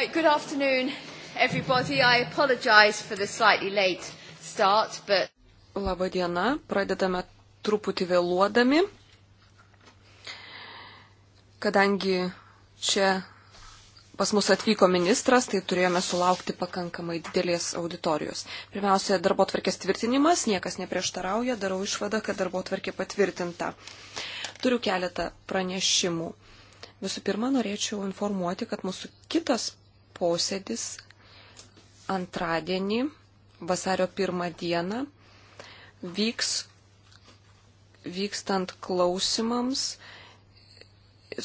Right, good afternoon, everybody. I apologize for the slightly late start, but. Labą dieną, pradedame truputį vėluodami, kadangi čia pas mus atvyko ministras, tai turėjome sulaukti pakankamai didelės auditorijos. Pirmiausia, darbo tvarkės tvirtinimas, niekas neprieštarauja, darau išvadą, kad darbo tvarkė patvirtinta. Turiu keletą pranešimų. Visų pirma, norėčiau informuoti, kad mūsų kitas posėdis antradienį, vasario pirmą dieną, vyks, vykstant klausimams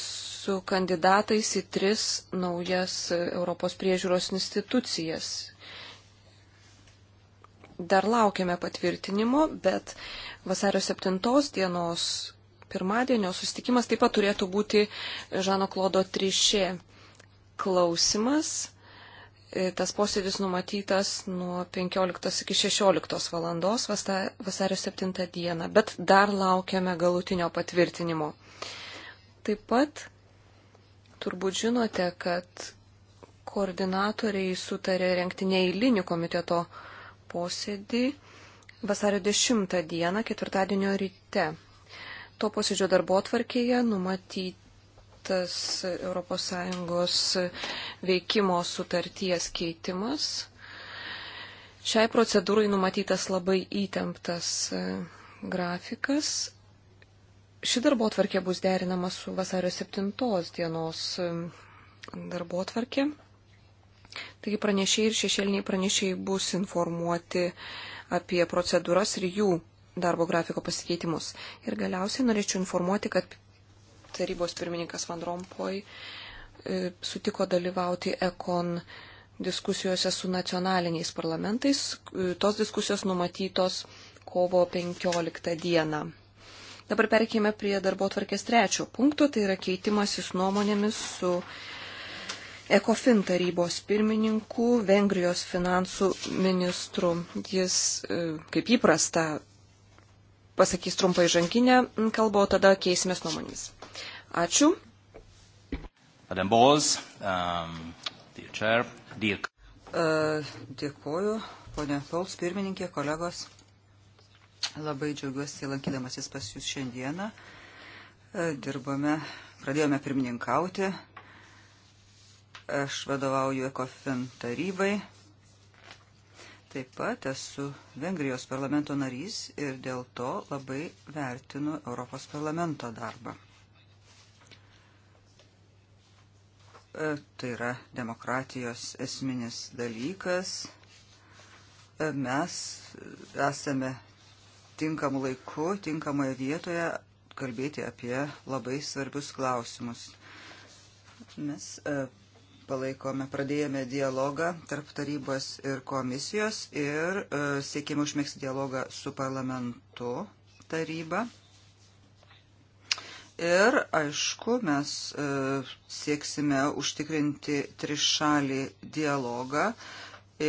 su kandidatais į tris naujas Europos priežiūros institucijas. Dar laukiame patvirtinimo, bet vasario 7 dienos pirmadienio susitikimas taip pat turėtų būti Žano Klodo Trišė klausimas. E, tas posėdis numatytas nuo 15 iki 16 valandos vasario 7 dieną, bet dar laukiame galutinio patvirtinimo. Taip pat turbūt žinote, kad koordinatoriai sutarė renkti neįlinį komiteto posėdį vasario 10 dieną, ketvirtadienio ryte. To posėdžio darbo atvarkėje numatyti tas ES veikimo sutarties keitimas. Šiai procedūrai numatytas labai įtemptas e, grafikas. Ši darbo atvarkė bus derinama su vasario 7 dienos e, darbo atvarkė. Taigi pranešėjai ir šešėliniai pranešėjai bus informuoti apie procedūras ir jų darbo grafiko pasikeitimus. Ir galiausiai norėčiau informuoti, kad tarybos pirmininkas Van Rompoj e, sutiko dalyvauti ekon diskusijose su nacionaliniais parlamentais. E, tos diskusijos numatytos kovo 15 dieną. Dabar perkime prie darbo tvarkės trečio punkto, tai yra keitimasis nuomonėmis su ECOFIN tarybos pirmininku, Vengrijos finansų ministru. Jis, e, kaip įprasta, pasakys trumpą įžanginę kalbą, o tada keisimės nuomonėmis. Ačiū. Adam Balls, um, dear chair, dear... Uh, e, dėkuoju, ponė Pauls, pirmininkė, kolegos. Labai džiaugiuosi lankydamasis pas jūs šiandieną. Uh, e, dirbame, pradėjome pirmininkauti. Aš vadovauju ECOFIN tarybai. Taip pat esu Vengrijos parlamento narys ir dėl to labai vertinu Europos parlamento darbą. E, tai yra demokratijos esminis dalykas. E, mes esame tinkamu laiku, tinkamoje vietoje kalbėti apie labai svarbius klausimus. Mes e, palaikome, pradėjome dialogą tarp tarybos ir komisijos ir siekėme užmėgsti dialogą su parlamentu taryba. Ir, aišku, mes e, sieksime užtikrinti trišalį dialogą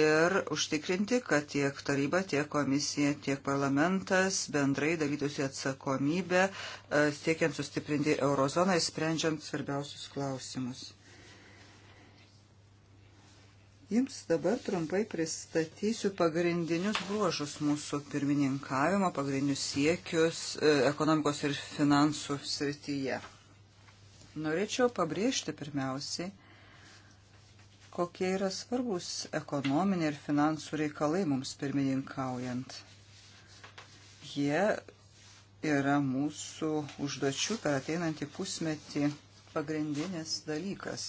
ir užtikrinti, kad tiek taryba, tiek komisija, tiek parlamentas bendrai dalytųsi atsakomybę e, siekiant sustiprinti eurozoną, sprendžiant svarbiausius klausimus. Jums dabar trumpai pristatysiu pagrindinius bruožus mūsų pirmininkavimo, pagrindinius siekius e, ekonomikos ir finansų srityje. Norėčiau pabrėžti pirmiausiai, kokie yra svarbus ekonominiai ir finansų reikalai mums pirmininkaujant. Jie yra mūsų užduočių per ateinantį pusmetį pagrindinis dalykas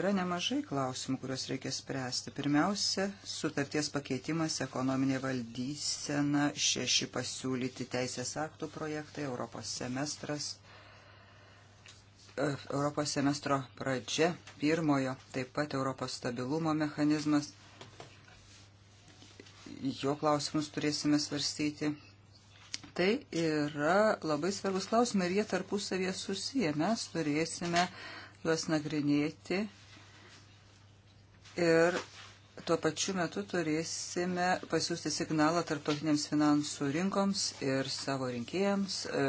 Yra nemažai klausimų, kuriuos reikia spręsti. Pirmiausia, sutarties pakeitimas, ekonominė valdysena, šeši pasiūlyti teisės aktų projektai, Europos semestras, eh, Europos semestro pradžia, pirmojo, taip pat Europos stabilumo mechanizmas. Jo klausimus turėsime svarstyti tai yra labai svarbus klausimai ir jie tarpusavėje susiję. Mes turėsime juos nagrinėti ir tuo pačiu metu turėsime pasiūsti signalą tarptautiniams finansų rinkoms ir savo rinkėjams, e,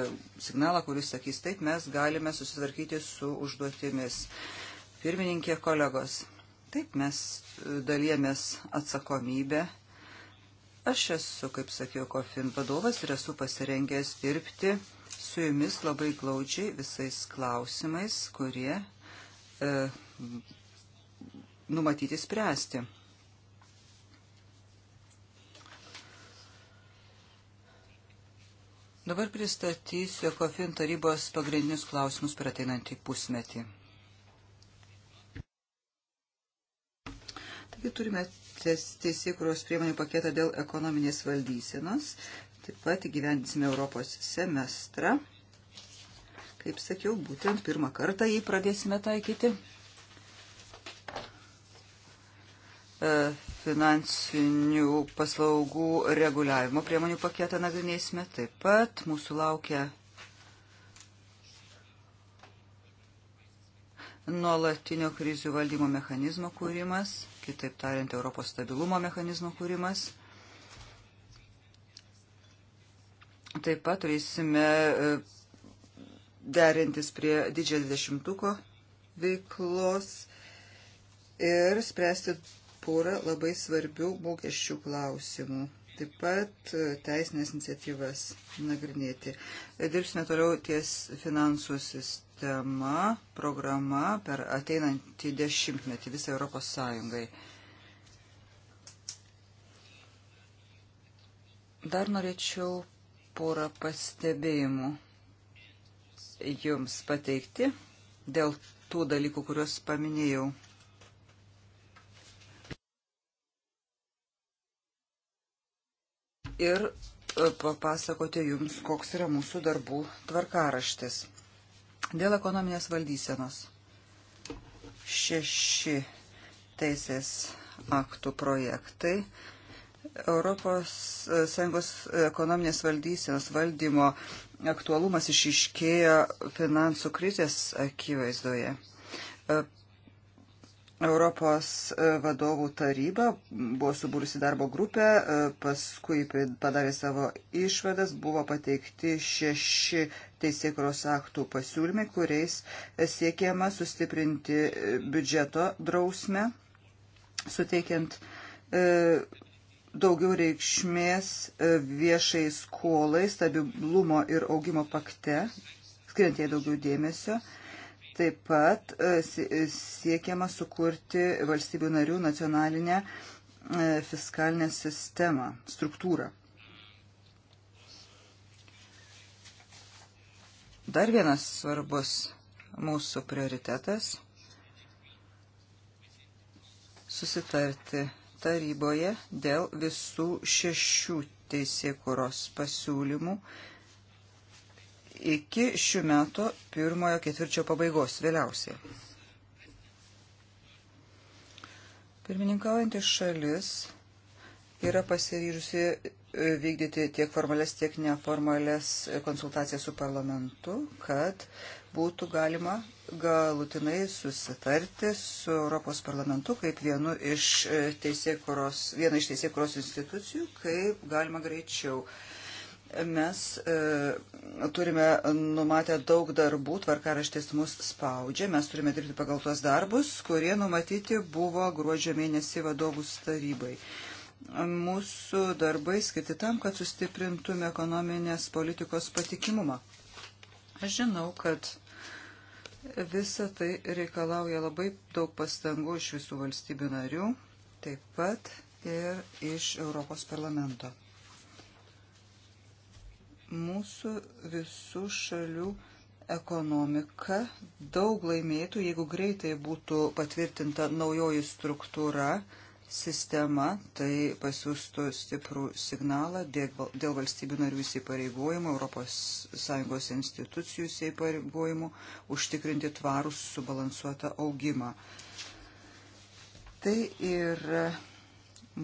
signalą, kuris sakys, taip mes galime susitvarkyti su užduotimis. Pirmininkė, kolegos, taip mes e, dalėmės atsakomybę. Aš esu, kaip sakiau, COFIN vadovas ir esu pasirengęs dirbti su jumis labai glaudžiai visais klausimais, kurie. E, numatyti spręsti. Dabar pristatysiu Kofin tarybos pagrindinius klausimus per ateinantį pusmetį. Taigi turime teisėkuros priemonių paketą dėl ekonominės valdysenos. Taip pat įgyvendinsime Europos semestrą. Kaip sakiau, būtent pirmą kartą jį pradėsime taikyti. E, finansinių paslaugų reguliavimo priemonių paketą nagrinėsime. Taip pat mūsų laukia nuolatinio krizių valdymo mechanizmo kūrimas, kitaip tariant, Europos stabilumo mechanizmo kūrimas. Taip pat turėsime e, derintis prie didžiojo dvidešimtuko veiklos ir spręsti porą labai svarbių mokesčių klausimų. Taip pat e, teisinės iniciatyvas nagrinėti. Dirbsime toliau ties finansų sistema, programa per ateinantį dešimtmetį visą Europos Sąjungai. Dar norėčiau porą pastebėjimų jums pateikti dėl tų dalykų, kuriuos paminėjau. papasakoti jums, koks yra mūsų darbų tvarkaraštis. Dėl ekonominės valdysenos. Šeši teisės aktų projektai. ES e, ekonominės valdysenos valdymo aktualumas išiškėjo finansų krizės akivaizdoje e, Europos e, vadovų taryba buvo subūrusi darbo grupę, e, paskui padarė savo išvadas, buvo pateikti šeši teisėkros aktų pasiūlymai, kuriais e, siekiama sustiprinti biudžeto drausmę, suteikiant daugiau reikšmės viešai skolai, stabilumo ir augimo pakte, skiriant jai daugiau dėmesio Taip pat e, e, siekiama sukurti valstybių narių nacionalinę e, fiskalinę sistemą, struktūrą. Dar vienas svarbus mūsų prioritetas - susitarti taryboje dėl visų šešių teisėkuros pasiūlymų, iki šių metų pirmojo ketvirčio pabaigos vėliausiai. Pirmininkaujantis šalis yra pasiryžusi e, vykdyti tiek formales, tiek neformales konsultacijas su parlamentu, kad būtų galima galutinai susitarti su Europos parlamentu kaip vienu iš e, teisėkuros, viena iš teisėkuros institucijų, kaip galima greičiau. Uh, mes e, turime numatę daug darbų, tvarkaraštis mus spaudžia, mes turime dirbti pagal tuos darbus, kurie numatyti buvo gruodžio mėnesį vadovus tarybai. Mūsų darbai skirti tam, kad sustiprintume ekonominės politikos patikimumą. Aš žinau, kad visa tai reikalauja labai daug pastangų iš visų valstybių narių, taip pat ir iš Europos parlamento. Mūsų visų šalių ekonomika daug laimėtų, jeigu greitai būtų patvirtinta naujoji struktūra, sistema, tai pasiūstų stiprų signalą dėl valstybių narių įsipareigojimų, ES institucijų įsipareigojimų užtikrinti tvarų subalansuotą augimą. Tai yra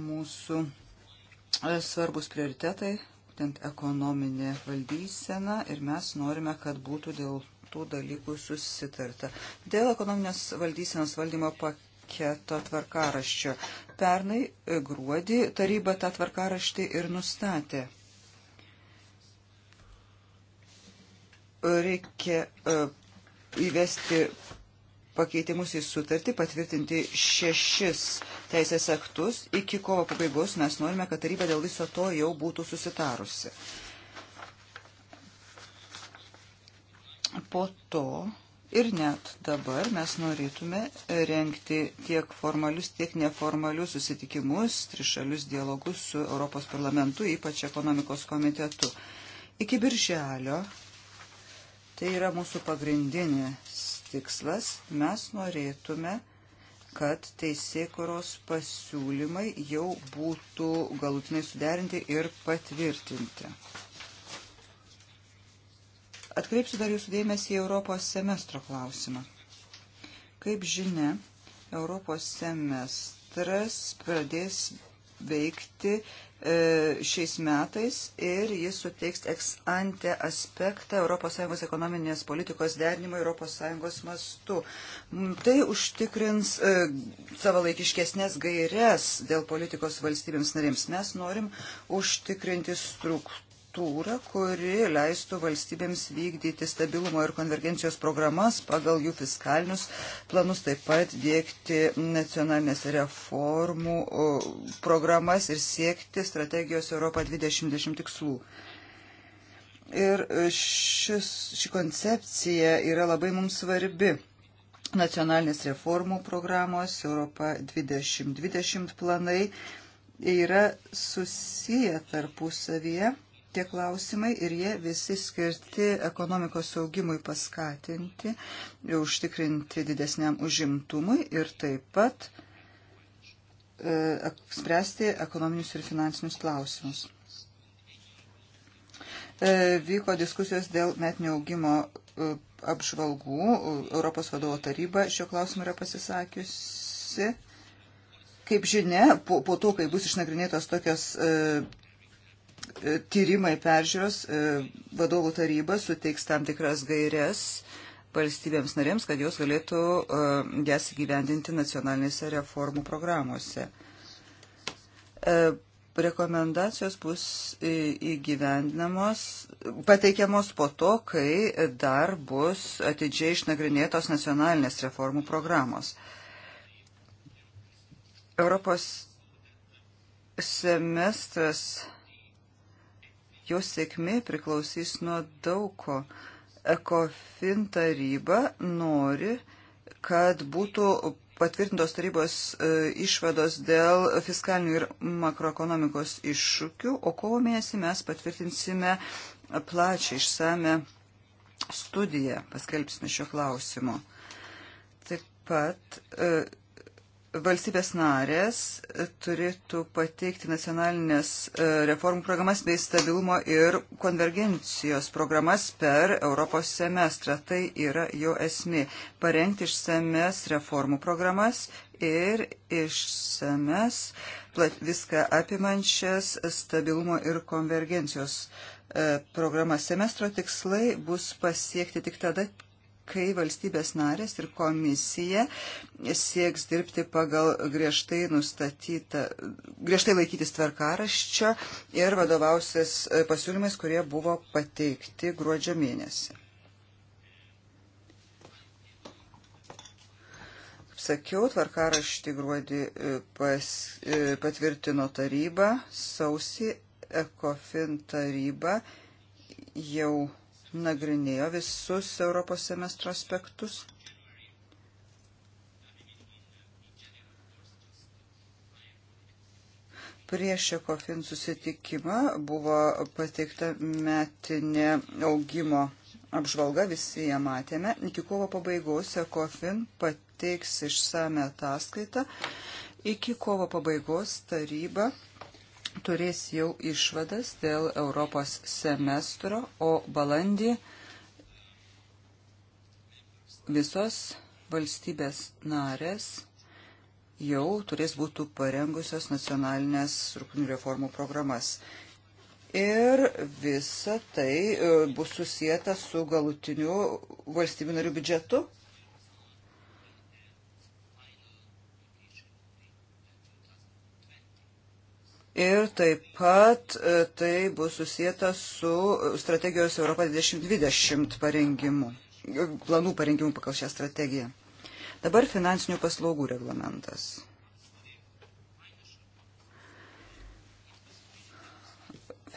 mūsų e, svarbus prioritetai būtent ekonominė valdysena ir mes norime, kad būtų dėl tų dalykų susitarta. Dėl ekonominės valdysenos valdymo paketo tvarkaraščio. Pernai gruodį taryba tą tvarkaraštį ir nustatė. Reikia e, įvesti pakeitimus į sutartį, patvirtinti šešis teisės aktus. Iki kovo pabaigos mes norime, kad taryba dėl viso to jau būtų susitarusi. Po to ir net dabar mes norėtume renkti tiek formalius, tiek neformalius susitikimus, trišalius dialogus su Europos parlamentu, ypač ekonomikos komitetu. Iki birželio, tai yra mūsų pagrindinė tikslas. Mes norėtume, kad teisėkuros pasiūlymai jau būtų galutinai suderinti ir patvirtinti. Atkreipsiu dar jūsų dėmesį į Europos semestro klausimą. Kaip žinia, Europos semestras pradės veikti E, šiais metais ir jis suteiks ex ante aspektą ES ekonominės politikos derinimo ES mastu. Mm, tai užtikrins e, savalaikiškesnės gairias dėl politikos valstybėms narėms. Mes norim užtikrinti struktūrą struktūrą, kuri leistų valstybėms vykdyti stabilumo ir konvergencijos programas pagal jų fiskalinius planus, taip pat dėkti nacionalinės reformų programas ir siekti strategijos Europą 2020 tikslų. Ir e, šis, ši koncepcija yra labai mums svarbi nacionalinės reformų programos, Europa 2020 planai yra susiję tarpusavyje tie klausimai ir jie visi skirti ekonomikos augimui paskatinti, užtikrinti didesniam užimtumui ir taip pat e, spręsti ekonominius ir finansinius klausimus. E, vyko diskusijos dėl metinio augimo e, apžvalgų. Europos vadovo taryba šio klausimu yra pasisakiusi. Kaip žinia, po, po to, kai bus išnagrinėtos tokios e, E, tyrimai peržiūros e, vadovų taryba suteiks tam tikras gairias valstybėms narėms, kad jos galėtų e, jas gyvendinti nacionalinėse reformų programuose. Rekomendacijos bus įgyvendinamos, pateikiamos po to, kai dar bus atidžiai išnagrinėtos nacionalinės reformų programos. Europos semestras Jos sėkmė priklausys nuo daugo. Ekofin taryba nori, kad būtų patvirtintos tarybos e, išvados dėl fiskalinių ir makroekonomikos iššūkių, o kovo mėnesį mes patvirtinsime plačią išsame studiją, paskelbsime šio klausimu. Taip pat e, valstybės narės turėtų pateikti nacionalinės e, reformų programas bei stabilumo ir konvergencijos programas per Europos semestrą. Tai yra jo esmė - parengti išsames reformų programas ir išsames viską apimančias stabilumo ir konvergencijos e, programas. Semestro tikslai bus pasiekti tik tada, kai valstybės narės ir komisija sieks dirbti pagal griežtai nustatytą, griežtai laikytis tvarkaraščio ir vadovausis e, pasiūlymais, kurie buvo pateikti gruodžio mėnesį. Kaip sakiau, tvarkaraštį gruodį e, pas, e, patvirtino taryba, sausį ECOFIN taryba jau nagrinėjo visus Europos semestro aspektus. Prieš ECOFIN susitikimą buvo pateikta metinė augimo apžvalga, visi ją matėme. Iki kovo pabaigos ECOFIN pateiks išsame ataskaitą. Iki kovo pabaigos taryba turės jau išvadas dėl Europos semestro, o balandį visos valstybės narės jau turės būtų parengusios nacionalinės struktūrinių reformų programas. Ir visa tai e, bus susijęta su galutiniu valstybių narių biudžetu ir taip pat e, tai bus susijęta su strategijos Europa 2020 parengimu, e, planų parengimu pagal šią strategiją. Dabar finansinių paslaugų reglamentas.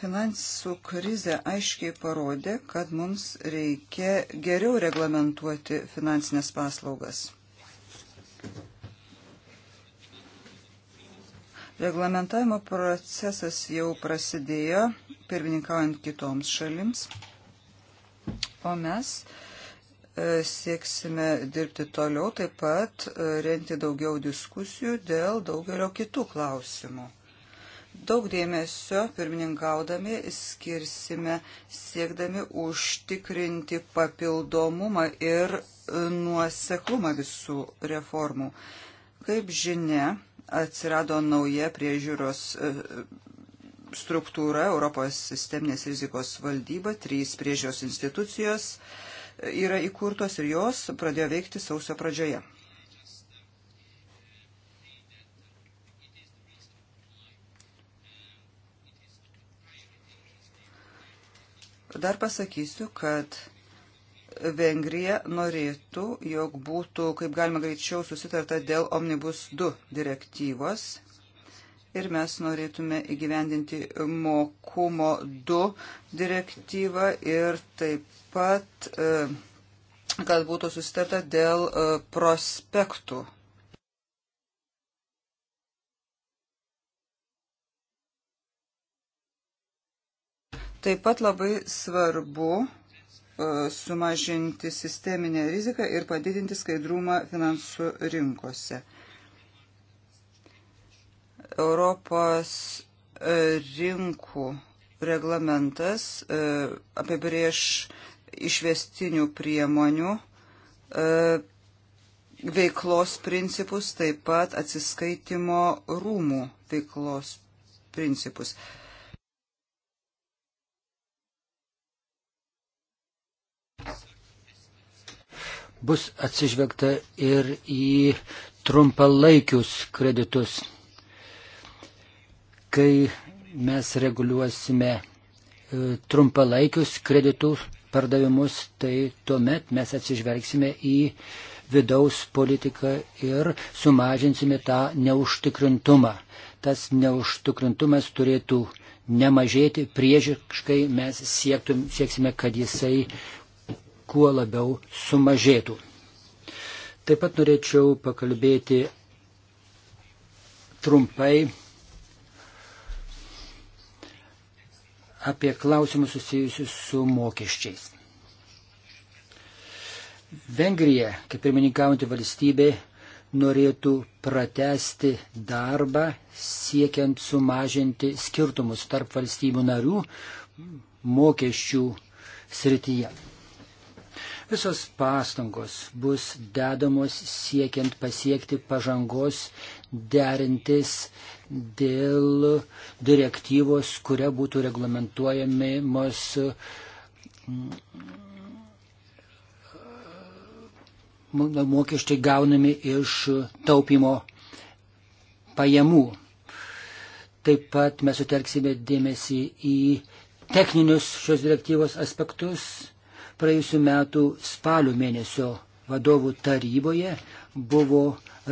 Finansų krizė aiškiai parodė, kad mums reikia geriau reglamentuoti finansinės paslaugas. Reglamentavimo procesas jau prasidėjo, pirmininkaujant kitoms šalims, o mes e, sieksime dirbti toliau, taip pat e, renti daugiau diskusijų dėl daugelio kitų klausimų. Daug dėmesio pirmininkaudami skirsime siekdami užtikrinti papildomumą ir e, nuoseklumą visų reformų. Kaip žinia, atsirado nauja priežiūros e, struktūra Europos sisteminės rizikos valdyba, trys priežiūros institucijos e, yra įkurtos ir jos pradėjo veikti sausio pradžioje. Dar pasakysiu, kad Vengrija norėtų, jog būtų kaip galima greičiau susitarta dėl Omnibus 2 direktyvos ir mes norėtume įgyvendinti mokumo 2 direktyvą ir taip pat, e, kad būtų susitarta dėl e, prospektų. Taip pat labai svarbu E, sumažinti sisteminę riziką ir padidinti skaidrumą finansų rinkose. Europos e, rinkų reglamentas e, apibrieš išvestinių priemonių veiklos principus, taip pat atsiskaitimo rūmų veiklos principus. principus bus atsižvelgta ir į trumpalaikius kreditus. Kai mes reguliuosime e, trumpalaikius kreditų pardavimus, tai tuomet mes atsižvelgsime į vidaus politiką ir sumažinsime tą neužtikrintumą. Tas neužtikrintumas turėtų nemažėti, priežiškai mes siektum, sieksime, kad jisai kuo labiau sumažėtų. Taip pat norėčiau pakalbėti trumpai apie klausimus susijusius su mokesčiais. Vengrija, kaip pirmininkaujanti valstybė, norėtų pratesti darbą siekiant sumažinti skirtumus tarp valstybių narių mokesčių srityje. Visos pastangos bus dedamos siekiant pasiekti pažangos derintis dėl direktyvos, kuria būtų reglamentuojami mūsų mm, mokesčiai gaunami iš taupimo pajamų. Taip pat mes sutelksime dėmesį į techninius šios direktyvos aspektus Praėjusiu metu spalio mėnesio vadovų taryboje buvo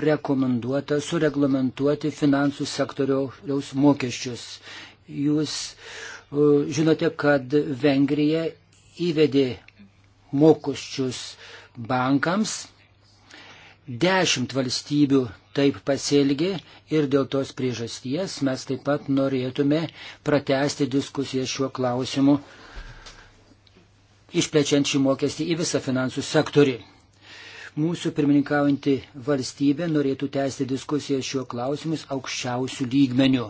rekomenduota sureglamentuoti finansų sektoriaus mokesčius. Jūs e, žinote, kad Vengrija įvedė mokesčius bankams. Dešimt valstybių taip pasielgė ir dėl tos priežasties mes taip pat norėtume pratesti diskusiją šiuo klausimu išplečiant šį mokestį į visą finansų sektorį. Mūsų pirmininkaujanti valstybė norėtų tęsti diskusiją šiuo klausimus aukščiausių lygmenių.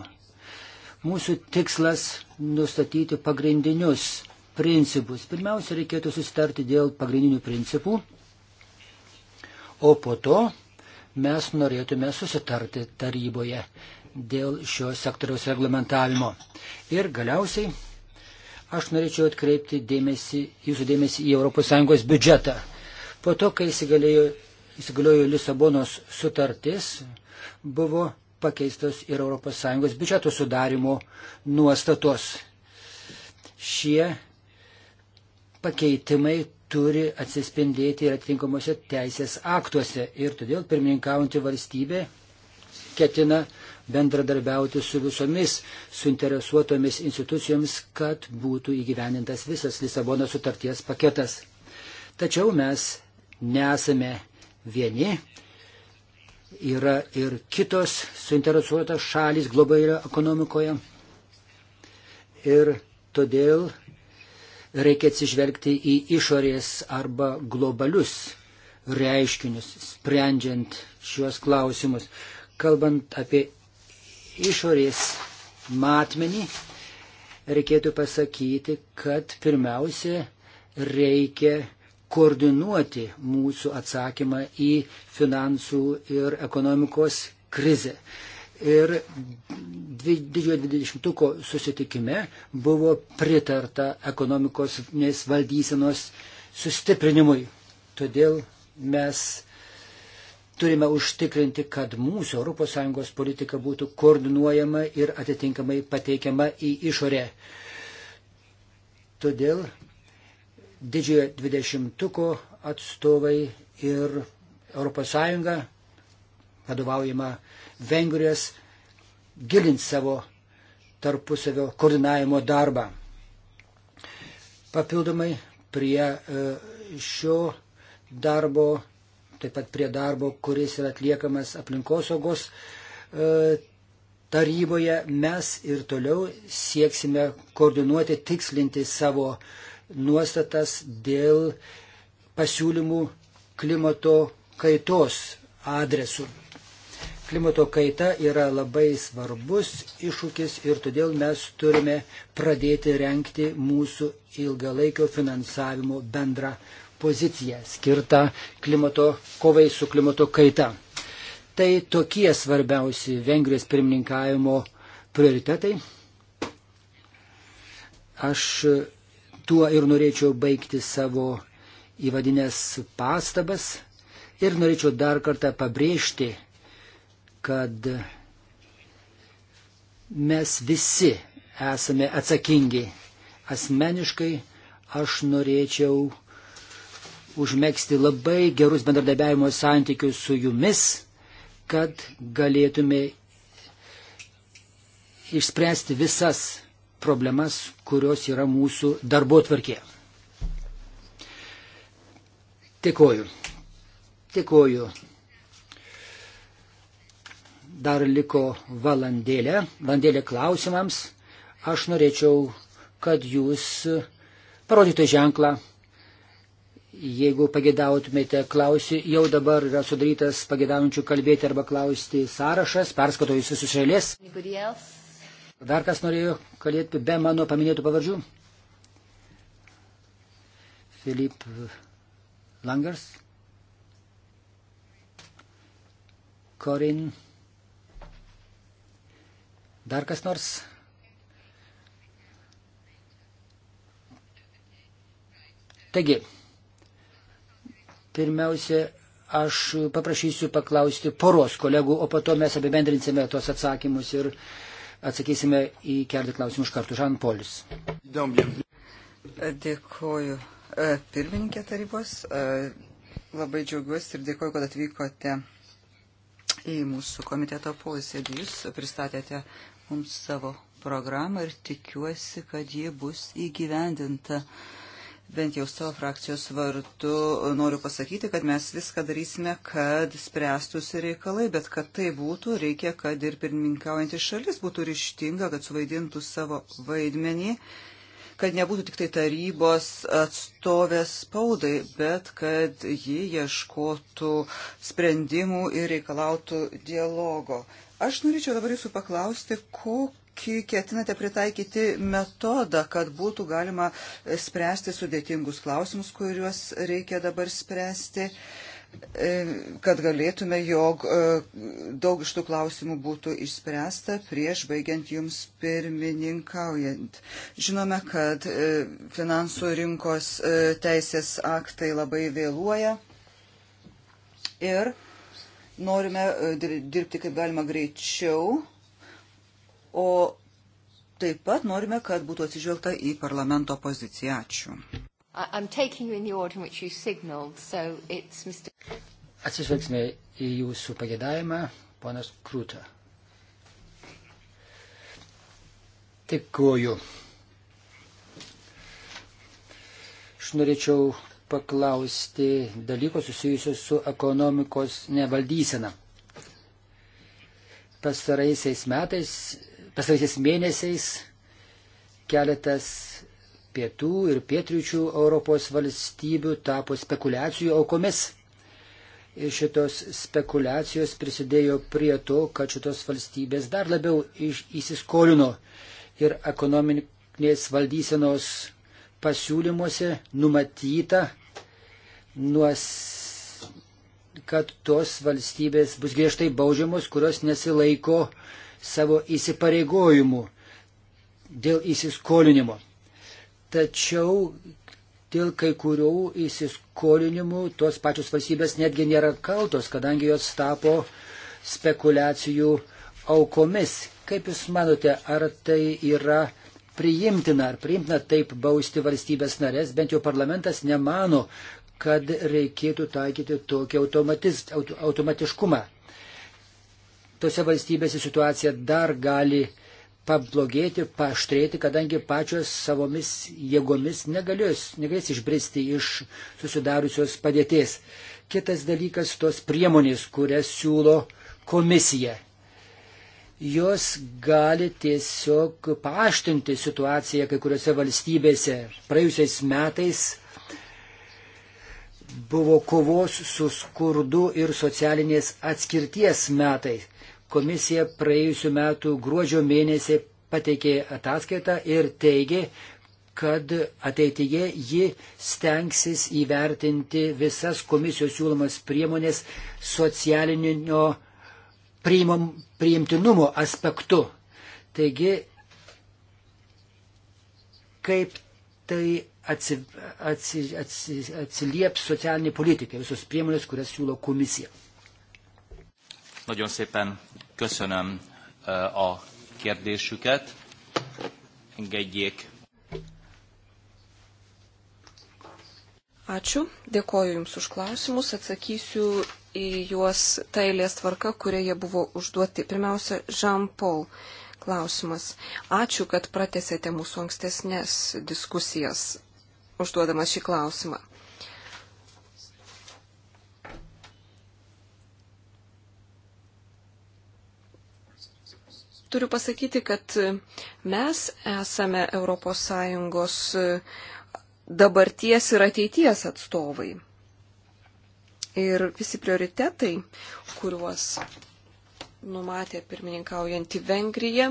Mūsų tikslas nustatyti pagrindinius principus. Pirmiausia, reikėtų susitarti dėl pagrindinių principų, o po to mes norėtume susitarti taryboje dėl šio sektoriaus reglamentavimo. Ir galiausiai Aš norėčiau atkreipti dėmesį, jūsų dėmesį į ES biudžetą. Po to, kai įsigaliojo Lisabonos sutartis, buvo pakeistos ir ES biudžeto sudarimo nuostatos. Šie pakeitimai turi atsispindėti ir atitinkamuose teisės aktuose. Ir todėl pirmininkaujantį valstybę ketina bendradarbiauti su visomis suinteresuotomis institucijomis, kad būtų įgyvenintas visas Lisabono sutarties paketas. Tačiau mes nesame vieni. Yra ir kitos suinteresuotos šalis globalioje ekonomikoje. Ir todėl reikia atsižvelgti į išorės arba globalius reiškinius, sprendžiant šiuos klausimus. Kalbant apie išorės matmenį, reikėtų pasakyti, kad pirmiausia reikia koordinuoti mūsų atsakymą į finansų ir ekonomikos krizę. Ir didžiojo dvidešimtuko susitikime buvo pritarta ekonomikos valdysenos sustiprinimui. Todėl mes Turime užtikrinti, kad mūsų ES politika būtų koordinuojama ir atitinkamai pateikiama į išorę. Todėl didžiojo dvidešimtuko atstovai ir ES vadovaujama Vengrijos gilins savo tarpusavio koordinavimo darbą. Papildomai prie e, šio darbo taip pat prie darbo, kuris yra atliekamas aplinkosaugos e, taryboje, mes ir toliau sieksime koordinuoti, tikslinti savo nuostatas dėl pasiūlymų klimato kaitos adresu. Klimato kaita yra labai svarbus iššūkis ir todėl mes turime pradėti renkti mūsų ilgalaikio finansavimo bendrą poziciją skirtą klimato, kovai su klimato kaita. Tai tokie svarbiausi Vengrijos pirmininkavimo prioritetai. Aš tuo ir norėčiau baigti savo įvadinės pastabas ir norėčiau dar kartą pabrėžti, kad mes visi esame atsakingi. Asmeniškai aš norėčiau užmėgsti labai gerus bendradarbiavimo santykius su jumis, kad galėtume išspręsti visas problemas, kurios yra mūsų darbo tvarkė. Dėkoju. Dėkoju. Dar liko valandėlė, valandėlė klausimams. Aš norėčiau, kad jūs parodytų ženklą Jeigu pagėdautumėte klausti, jau dabar yra sudarytas pagėdaujančių kalbėti arba klausti sąrašas, perskato jūs visus šėlės. Dar kas norėjo kalbėti be mano paminėtų pavardžių? Filip Langers. Korin. Dar kas nors? Taigi, Pirmiausia, aš paprašysiu paklausti poros kolegų, o po to mes apibendrinsime tos atsakymus ir atsakysime į keletą klausimų iš karto. Žan Polis. Dėkuoju. E, pirmininkė tarybos, e, labai džiaugiuosi ir dėkuoju, kad atvykote į mūsų komiteto posėdį. Jūs pristatėte mums savo programą ir tikiuosi, kad ji bus įgyvendinta. Uh, bent jau savo frakcijos vartu noriu pasakyti, kad mes viską darysime, kad spręstųsi reikalai, bet kad tai būtų, reikia, kad ir pirmininkaujantis šalis būtų ryštinga, kad suvaidintų savo vaidmenį, kad nebūtų tik tai tarybos atstovės spaudai, bet kad ji ieškotų sprendimų ir reikalautų dialogo. Aš norėčiau dabar jūsų paklausti, kokiu kokį ketinate pritaikyti metodą, kad būtų galima spręsti sudėtingus klausimus, kuriuos reikia dabar spręsti, e, kad galėtume, jog e, daug iš tų klausimų būtų išspręsta prieš baigiant jums pirmininkaujant. Žinome, kad e, finansų rinkos teisės aktai labai vėluoja ir norime dirbti kaip galima greičiau O taip pat norime, kad būtų atsižvelgta į parlamento poziciją. Ačiū. Signaled, so Atsižvelgsime į jūsų pagėdavimą, ponas Krūta. Tikuoju. Aš norėčiau paklausti dalyko susijusio su ekonomikos nevaldysena. Pastaraisiais metais pasaraisiais mėnesiais keletas pietų ir pietryčių Europos valstybių tapo spekulacijų aukomis. Ir šitos spekulacijos prisidėjo prie to, kad šitos valstybės dar labiau iš, įsiskolino ir ekonominės valdysenos pasiūlymuose numatyta, nuos, kad tos valstybės bus griežtai baudžiamos, kurios nesilaiko uh, savo įsipareigojimų dėl įsiskolinimo. Tačiau dėl kai kurių įsiskolinimų tos pačios valstybės netgi nėra kaltos, kadangi jos tapo spekulacijų aukomis. Kaip Jūs manote, ar tai yra priimtina, ar priimtina taip bausti valstybės narės, bent jau parlamentas nemano, kad reikėtų taikyti tokį automatiškumą tose valstybėse situacija dar gali pablogėti, paštrėti, kadangi pačios savomis jėgomis negalės, negalės išbristi iš susidariusios padėties. Kitas dalykas - tos priemonės, kurias siūlo komisija. Jos gali tiesiog paaštinti situaciją kai kuriuose valstybėse. Praėjusiais metais buvo kovos su skurdu ir socialinės atskirties metai. Komisija praėjusiu metu gruodžio mėnesį pateikė ataskaitą ir teigė, kad ateityje ji stengsis įvertinti visas komisijos siūlomas priemonės socialinio priimam, priimtinumo aspektu. Taigi, kaip tai atsi, atsi, atsi, atsilieps socialinė politika, visos priemonės, kurias siūlo komisija. Nagyon szépen köszönöm a kérdésüket. Engedjék. Ačiū, dėkoju Jums už klausimus, atsakysiu į juos tą eilės tvarką, kurie jie buvo užduoti. Pirmiausia, Jean-Paul klausimas. Ačiū, kad pratesėte mūsų ankstesnės diskusijas, užduodamas šį klausimą. turiu pasakyti, kad mes esame ES e, dabarties ir ateities atstovai. Ir visi prioritetai, kuriuos numatė pirmininkaujanti Vengrija,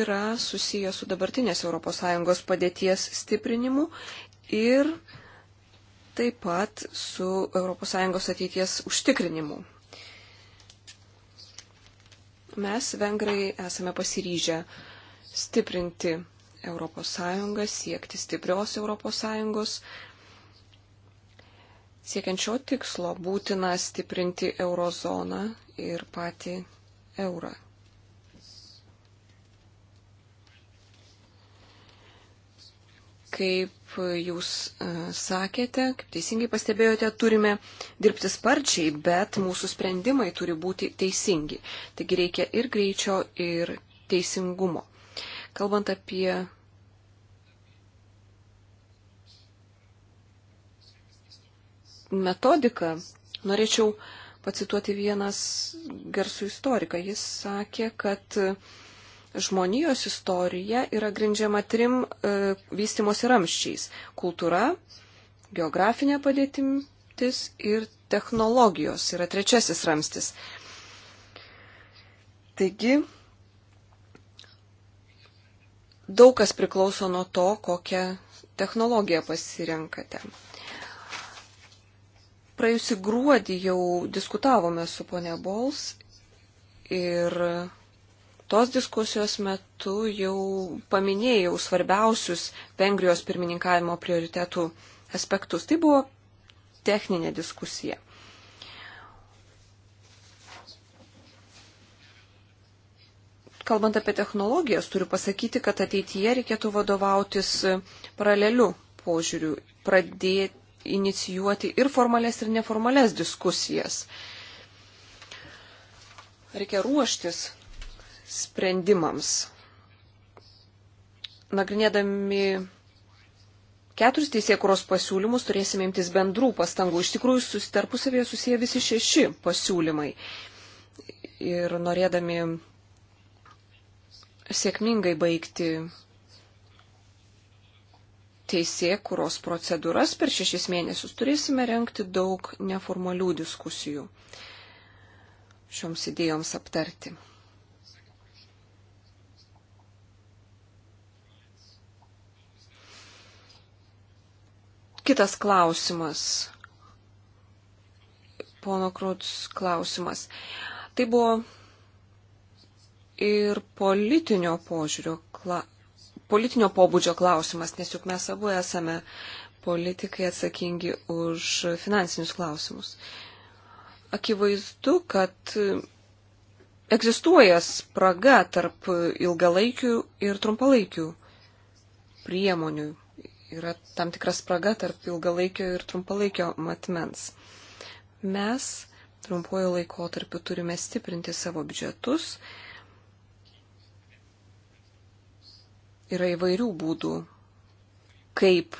yra susiję su dabartinės ES padėties stiprinimu ir taip pat su ES ateities užtikrinimu. Mes, vengrai, esame pasiryžę stiprinti ES, siekti stiprios ES. Siekiant šio tikslo būtina stiprinti eurozoną ir patį eurą. Kaip jūs e, sakėte, kaip teisingai pastebėjote, turime dirbti sparčiai, bet mūsų sprendimai turi būti teisingi. Taigi reikia ir greičio, ir teisingumo. Kalbant apie metodiką, norėčiau pacituoti vienas garsų istoriką. Jis sakė, kad žmonijos istorija yra grindžiama trim e, vystimosi ramščiais - kultūra, geografinė padėtimtis ir technologijos yra trečiasis ramstis. Taigi, daug kas priklauso nuo to, kokią technologiją pasirenkate. Praėjusį gruodį jau diskutavome su ponia Bols ir Tos diskusijos metu jau paminėjau svarbiausius Vengrijos pirmininkavimo prioritetų aspektus. Tai buvo techninė diskusija. Kalbant apie technologijas, turiu pasakyti, kad ateityje reikėtų vadovautis paraleliu požiūriu, pradėti inicijuoti ir formales, ir neformales diskusijas. Reikia ruoštis sprendimams. Nagrinėdami keturis teisėkuros pasiūlymus turėsime imtis bendrų pastangų. Iš tikrųjų, tarpusavėje susiję visi šeši pasiūlymai. Ir norėdami sėkmingai baigti teisėkuros procedūras per šešis mėnesius turėsime renkti daug neformalių diskusijų šioms idėjoms aptarti. Kitas klausimas. Pono Krūts klausimas. Tai buvo ir politinio požiūrio, kla, politinio pobūdžio klausimas, nes juk mes abu esame politikai atsakingi už finansinius klausimus. Akivaizdu, kad egzistuoja spraga tarp ilgalaikių ir trumpalaikių priemonių yra tam tikra spraga tarp ilgalaikio ir trumpalaikio matmens. Mes trumpuoju laikotarpiu turime stiprinti savo biudžetus. Yra įvairių būdų, kaip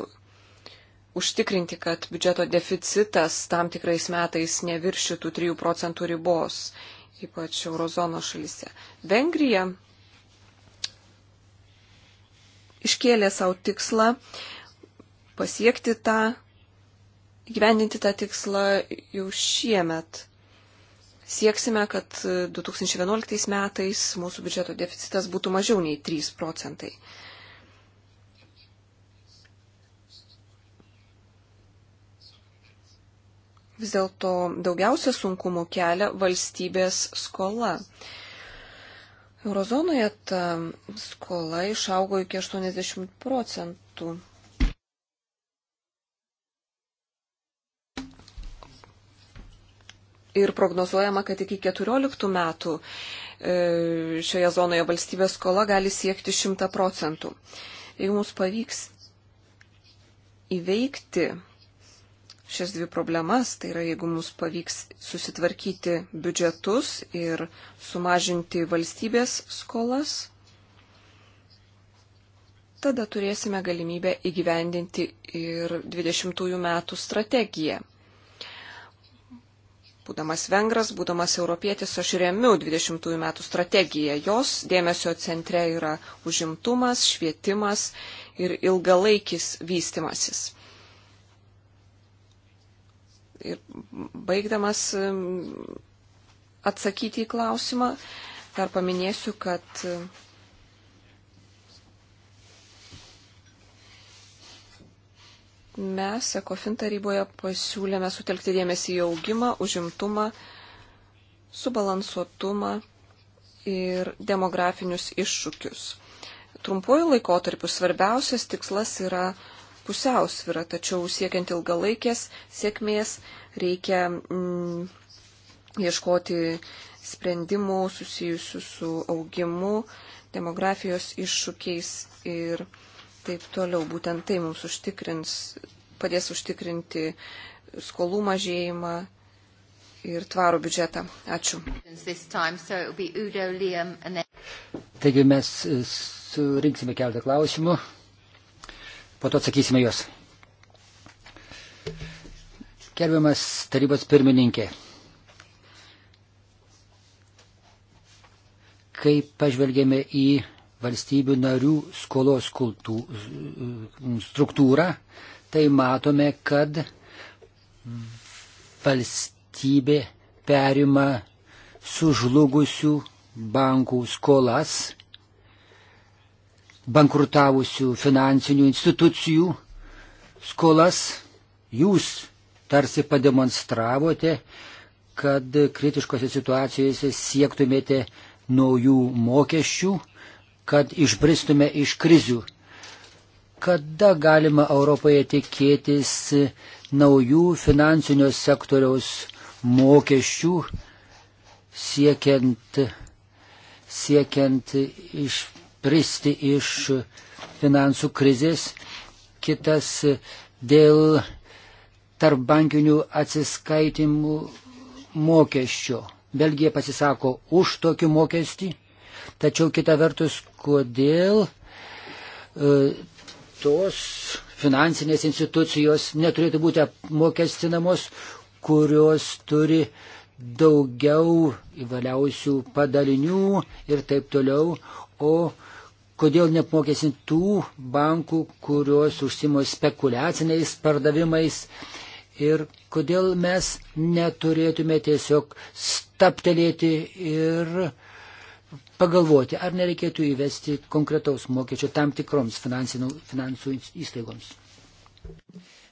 užtikrinti, kad biudžeto deficitas tam tikrais metais neviršytų 3 procentų ribos, ypač eurozono šalyse. Vengrija iškėlė savo tikslą pasiekti tą, gyvendinti tą tikslą jau šiemet. Sieksime, kad 2011 metais mūsų biudžeto deficitas būtų mažiau nei 3 procentai. Vis dėlto daugiausia sunkumų kelia valstybės skola. Eurozonoje ta skola išaugo iki 80 procentų. ir prognozuojama, kad iki 2014 metų e, šioje zonoje valstybės skola gali siekti 100 procentų. Jeigu mums pavyks įveikti šias dvi problemas, tai yra jeigu mums pavyks susitvarkyti biudžetus ir sumažinti valstybės skolas, tada turėsime galimybę įgyvendinti ir 20 metų strategiją. Būdamas vengras, būdamas europietis, aš remiu 20 metų strategiją. Jos dėmesio centre yra užimtumas, švietimas ir ilgalaikis vystimasis. Ir baigdamas mm, atsakyti į klausimą, dar paminėsiu, kad Mes ECOFIN taryboje pasiūlėme sutelkti dėmesį į augimą, užimtumą, subalansuotumą ir demografinius iššūkius. Trumpuoju laikotarpiu svarbiausias tikslas yra pusiausvyrą, tačiau siekiant ilgalaikės sėkmės reikia mm, ieškoti sprendimų susijusių su augimu, demografijos iššūkiais ir taip toliau. Būtent tai mums užtikrins, padės užtikrinti skolų mažėjimą ir tvarų biudžetą. Ačiū. Taigi mes e, surinksime keletą klausimų, po to atsakysime juos. Gerbiamas tarybos pirmininkė, kai pažvelgėme į valstybių narių skolos kultų, struktūrą, tai matome, kad valstybė perima sužlugusių bankų skolas, bankrutavusių finansinių institucijų skolas. Jūs tarsi pademonstravote, kad kritiškose situacijose siektumėte naujų mokesčių, kad išbristume iš krizių. Kada galima Europoje tikėtis naujų finansinio sektoriaus mokesčių siekiant, siekiant išbristi iš finansų krizės? Kitas dėl tarpbankinių atsiskaitimų mokesčio. Belgija pasisako už tokį mokestį, Tačiau kita vertus, kodėl e, tos finansinės institucijos neturėtų būti apmokestinamos, kurios turi daugiau įvaliausių padalinių ir taip toliau, o kodėl neapmokestinti tų bankų, kurios užsimo spekuliaciniais pardavimais ir kodėl mes neturėtume tiesiog staptelėti ir pagalvoti, ar nereikėtų įvesti konkretaus mokesčio tam tikroms finansinių, finansų įstaigoms.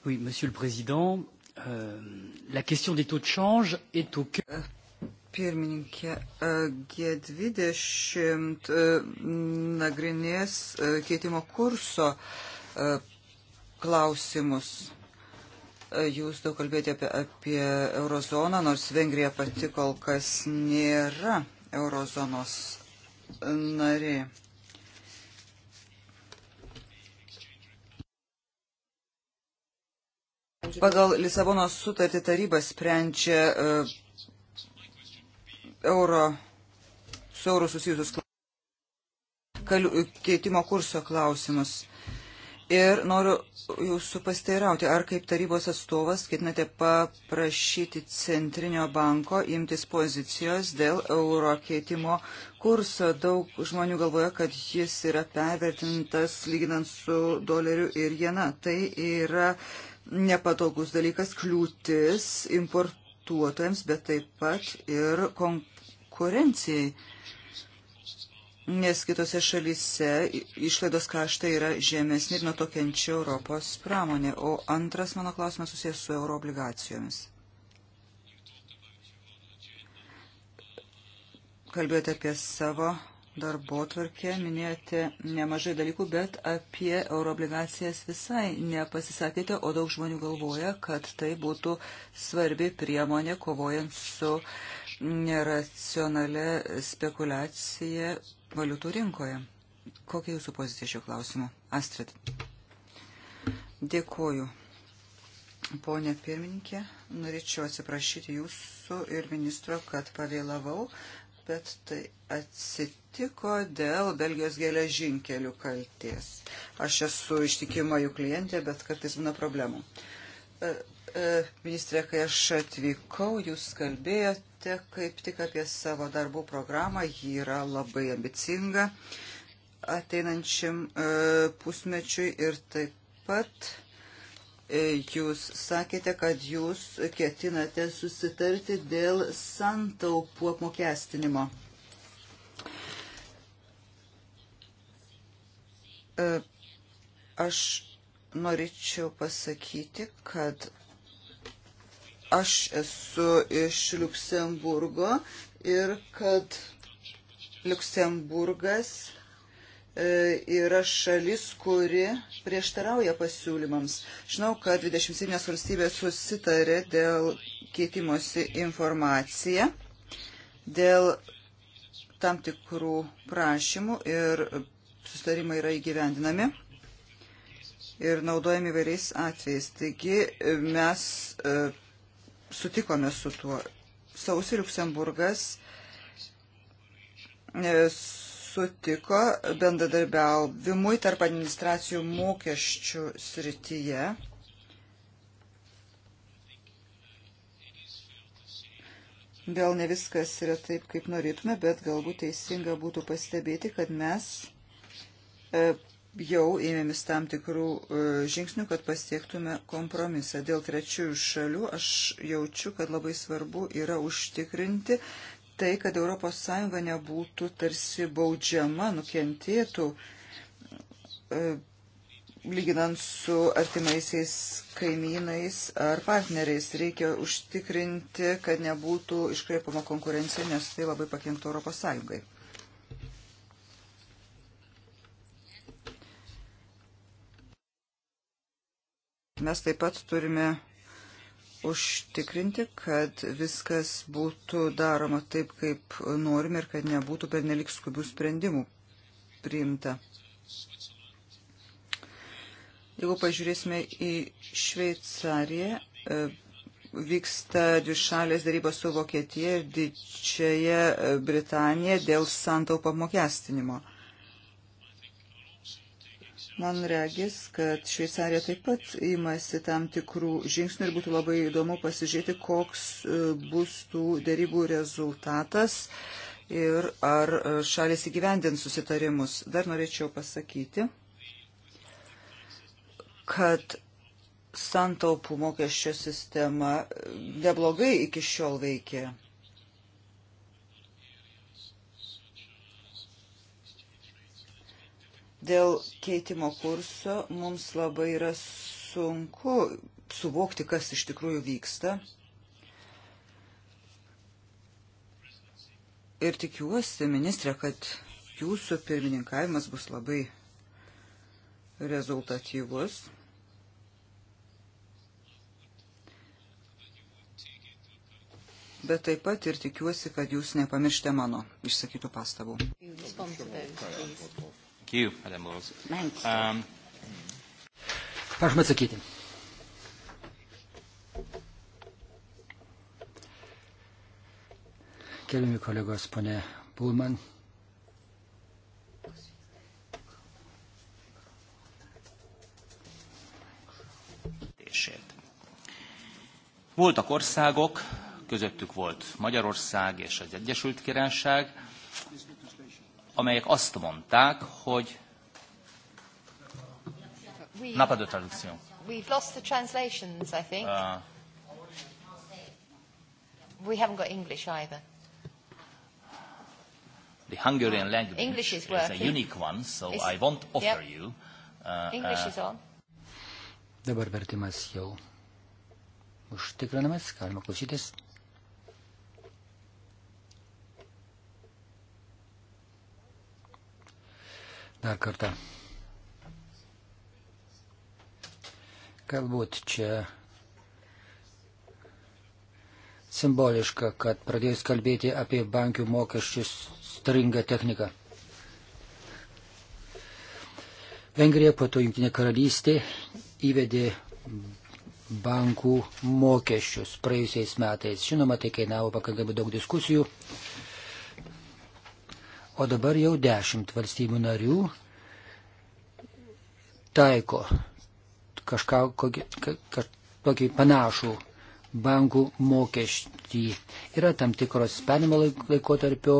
Oui, monsieur le président, euh, la question des taux de change est au cœur. Pirmininkė, e, G20 e, nagrinės e, keitimo kurso klausimus. Jūs daug kalbėjote apie, apie eurozoną, nors Vengrija pati kol kas nėra eurozonos narė. Pagal Lisabonos sutartį tarybą sprendžia uh, euro su euro susijusius keitimo kurso klausimus. Uh, Ir noriu jūsų pasteirauti, ar kaip tarybos atstovas ketinate paprašyti Centrinio banko imtis pozicijos dėl euro keitimo kurso. Daug žmonių galvoja, kad jis yra pervertintas lyginant su doleriu ir jena. Tai yra nepatogus dalykas, kliūtis importuotojams, bet taip pat ir konkurencijai nes kitose šalyse išlaidos kaštai yra žemesni ir nuo to kenčia Europos pramonė. O antras mano klausimas susijęs su euroobligacijomis. Kalbėjote apie savo darbo tvarkę, minėjote nemažai dalykų, bet apie euroobligacijas visai nepasisakėte, o daug žmonių galvoja, kad tai būtų svarbi priemonė kovojant su neracionalia spekulacija valiutų rinkoje. Kokia jūsų pozicija šiuo klausimu? Astrid. Dėkuoju. Pone pirmininkė, norėčiau atsiprašyti jūsų ir ministro, kad pavėlavau, bet tai atsitiko dėl Belgijos geležinkelių kalties. Aš esu ištikima jų klientė, bet kartais būna problemų. E, E, Ministrė, kai aš atvykau, jūs kalbėjote kaip tik apie savo darbų programą, ji yra labai ambicinga ateinančiam e, pusmečiui ir taip pat e, jūs sakėte, kad jūs ketinate susitarti dėl santaupų apmokestinimo. Aš norėčiau pasakyti, kad aš esu iš Luksemburgo ir kad Luksemburgas e, yra šalis, kuri prieštarauja pasiūlymams. Žinau, kad 27 valstybės susitarė dėl keitimosi informacija, dėl tam tikrų prašymų ir sustarimai yra įgyvendinami ir naudojami vairiais atvejais. Taigi e, mes e, sutikome su tuo. Sausį Luksemburgas e, sutiko bendradarbiavimui tarp administracijų mokesčių srityje. Vėl ne viskas yra taip, kaip norėtume, bet galbūt teisinga būtų pastebėti, kad mes e, jau ėmėmis tam tikrų e, žingsnių, kad pasiektume kompromisą. Dėl trečiųjų šalių aš jaučiu, kad labai svarbu yra užtikrinti tai, kad ES nebūtų tarsi baudžiama, nukentėtų, e, lyginant su artimaisiais kaimynais ar partneriais. Reikia užtikrinti, kad nebūtų iškreipama konkurencija, nes tai labai pakenktų ES. Mes taip pat turime užtikrinti, kad viskas būtų daroma taip, kaip norime ir kad nebūtų pernelik skubių sprendimų priimta. Jeigu pažiūrėsime į Šveicariją, e, vyksta dvišalės darybos su Vokietija ir Didžiaja Britanija dėl santaupų apmokestinimo. Man regis, kad Šveicarija taip pat imasi tam tikrų žingsnių ir būtų labai įdomu pasižiūrėti, koks e, bus tų dėrybų rezultatas ir ar e, šalis įgyvendins susitarimus. Dar norėčiau pasakyti, kad santaupų mokesčio sistema e, neblogai iki šiol veikė. Dėl keitimo kurso mums labai yra sunku suvokti, kas iš tikrųjų vyksta. Ir tikiuosi, ministrė, kad jūsų pirmininkavimas bus labai rezultatyvus. Bet taip pat ir tikiuosi, kad jūs nepamirštė mano išsakytų pastabų. Jūs Thank you, Madam Laws. Um, Prašom atsakyti. Keliami kolegos, ponė Pulman. Voltak országok, közöttük volt Magyarország és az Egyesült Királyság, amelyek azt mondták, hogy N'a pas de traduction. We've lost the translations, I think. Uh, we haven't got English either. The Hungarian language English is, working. is a unique one, so it's, I won't offer yep. you. Uh, English uh, is on. Dabar vertimas jau užtikrinamas, galima klausytis. Dar kartą. Galbūt čia simboliška, kad pradėjus kalbėti apie bankių mokesčius stringa technika. Vengrija, po to Junktinė karalystė įvedė bankų mokesčius praėjusiais metais. Žinoma, tai kainavo pakankamai daug diskusijų o dabar jau dešimt valstybių narių taiko kažką, kokį, ka, tokį panašų bankų mokestį. Yra tam tikros perimo laikotarpio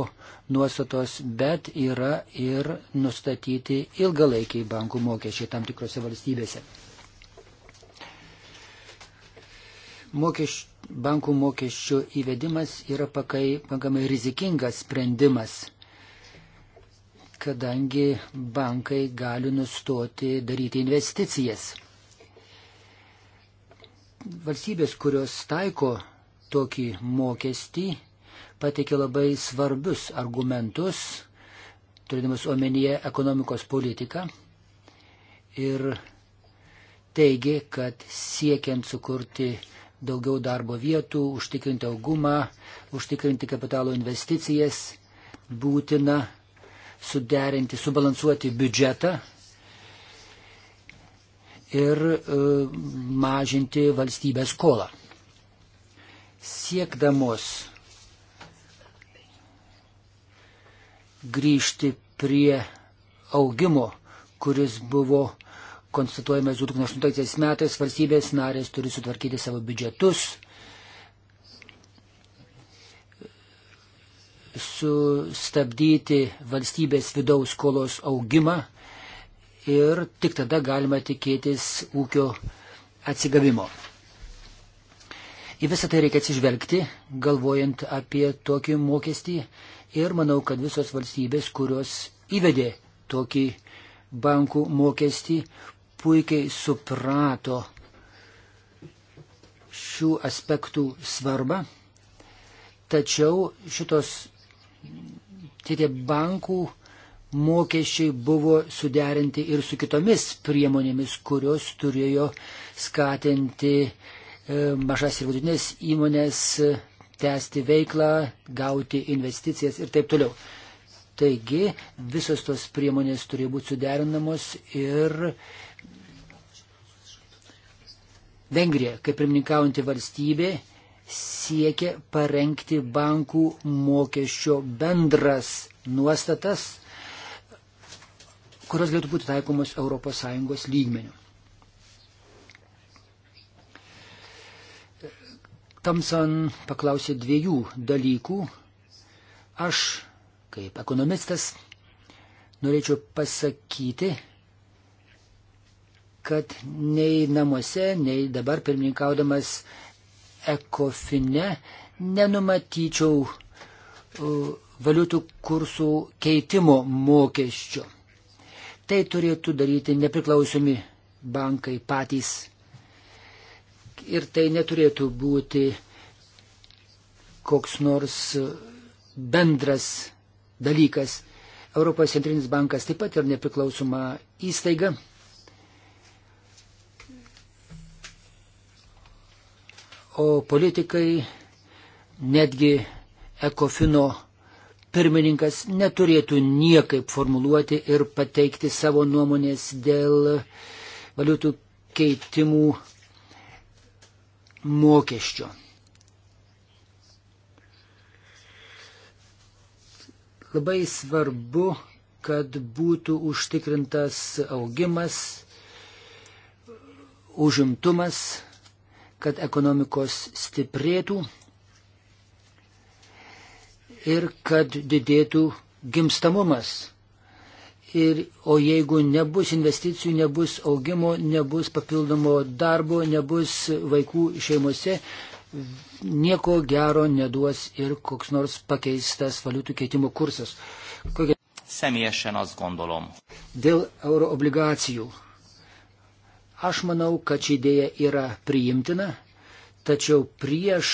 nuostatos, bet yra ir nustatyti ilgalaikiai bankų mokesčiai tam tikrose valstybėse. Mokeš, bankų mokesčių įvedimas yra pakai, pakankamai rizikingas sprendimas kadangi bankai gali nustoti daryti investicijas. Valstybės, kurios taiko tokį mokestį, pateikė labai svarbius argumentus, turėdamas omenyje ekonomikos politiką ir teigė, kad siekiant sukurti daugiau darbo vietų, užtikrinti augumą, užtikrinti kapitalo investicijas, būtina suderinti, subalansuoti biudžetą ir e, mažinti valstybės skolą. Siekdamos grįžti prie augimo, kuris buvo konstatuojamas 2008 metais, valstybės narės turi sutvarkyti savo biudžetus, sustabdyti valstybės vidaus skolos augimą ir tik tada galima tikėtis ūkio atsigavimo. Į visą tai reikia atsižvelgti, galvojant apie tokį mokestį ir manau, kad visos valstybės, kurios įvedė tokį bankų mokestį, puikiai suprato šių aspektų svarbą, tačiau šitos tai tie bankų mokesčiai buvo suderinti ir su kitomis priemonėmis, kurios turėjo skatinti e, mažas ir vidutinės įmonės e, tęsti veiklą, gauti investicijas ir taip toliau. Taigi visos tos priemonės turėjo būti suderinamos ir Vengrija, kaip pirmininkaujanti valstybė, siekia parengti bankų mokesčio bendras nuostatas, kurios galėtų būti taikomos ES lygmenių. Tamson paklausė dviejų dalykų. Aš, kaip ekonomistas, norėčiau pasakyti, kad nei namuose, nei dabar pirmininkaudamas uh, ekofine nenumatyčiau e, valiutų kursų keitimo mokesčio. Tai turėtų daryti nepriklausomi bankai patys. Ir tai neturėtų būti koks nors bendras dalykas. Europos centrinis bankas taip pat yra nepriklausoma įstaiga o politikai, netgi ekofino pirmininkas neturėtų niekaip formuluoti ir pateikti savo nuomonės dėl valiutų keitimų mokesčio. Labai svarbu, kad būtų užtikrintas augimas, užimtumas, kad ekonomikos stiprėtų ir kad didėtų gimstamumas. Ir, o jeigu nebus investicijų, nebus augimo, nebus papildomo darbo, nebus vaikų šeimose, nieko gero neduos ir koks nors pakeistas valiutų keitimo kursas. Kokia... Semiešenas gondolom. Dėl euroobligacijų. Aš manau, kad ši idėja yra priimtina, tačiau prieš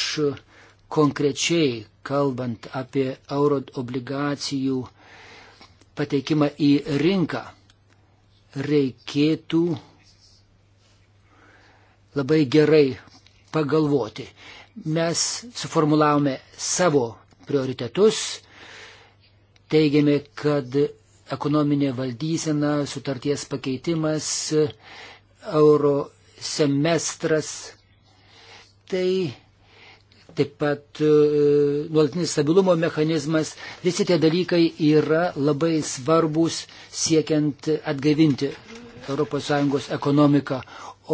konkrečiai kalbant apie euro obligacijų pateikimą į rinką, reikėtų labai gerai pagalvoti. Mes suformulavome savo prioritetus, teigiame, kad ekonominė valdysena, sutarties pakeitimas, euro semestras. Tai taip pat e, nuolatinis stabilumo mechanizmas, visi tie dalykai yra labai svarbus siekiant atgaivinti ES ekonomiką,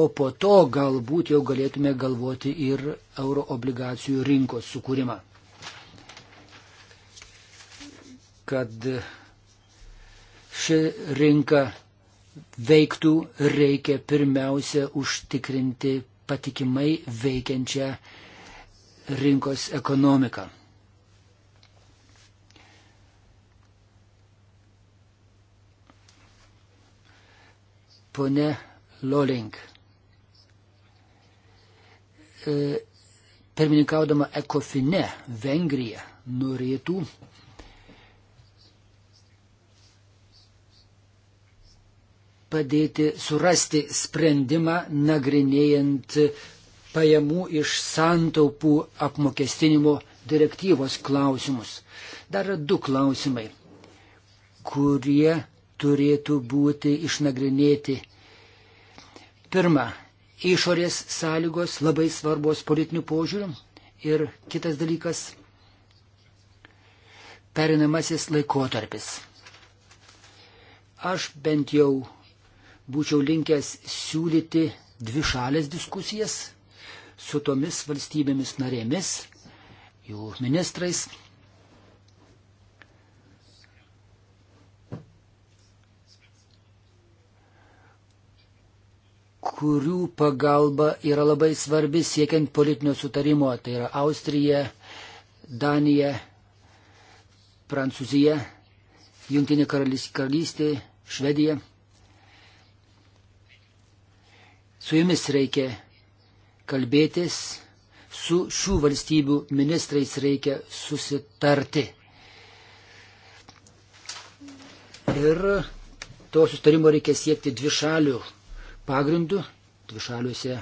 o po to galbūt jau galėtume galvoti ir euro obligacijų rinkos sukūrimą. Kad ši rinka veiktų, reikia pirmiausia užtikrinti patikimai veikiančią rinkos ekonomiką. Pone Lolink. E, pirmininkaudama ekofine Vengrija norėtų padėti surasti sprendimą nagrinėjant pajamų iš santaupų apmokestinimo direktyvos klausimus. Dar du klausimai, kurie turėtų būti išnagrinėti. Pirma, išorės sąlygos labai svarbos politinių požiūrių ir kitas dalykas - perinamasis laikotarpis. Aš bent jau būčiau linkęs siūlyti dvi šalės diskusijas su tomis valstybėmis narėmis, jų ministrais. kurių pagalba yra labai svarbi siekiant politinio sutarimo. Tai yra Austrija, Danija, Prancūzija, Junktinė karalystė, Švedija. Su jumis reikia kalbėtis, su šių valstybių ministrais reikia susitarti. Ir to sustarimo reikia siekti dvišalių pagrindų, dvišaliuose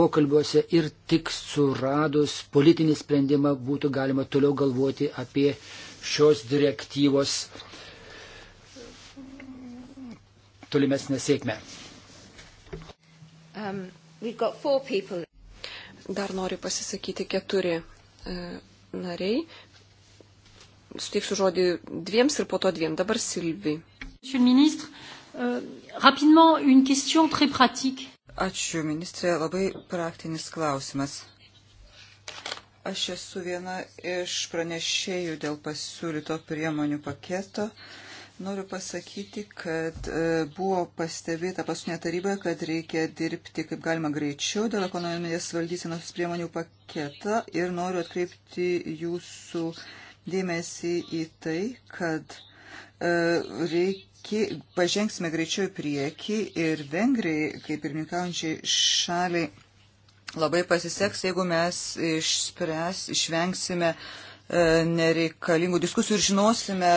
pokalbiuose ir tik suradus politinį sprendimą būtų galima toliau galvoti apie šios direktyvos tolimesnę sėkmę. Um, Dar noriu pasisakyti keturi e, nariai. Suteiksiu žodį dviems ir po to dviem. Dabar Silvi. Euh, Ačiū, ministrė. Labai praktinis klausimas. Aš esu viena iš pranešėjų dėl pasiūlyto priemonių paketo. E, Noriu pasakyti, kad e, buvo pastebėta paskutinė taryba, kad reikia dirbti kaip galima greičiau dėl ekonominės valdysenos priemonių paketą ir noriu atkreipti jūsų dėmesį į tai, kad e, reikia, pažengsime greičiau į priekį ir Vengrijai, kaip ir minkaujančiai šaliai, labai pasiseks, jeigu mes išspręs, išvengsime uh, E, nereikalingų diskusijų ir žinosime,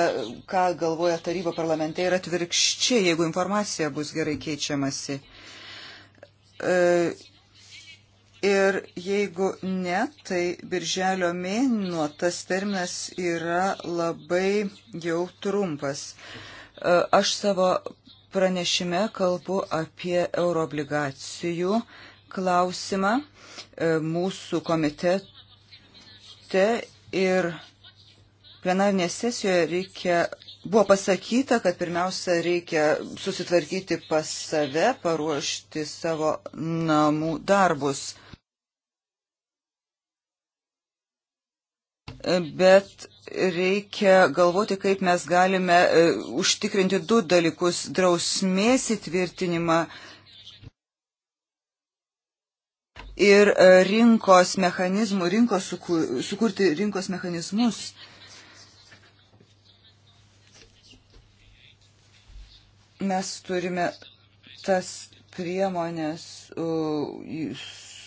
ką galvoja taryba parlamente ir atvirkščiai, jeigu informacija bus gerai keičiamasi. E, ir jeigu ne, tai birželio mėnuo tas terminas yra labai jau trumpas. E, aš savo pranešime kalbu apie euroobligacijų klausimą mūsų komitetą komitete Ir plenarinėje sesijoje reikia, buvo pasakyta, kad pirmiausia reikia susitvarkyti pas save, paruošti savo namų darbus. Bet reikia galvoti, kaip mes galime e, užtikrinti du dalykus - drausmės įtvirtinimą ir e, rinkos mechanizmų, rinkos sukur, sukurti rinkos mechanizmus. Mes turime tas priemonės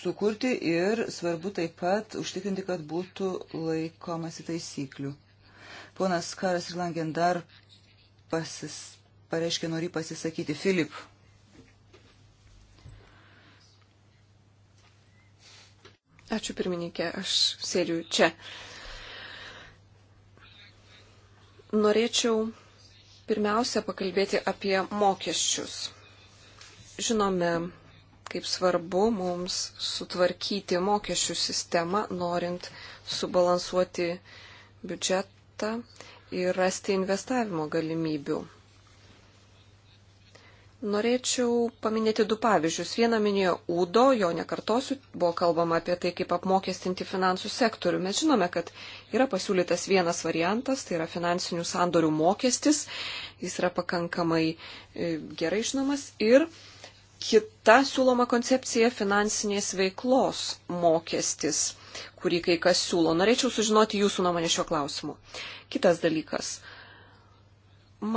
sukurti ir svarbu taip pat užtikrinti, kad būtų laikomasi taisyklių. Ponas Karas ir Langen dar pasis, pareiškė norį pasisakyti. Filip. Ačiū pirmininkė, aš sėdžiu čia. Norėčiau pirmiausia pakalbėti apie mokesčius. Žinome, kaip svarbu mums sutvarkyti mokesčių sistemą, norint subalansuoti biudžetą ir rasti investavimo galimybių. Norėčiau paminėti du pavyzdžius. Vieną minėjo Udo, jo nekartosiu, buvo kalbama apie tai, kaip apmokestinti finansų sektorių. Mes žinome, kad yra pasiūlytas vienas variantas, tai yra finansinių sandorių mokestis, jis yra pakankamai e, gerai žinomas. Ir kita siūloma koncepcija - finansinės veiklos mokestis, kurį kai kas siūlo. Norėčiau sužinoti jūsų nuomonę šiuo klausimu. Kitas dalykas.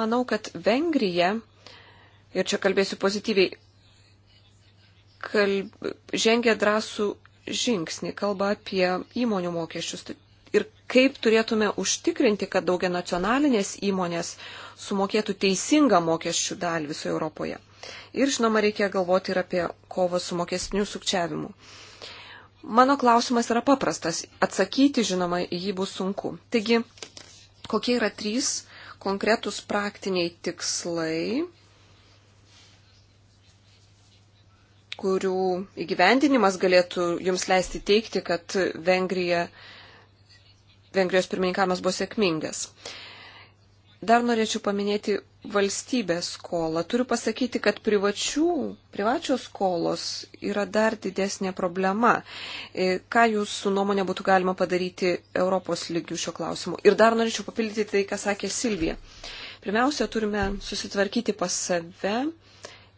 Manau, kad Vengrija ir čia kalbėsiu pozityviai, kalb, žengia drąsų žingsnį, kalba apie įmonių mokesčius tai ir kaip turėtume užtikrinti, kad daugia nacionalinės įmonės sumokėtų teisingą mokesčių dalį visoje Europoje. Ir žinoma, reikia galvoti ir apie kovą su mokestiniu sukčiavimu. Mano klausimas yra paprastas, atsakyti, žinoma, į jį bus sunku. Taigi, kokie yra trys konkretūs praktiniai tikslai, kurių įgyvendinimas galėtų jums leisti teikti, kad Vengrija, Vengrijos pirmininkavimas buvo sėkmingas. Dar norėčiau paminėti valstybės skolą. Turiu pasakyti, kad privačių, privačios skolos yra dar didesnė problema. E, ką jūsų nuomonė būtų galima padaryti Europos lygių šio klausimu? Ir dar norėčiau papildyti tai, ką sakė Silvija. Pirmiausia, turime susitvarkyti pas save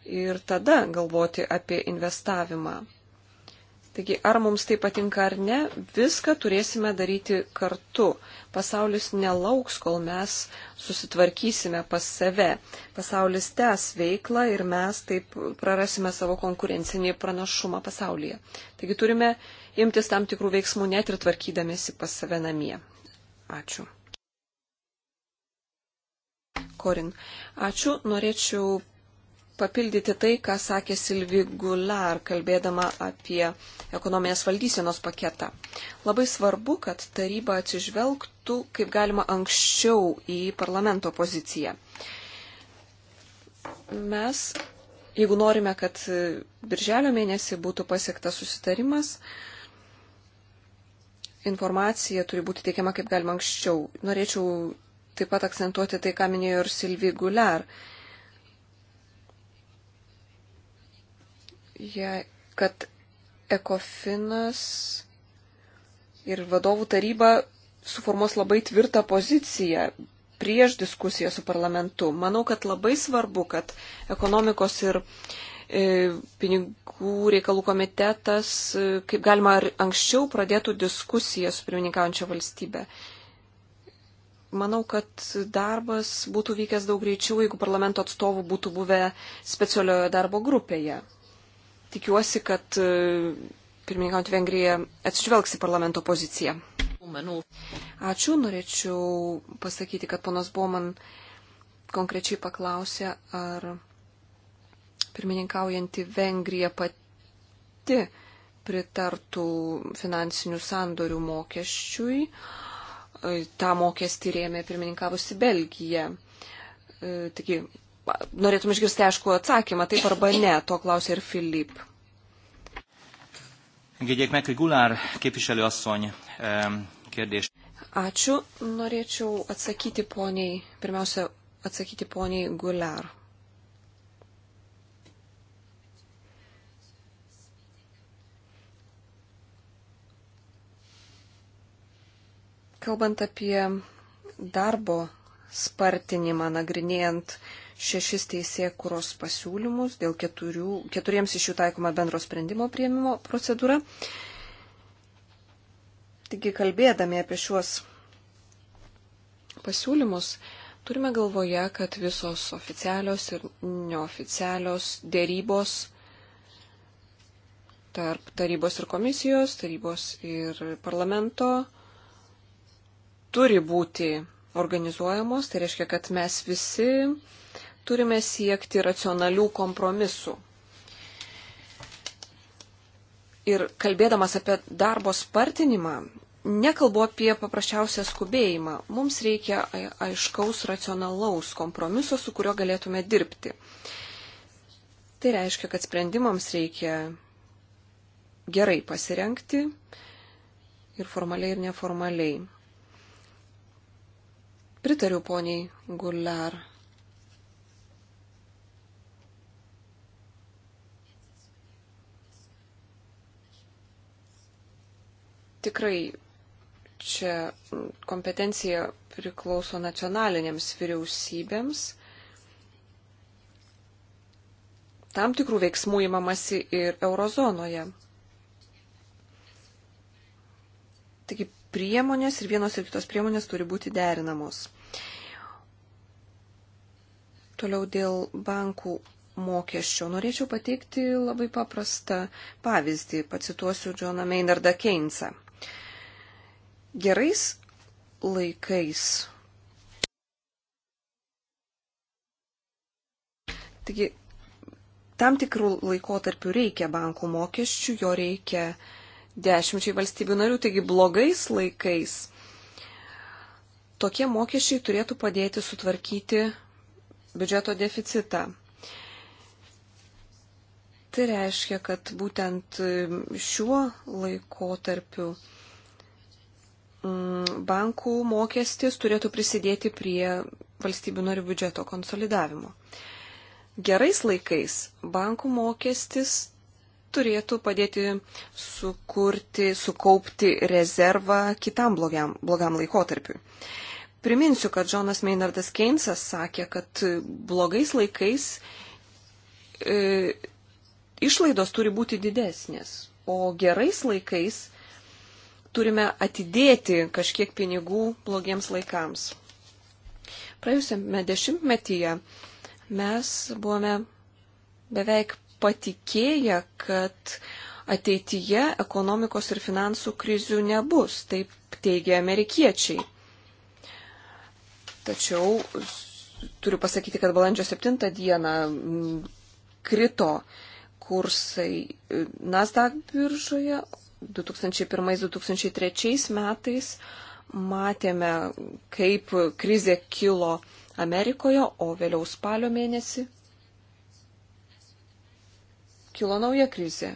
ir tada galvoti apie investavimą. Taigi, ar mums tai patinka ar ne, viską turėsime daryti kartu. Pasaulis nelauks, kol mes susitvarkysime pas save. Pasaulis tęs veiklą ir mes taip prarasime savo konkurencinį pranašumą pasaulyje. Taigi turime imtis tam tikrų veiksmų net ir tvarkydamėsi pas save namie. Ačiū. Korin, ačiū. Norėčiau papildyti tai, ką sakė Silvi Gular, kalbėdama apie ekonominės valdysenos paketą. Labai svarbu, kad taryba atsižvelgtų kaip galima anksčiau į parlamento poziciją. Mes, jeigu norime, kad birželio mėnesį būtų pasiektas susitarimas, informacija turi būti teikiama kaip galima anksčiau. Norėčiau taip pat akcentuoti tai, ką minėjo ir Silvi Gular. jei, kad ekofinas ir vadovų taryba suformuos labai tvirtą poziciją prieš diskusiją su parlamentu. Manau, kad labai svarbu, kad ekonomikos ir e, pinigų reikalų komitetas, e, kaip galima anksčiau pradėtų diskusiją su pirmininkaujančia valstybė. Manau, kad darbas būtų vykęs daug greičiau, jeigu parlamento atstovų būtų buvę specialiojo darbo grupėje. Tikiuosi, kad e, pirmininkant Vengrija atsižvelgs į parlamento poziciją. Ačiū, norėčiau pasakyti, kad ponas Boman konkrečiai paklausė, ar pirmininkaujanti Vengrija pati pritartų finansinių sandorių mokesčiui. E, Ta mokestį rėmė pirmininkavusi Belgija. E, taigi norėtum išgirsti aišku atsakymą, taip arba ne, to klausė ir Filip. Engedjék meg, hogy Gulár képviselőasszony kérdés. Ačiū. Norėčiau atsakyti poniai, pirmiausia, atsakyti poniai Gulár. Kalbant apie darbo spartinimą, nagrinėjant šešis teisėkuros pasiūlymus, dėl keturių, keturiems iš jų taikoma bendro sprendimo prieimimo procedūra. Taigi kalbėdami apie šiuos pasiūlymus, turime galvoje, kad visos oficialios ir neoficialios dėrybos tarp tarybos ir komisijos, tarybos ir parlamento turi būti organizuojamos, tai reiškia, kad mes visi turime siekti racionalių kompromisų. Ir kalbėdamas apie darbo spartinimą, nekalbu apie paprasčiausią skubėjimą. Mums reikia aiškaus racionalaus kompromiso, su kurio galėtume dirbti. Tai reiškia, kad sprendimams reikia gerai pasirenkti ir formaliai, ir neformaliai. Pritariu poniai Gular Tikrai čia kompetencija priklauso nacionalinėms vyriausybėms. Tam tikrų veiksmų įmamasi ir eurozonoje. Taigi priemonės ir vienos ir kitos priemonės turi būti derinamos. Toliau dėl bankų mokesčio. Norėčiau pateikti labai paprastą pavyzdį. Pacituosiu Džoną Maynardą Keynesą. Gerais laikais. Taigi, tam tikrų laikotarpių reikia bankų mokesčių, jo reikia dešimčiai valstybių narių, taigi blogais laikais tokie mokesčiai turėtų padėti sutvarkyti biudžeto deficitą. Tai reiškia, kad būtent šiuo laikotarpiu tarpiu Mm, bankų mokestis turėtų prisidėti prie valstybių narių biudžeto konsolidavimo. Gerais laikais bankų mokestis turėtų padėti sukurti, sukaupti rezervą kitam blogiam, blogam laikotarpiu. Priminsiu, kad Džonas Maynardas Keynesas sakė, kad blogais laikais e, išlaidos turi būti didesnės, o gerais laikais turime atidėti kažkiek pinigų blogiems laikams. Praėjusiame dešimtmetyje mes buvome beveik patikėję, kad ateityje ekonomikos ir finansų krizių nebus, taip teigia amerikiečiai. Tačiau turiu pasakyti, kad balandžio 7 dieną krito kursai Nasdaq biržoje, 2001-2003 metais matėme, kaip krizė kilo Amerikoje, o vėliau spalio mėnesį kilo nauja krizė.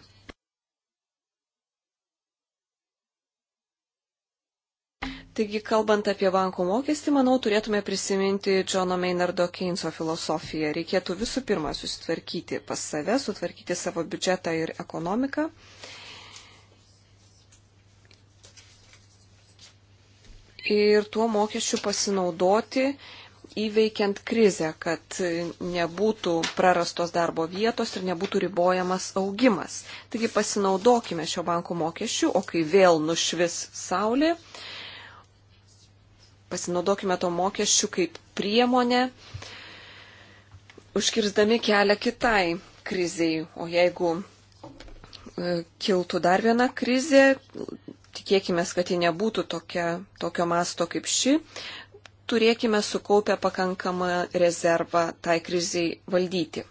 Taigi, kalbant apie bankų mokestį, manau, turėtume prisiminti Džono Maynardo Keynes'o filosofiją. Reikėtų visų pirma susitvarkyti pas save, sutvarkyti savo biudžetą ir ekonomiką. Uh, ir tuo mokesčiu pasinaudoti įveikiant krizę, kad nebūtų prarastos darbo vietos ir nebūtų ribojamas augimas. Taigi pasinaudokime šio bankų mokesčių, o kai vėl nušvis saulė, pasinaudokime to mokesčių kaip priemonę, užkirzdami kelią kitai kriziai. O jeigu e, kiltų dar viena krizė, tikėkime, kad ji nebūtų tokia, tokio masto kaip ši, turėkime sukaupę pakankamą rezervą tai kriziai valdyti.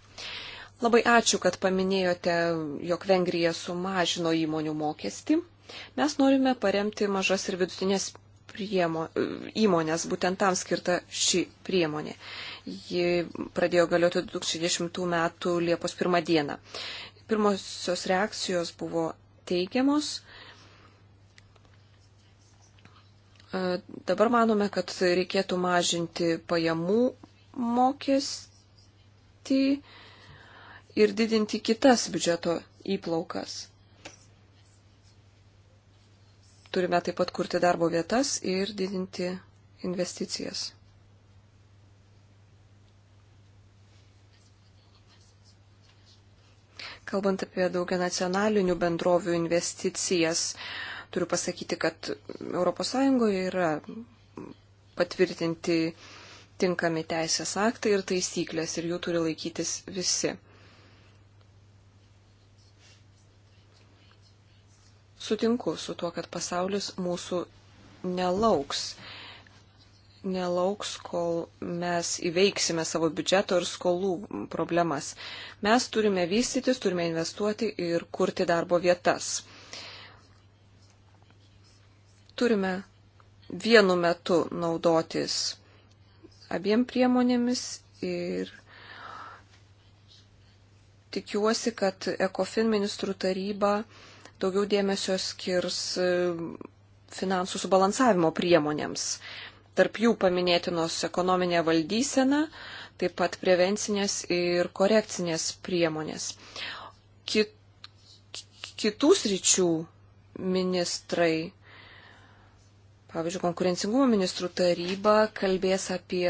Labai ačiū, kad paminėjote, jog Vengrija sumažino įmonių mokestį. Mes norime paremti mažas ir vidutinės priemo, įmonės, būtent tam skirta ši priemonė. Ji pradėjo galioti 2010 m. Liepos 1 d. Pirmosios reakcijos buvo teigiamos, E, dabar manome, kad reikėtų mažinti pajamų mokestį ir didinti kitas biudžeto įplaukas. Turime taip pat kurti darbo vietas ir didinti investicijas. Kalbant apie daugia nacionalinių bendrovių investicijas, uh, Turiu pasakyti, kad ES yra patvirtinti tinkami teisės aktai ir taisyklės ir jų turi laikytis visi. Sutinku su tuo, kad pasaulis mūsų nelauks. Nelauks, kol mes įveiksime savo biudžeto ir skolų problemas. Mes turime vystytis, turime investuoti ir kurti darbo vietas. Turime vienu metu naudotis abiem priemonėmis ir tikiuosi, kad ECOFIN ministrų taryba daugiau dėmesio skirs e, finansų subalansavimo priemonėms. Tarp jų paminėtinos ekonominė valdysena, taip pat prevencinės ir korekcinės priemonės. Kit, kitų sričių ministrai Pavyzdžiui, konkurencingumo ministrų taryba kalbės apie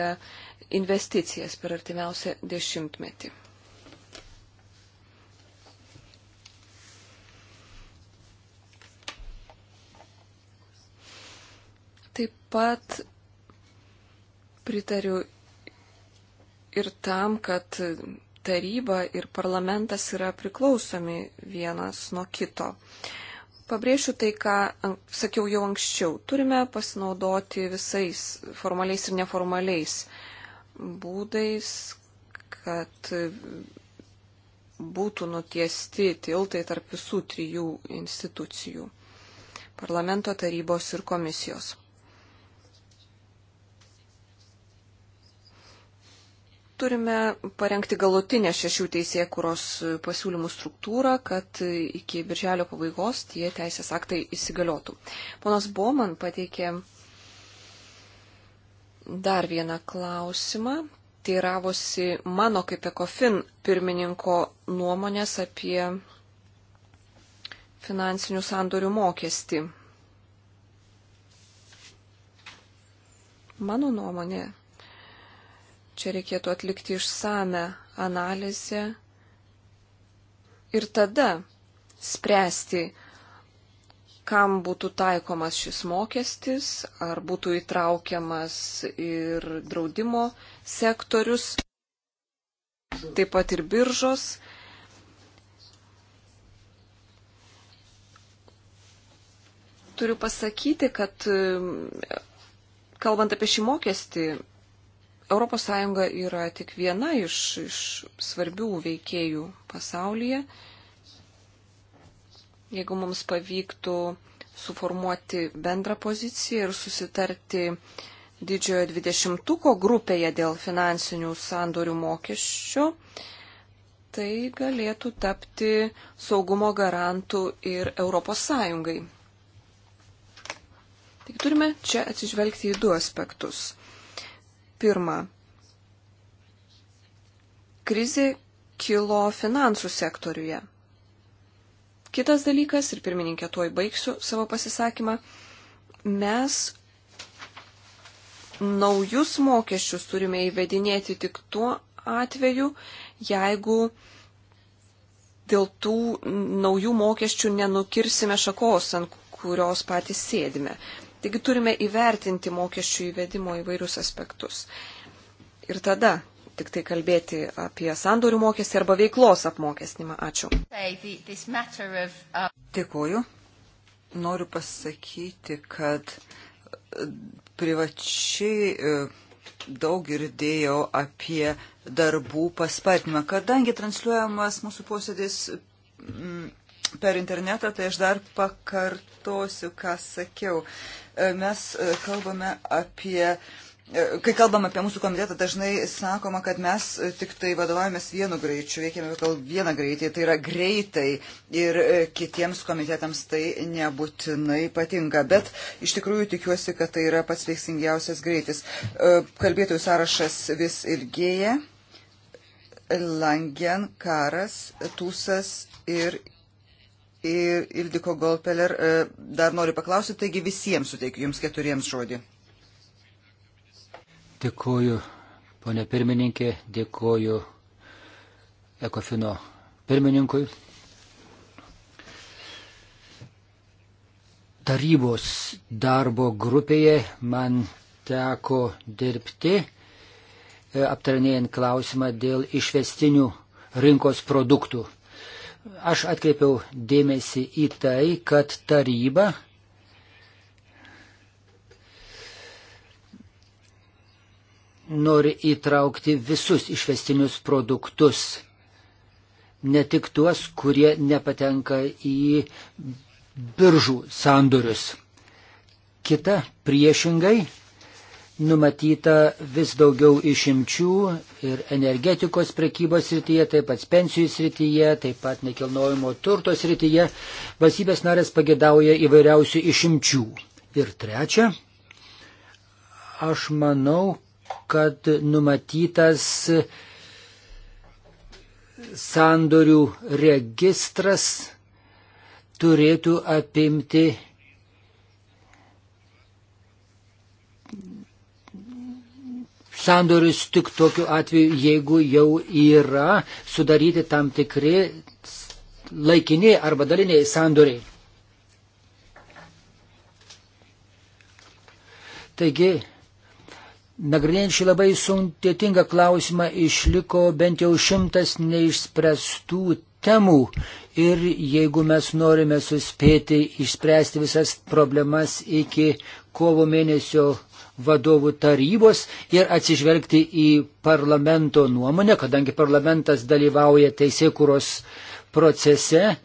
investicijas per artimiausią dešimtmetį. Taip pat pritariu ir tam, kad taryba ir parlamentas yra priklausomi vienas nuo kito. Uh, Pabrėšiu tai, ką sakiau jau anksčiau. Turime pasinaudoti visais formaliais ir neformaliais būdais, kad būtų nutiesti tiltai tarp visų trijų institucijų - parlamento tarybos ir komisijos. turime parengti galutinę šešių teisėkuros pasiūlymų struktūrą, kad iki birželio pabaigos tie teisės aktai įsigaliotų. Ponas Boman pateikė dar vieną klausimą. Teiravosi mano kaip ekofin pirmininko nuomonės apie finansinių sandorių mokestį. Mano nuomonė Čia reikėtų atlikti išsame analizę ir tada spręsti, kam būtų taikomas šis mokestis, ar būtų įtraukiamas ir draudimo sektorius, taip pat ir biržos. Turiu pasakyti, kad mm, kalbant apie šį mokestį, ES yra tik viena iš, iš svarbių veikėjų pasaulyje. Jeigu mums pavyktų suformuoti bendrą poziciją ir susitarti didžiojo dvidešimtuko grupėje dėl finansinių sandorių mokesčio, tai galėtų tapti saugumo garantų ir ES. Tik turime čia atsižvelgti į du aspektus pirma, krizė kilo finansų sektoriuje. Kitas dalykas, ir pirmininkė tuoj baigsiu savo pasisakymą, mes naujus mokesčius turime įvedinėti tik tuo atveju, jeigu dėl tų naujų mokesčių nenukirsime šakos, ant kurios patys sėdime. Taigi turime įvertinti mokesčių įvedimo įvairius aspektus. Ir tada tik tai kalbėti apie sandorių mokestį arba veiklos apmokestinimą. Ačiū. Dėkuoju. Noriu pasakyti, kad privačiai e, daug girdėjau apie darbų paspartinimą, kadangi transliuojamas mūsų posėdis per internetą, tai aš dar pakartosiu, ką sakiau. E, mes e, kalbame apie e, Kai kalbam apie mūsų komitetą, dažnai sakoma, kad mes tik tai vadovavomės vienu greičiu, veikėme pagal vieną greitį, tai yra greitai ir kitiems komitetams tai nebūtinai patinka, bet iš tikrųjų tikiuosi, kad tai yra pats veiksmingiausias greitis. Kalbėtojų sąrašas vis ilgėja. Langen, Karas, Tūsas ir ir Ildiko Golpeler e, dar noriu paklausyti, taigi visiems suteikiu jums keturiems žodį. Dėkuoju, ponė pirmininkė, dėkuoju Ekofino pirmininkui. Tarybos darbo grupėje man teko dirbti, e, aptarinėjant klausimą dėl išvestinių rinkos produktų. Aš atkreipiau dėmesį į tai, kad taryba nori įtraukti visus išvestinius produktus, ne tik tuos, kurie nepatenka į biržų sandorius. Kita priešingai numatyta vis daugiau išimčių ir energetikos prekybos srityje, taip pat pensijų srityje, taip pat nekilnojimo turto srityje. Valstybės narės pagėdauja įvairiausių išimčių. Ir trečia, aš manau, kad numatytas sandorių registras turėtų apimti sandorius tik tokiu atveju, jeigu jau yra sudaryti tam tikri laikiniai arba daliniai sandoriai. Taigi, nagrinėjant šį labai suntetingą klausimą, išliko bent jau šimtas neišspręstų temų ir jeigu mes norime suspėti išspręsti visas problemas iki kovo mėnesio vadovų tarybos ir atsižvelgti į parlamento nuomonę, kadangi parlamentas dalyvauja teisėkuros procese.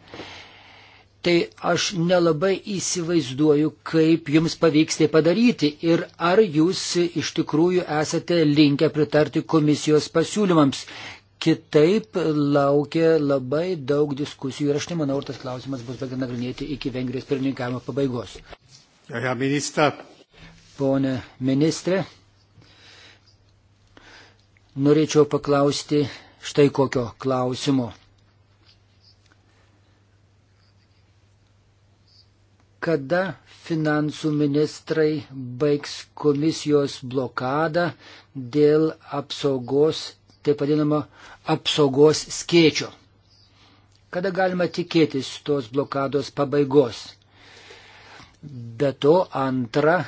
Tai aš nelabai įsivaizduoju, kaip jums pavyks tai padaryti ir ar jūs iš tikrųjų esate linkę pritarti komisijos pasiūlymams. Kitaip laukia labai daug diskusijų ir aš nemanau, ar tas klausimas bus baigta nagrinėti iki Vengrijos pirmininkavimo pabaigos. Ja, minister, ponė ministrė. Norėčiau paklausti štai kokio klausimo. Kada finansų ministrai baigs komisijos blokadą dėl apsaugos, taip vadinamo, apsaugos skėčio? Kada galima tikėtis tos blokados pabaigos? Be to, antra,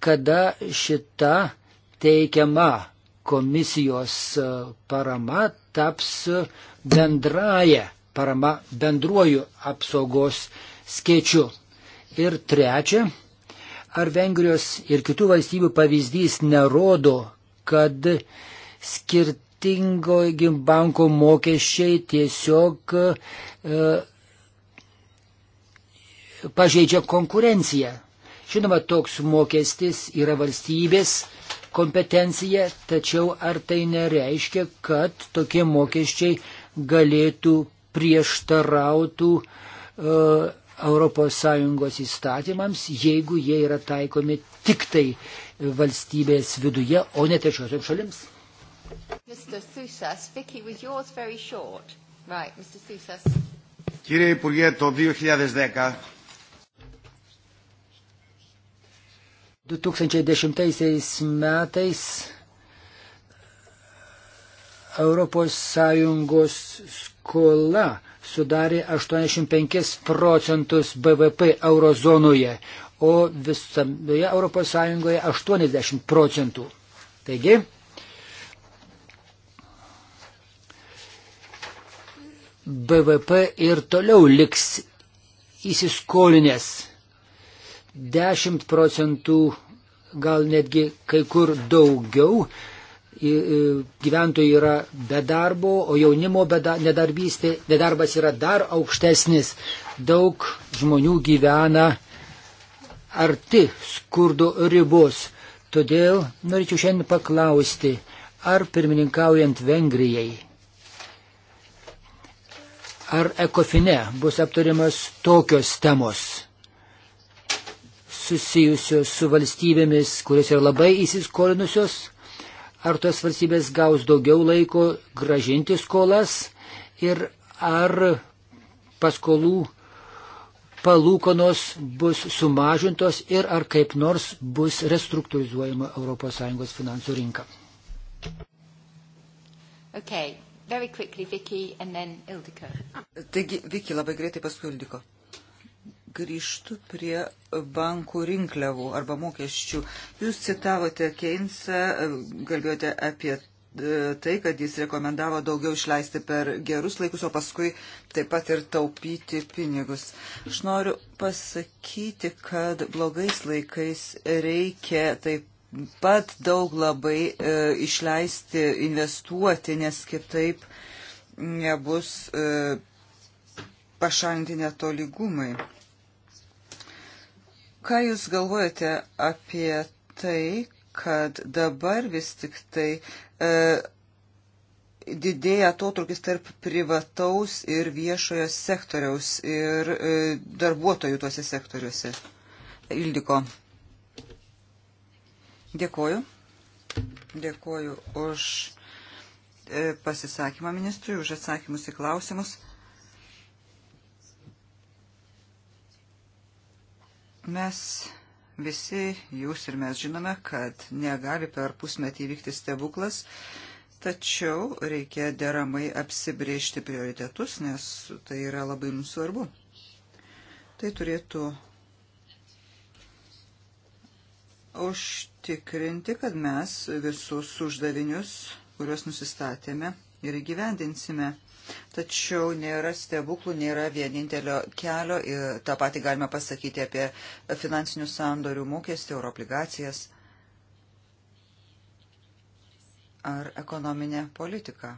kada šita teikiama komisijos e, parama taps bendraja parama bendruoju apsaugos skėčiu. Ir trečia, ar Vengrijos ir kitų valstybių pavyzdys nerodo, kad skirtingo banko mokesčiai tiesiog e, pažeidžia konkurenciją. Žinoma, toks mokestis yra valstybės kompetencija, tačiau ar tai nereiškia, kad tokie mokesčiai galėtų prieštarautų uh, ES įstatymams, jeigu jie yra taikomi tik tai valstybės viduje, o ne trečiosiam šalims? Κύριε Υπουργέ, το 2010 2010 metais ES skola sudarė 85 procentus BVP eurozonoje, o visoje ES 80 procentų. Taigi, BVP ir toliau liks įsiskolinęs 10 procentų, gal netgi kai kur daugiau gyventojų yra be darbo, o jaunimo nedarbystė, nedarbas yra dar aukštesnis. Daug žmonių gyvena arti skurdo ribos. Todėl norėčiau šiandien paklausti, ar pirmininkaujant Vengrijai, ar ekofine bus aptariamas tokios temos susijusios su valstybėmis, kurios yra labai įsiskolinusios, ar tos valstybės gaus daugiau laiko gražinti skolas ir ar paskolų palūkonos bus sumažintos ir ar kaip nors bus restruktūrizuojama ES finansų rinka. Okay. Quickly, Vicky, Taigi, Viki, labai greitai paskui Ildiko grįžtu prie bankų rinkliavų arba mokesčių. Jūs citavote Keynesą, kalbėjote apie e, tai, kad jis rekomendavo daugiau išleisti per gerus laikus, o paskui taip pat ir taupyti pinigus. Aš noriu pasakyti, kad blogais laikais reikia taip pat daug labai e, išleisti, investuoti, nes kitaip nebus e, pašalinti netolygumai. Ką Jūs galvojate apie tai, kad dabar vis tik tai e, didėja atotrukis tarp privataus ir viešojo sektoriaus ir e, darbuotojų tuose sektoriuose? Ildiko. Dėkoju. Dėkoju už e, pasisakymą ministrui, už atsakymus į klausimus. Mes visi jūs ir mes žinome, kad negali per pusmetį įvykti stebuklas, tačiau reikia deramai apsibriežti prioritetus, nes tai yra labai mums svarbu. Tai turėtų užtikrinti, kad mes visus uždavinius, kuriuos nusistatėme, ir įgyvendinsime. Tačiau nėra stebuklų, nėra vienintelio kelio. Ir tą patį galime pasakyti apie finansinių sandorių mokestį, euroobligacijas ar ekonominę politiką.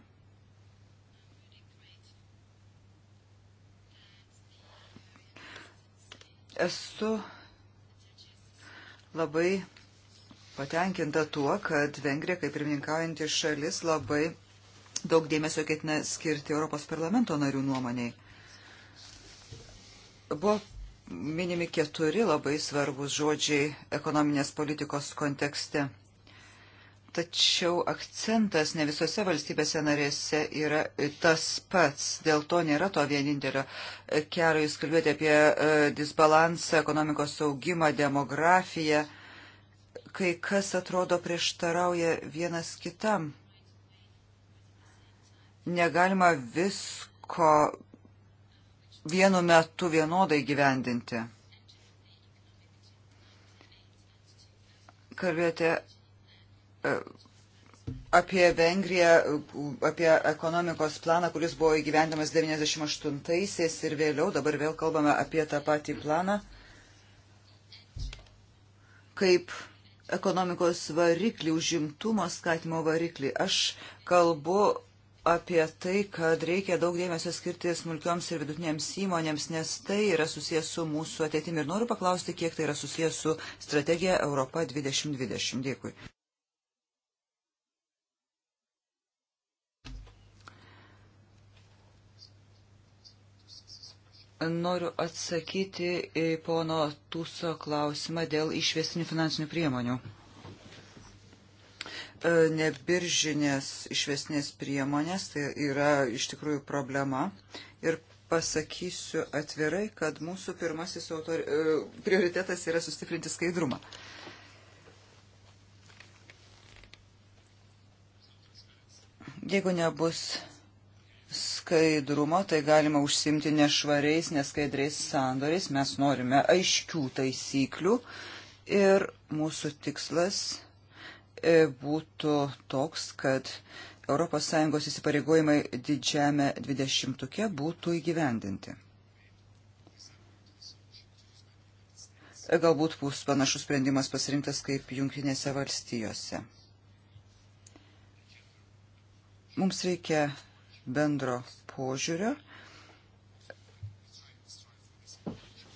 Esu labai patenkinta tuo, kad Vengrija, kaip pirmininkaujanti šalis, labai daug dėmesio ketina skirti Europos parlamento narių nuomoniai. Buvo minimi keturi labai svarbus žodžiai ekonominės politikos kontekste. Tačiau akcentas ne visose valstybėse narėse yra tas pats, dėl to nėra to vienintelio. Kero jūs kalbėjote apie e, disbalansą, ekonomikos saugimą, demografiją, kai kas atrodo prieštarauja vienas kitam negalima visko vienu metu vienodai gyvendinti. Kalbėjote e, apie Vengriją, apie ekonomikos planą, kuris buvo įgyvendamas 98-aisiais ir vėliau, dabar vėl kalbame apie tą patį planą, kaip ekonomikos variklį, užimtumo skatimo variklį. Aš kalbu apie tai, kad reikia daug dėmesio skirti smulkioms ir vidutinėms įmonėms, nes tai yra susijęs su mūsų ateitimi. Ir noriu paklausti, kiek tai yra susijęs su strategija Europa 2020. Dėkui. Noriu atsakyti į pono Tuso klausimą dėl išvesinių finansinių priemonių. E, nebiržinės išvesnės priemonės, tai yra iš tikrųjų problema. Ir pasakysiu atvirai, kad mūsų pirmasis autor... E, prioritetas yra sustiprinti skaidrumą. Jeigu nebus skaidrumo, tai galima užsimti nešvariais, neskaidriais sandoriais. Mes norime aiškių taisyklių ir mūsų tikslas E, būtų toks, kad ES įsipareigojimai didžiame dvidešimtuke būtų įgyvendinti. E, galbūt bus panašus sprendimas pasirinktas kaip jungtinėse valstijose. Mums reikia bendro požiūrio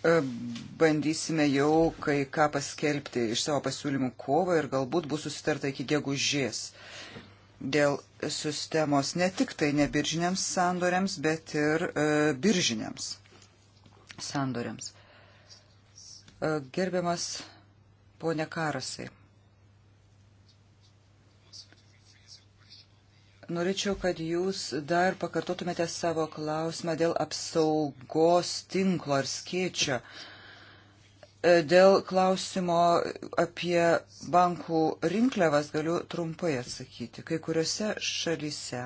E, bandysime jau kai ką paskelbti iš savo pasiūlymų kovą ir galbūt bus susitarta iki gegužės dėl sistemos ne tik tai nebiržiniams sandoriams, bet ir e, biržiniams sandoriams. E, gerbiamas ponė Karasai. Norėčiau, kad jūs dar pakartotumėte savo klausimą dėl apsaugos tinklo ar skėčio. E, dėl klausimo apie bankų rinkliavas galiu trumpai atsakyti. Kai kuriuose šalyse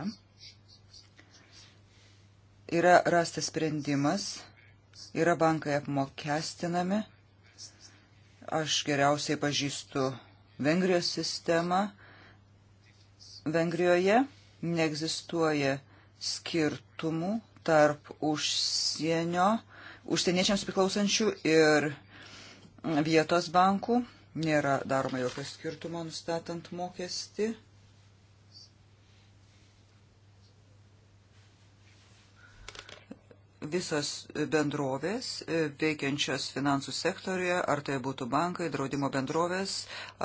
yra rastas sprendimas, yra bankai apmokestinami. Aš geriausiai pažįstu Vengrijos sistemą. Vengrijoje neegzistuoja skirtumų tarp užsienio, užsieniečiams priklausančių ir vietos bankų. Nėra daroma jokio skirtumo nustatant mokestį. Visos bendrovės e, veikiančios finansų sektoriuje, ar tai būtų bankai, draudimo bendrovės,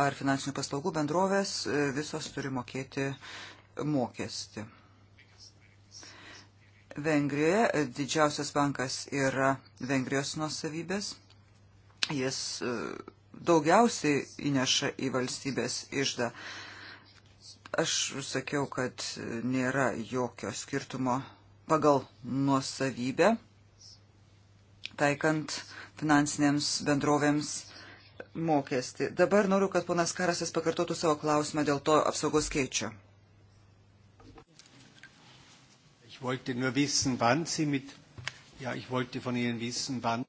ar finansinių paslaugų bendrovės, e, visos turi mokėti mokestį. Vengrijoje didžiausias bankas yra Vengrijos nuosavybės. Jis e, daugiausiai įneša į valstybės išdą. Aš sakiau, kad nėra jokio skirtumo pagal nuosavybę, taikant finansinėms bendrovėms mokestį. Dabar noriu, kad ponas Karasas pakartotų savo klausimą dėl to apsaugos keičio. Ich wollte nur wissen, wann Sie mit. Ja, ich wollte von Ihnen wissen, wann.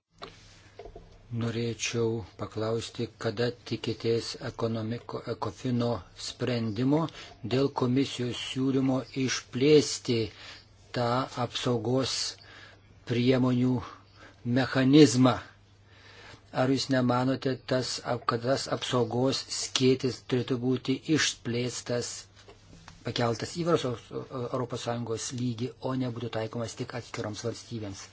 Norėčiau paklausti, kada tikitės ekofino sprendimo dėl komisijos siūlymo išplėsti tą apsaugos priemonių mechanizmą. Ar jūs nemanote, tas, kad tas apsaugos skėtis turėtų būti išplėstas pakeltas į visos ES lygį, o nebūtų taikomas tik atskiroms valstybėms.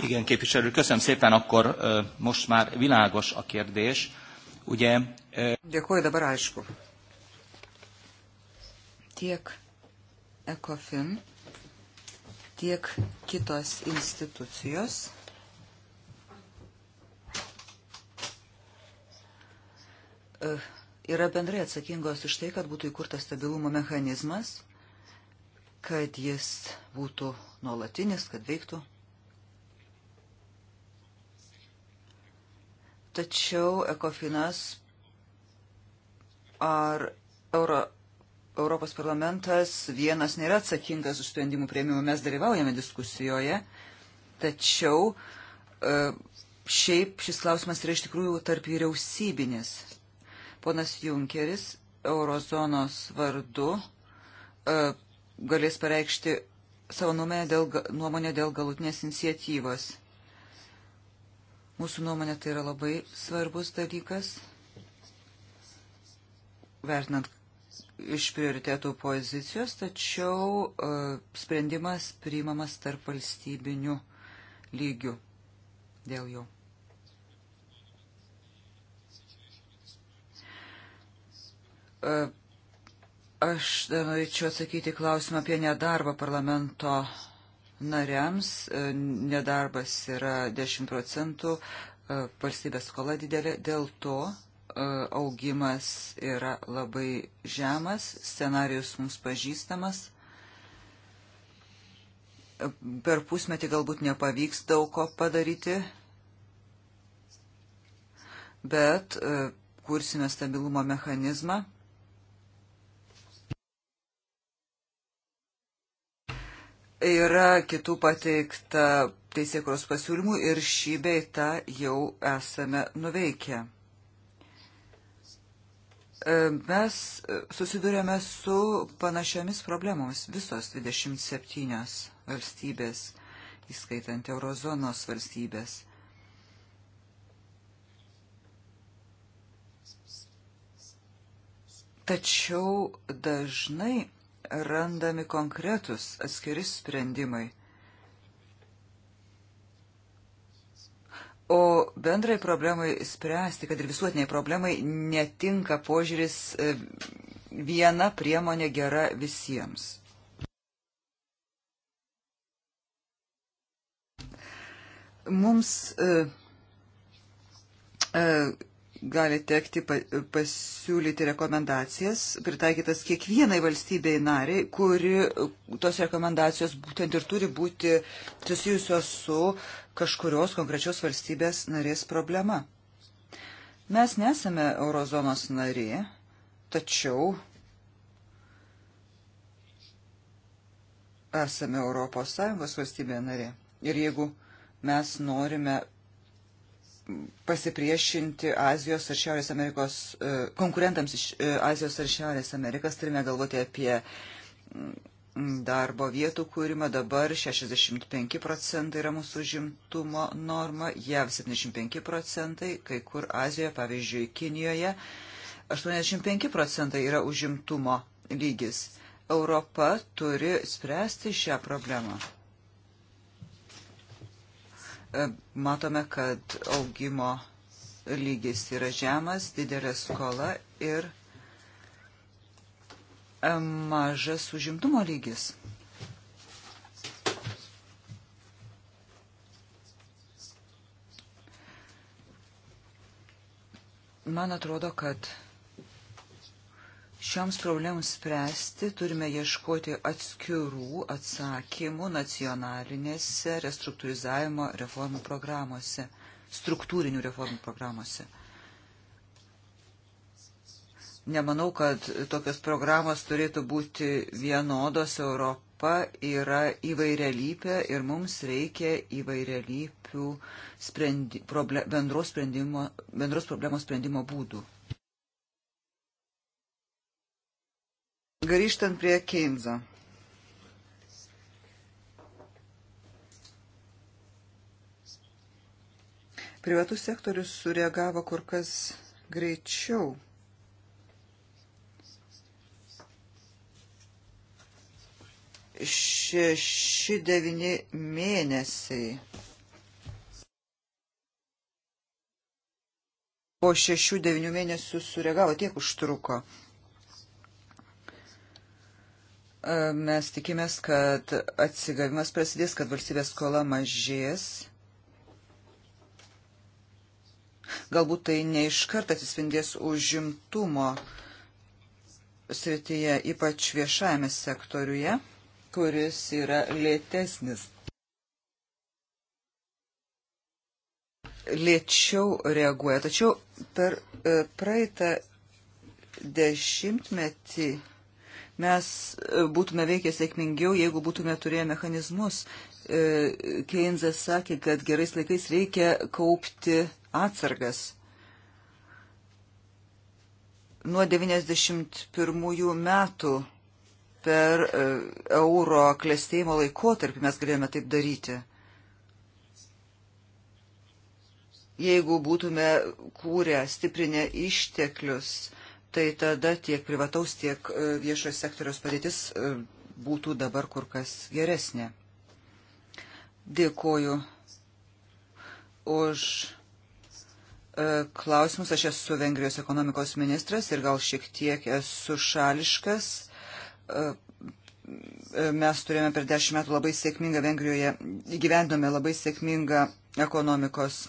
Igen, képviselő, köszönöm szépen, akkor e, most már világos a kérdés. Ugye... E, Dėkuoju, dabar aišku. Tiek ECOFIN, tiek kitos institucijos Eh, yra bendrai atsakingos už tai, kad būtų įkurtas stabilumo mechanizmas, kad jis būtų nuolatinis, kad veiktų. Tačiau Ekofinas ar Euro, Europos parlamentas vienas nėra atsakingas už sprendimų prieimimą. Mes dalyvaujame diskusijoje, tačiau eh, šiaip šis klausimas yra iš tikrųjų tarp vyriausybinis Ponas Junkeris eurozonos vardu e, galės pareikšti savo nuomonę dėl, nuomonę dėl galutinės iniciatyvos. Mūsų nuomonė tai yra labai svarbus dalykas, vertinant iš prioritėtų pozicijos, tačiau uh, sprendimas priimamas tarp valstybinių lygių dėl jo. E, aš dar norėčiau atsakyti klausimą apie nedarbą parlamento nariams. E, nedarbas yra 10 procentų, e, valstybės skola didelė, dėl to augimas yra labai žemas, scenarius mums pažįstamas. Per pusmetį galbūt nepavyks daug ko padaryti, bet kursime stabilumo mechanizmą. Yra kitų pateikta teisėkos pasiūlymų ir šį beitą jau esame nuveikę. E, mes susidurėme su panašiomis problemomis visos 27 valstybės, įskaitant eurozonos valstybės. Tačiau dažnai randami konkretus atskiri sprendimai. O bendrai problemai spręsti, kad ir visuotiniai problemai netinka požiūris e, viena priemonė gera visiems. Mums e, e, gali tekti pasiūlyti rekomendacijas, pritaikytas kiekvienai valstybei nariai, kuri tos rekomendacijos būtent ir turi būti susijusios su kažkurios konkrečios valstybės narės problema. Mes nesame eurozonos nariai, tačiau esame Europos Sąjungos valstybė narė. Ir jeigu mes norime pasipriešinti Azijos ar Šiaurės Amerikos e, konkurentams iš e, Azijos ar Šiaurės Amerikas. Turime galvoti apie mm, darbo vietų kūrimą. Dabar 65 procentai yra mūsų žimtumo norma, jav 75 procentai, kai kur Azijoje, pavyzdžiui, Kinijoje 85 procentai yra užimtumo lygis. Europa turi spręsti šią problemą. E, matome, kad augimo lygis yra žemas, didelė skola ir e, mažas užimtumo lygis. Man atrodo, kad Šioms problemams spręsti turime ieškoti atskirų atsakymų nacionalinėse restruktūrizavimo reformų programuose, struktūrinių reformų programuose. Nemanau, kad tokios programos turėtų būti vienodos. Europa yra įvairialypė ir mums reikia įvairialypių sprendi, proble, bendros, bendros problemos sprendimo būdų. Grįžtant prie Keinzo. Privatus sektorius sureagavo kur kas greičiau. Šeši devini mėnesiai. Po šešių devinių mėnesių sureagavo tiek užtruko. Mes tikimės, kad atsigavimas prasidės, kad valstybės skola mažės. Galbūt tai neiškart atsispindės užimtumo srityje, ypač viešajame sektoriuje, kuris yra lėtesnis. Lėčiau reaguoja, tačiau per e, praeitą dešimtmetį Mes e, būtume veikę sėkmingiau, jeigu būtume turėję mechanizmus. E, Keynesas sakė, kad gerais laikais reikia kaupti atsargas. Nuo 91 metų per e, euro klėstėjimo laikotarpį mes galėjome taip daryti. Jeigu būtume kūrę, stiprinę išteklius, tai tada tiek privataus, tiek e, viešojo sektoriaus padėtis e, būtų dabar kur kas geresnė. Dėkoju už e, klausimus. Aš esu Vengrijos ekonomikos ministras ir gal šiek tiek esu šališkas. Mes turėjome per dešimt metų labai sėkmingą Vengrijoje, įgyvendome labai sėkmingą ekonomikos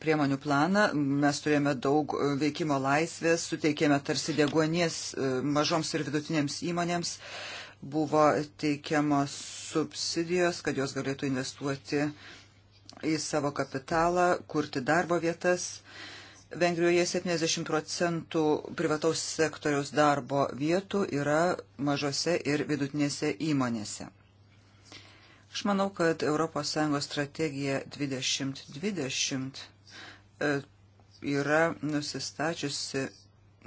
priemonių planą, mes turėjome daug e, veikimo laisvės, suteikėme tarsi deguonies e, mažoms ir vidutinėms įmonėms, buvo teikiamos subsidijos, kad jos galėtų investuoti į savo kapitalą, kurti darbo vietas. Vengrijoje 70 procentų privataus sektoriaus darbo vietų yra mažose ir vidutinėse įmonėse. Aš manau, kad ES strategija 2020 E, yra nusistačiusi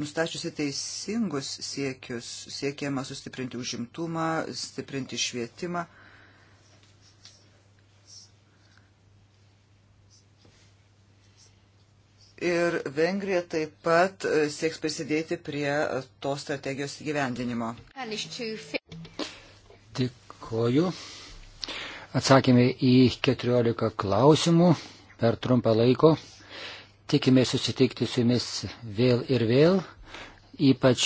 nustačiusi teisingus siekius, siekiama sustiprinti užimtumą, stiprinti švietimą. Ir Vengrija taip pat e, sieks prisidėti prie tos strategijos įgyvendinimo. Dėkoju. Atsakymai į 14 klausimų per trumpą laiko. Tikime susitikti su jumis vėl ir vėl, ypač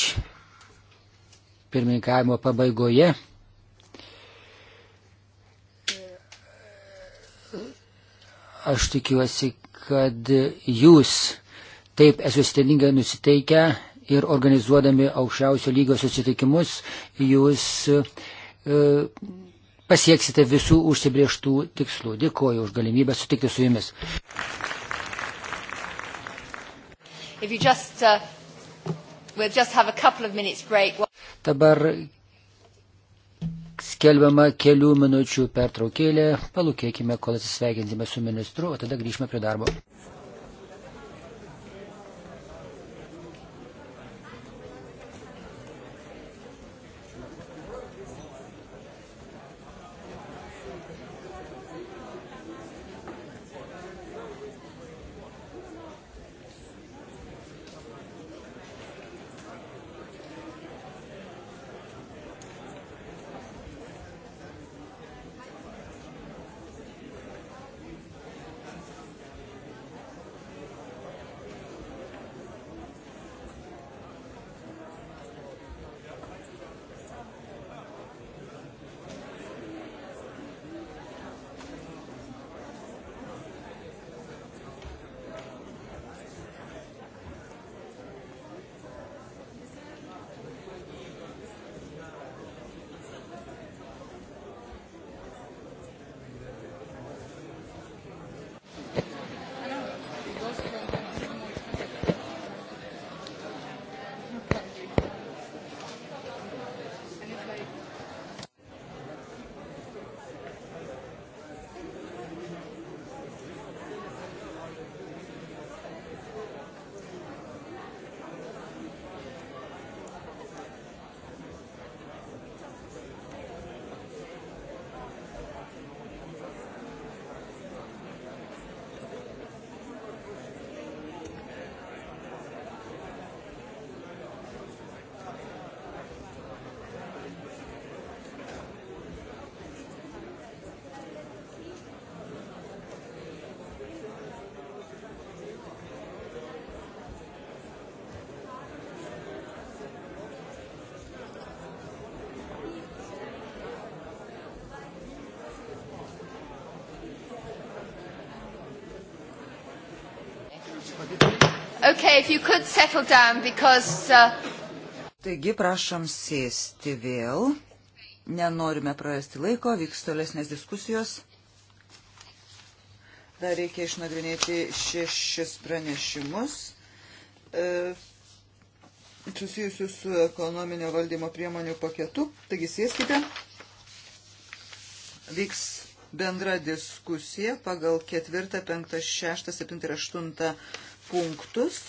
pirmininkavimo pabaigoje. Aš tikiuosi, kad jūs taip esu steningai nusiteikę ir organizuodami aukščiausio lygio susitikimus jūs e, pasieksite visų užsibrieštų tikslų. Dėkuoju už galimybę sutikti su jumis. If you just, uh, we'll just have a couple of minutes break. Dabar skelbiama kelių minučių pertraukėlė. Palūkėkime, kol atsisveikinsime su ministru, o tada grįžime prie darbo. Okay, if you could settle down because. Uh... Taigi prašom sėsti vėl. Nenorime prarasti laiko, vyks tolesnės diskusijos. Dar reikia išnagrinėti šešis pranešimus e, susijusius su ekonominio valdymo priemonių paketu. Taigi sėskite. Vyks bendra diskusija pagal ketvirtą, penktą, šeštą, septintą ir aštuntą punktus.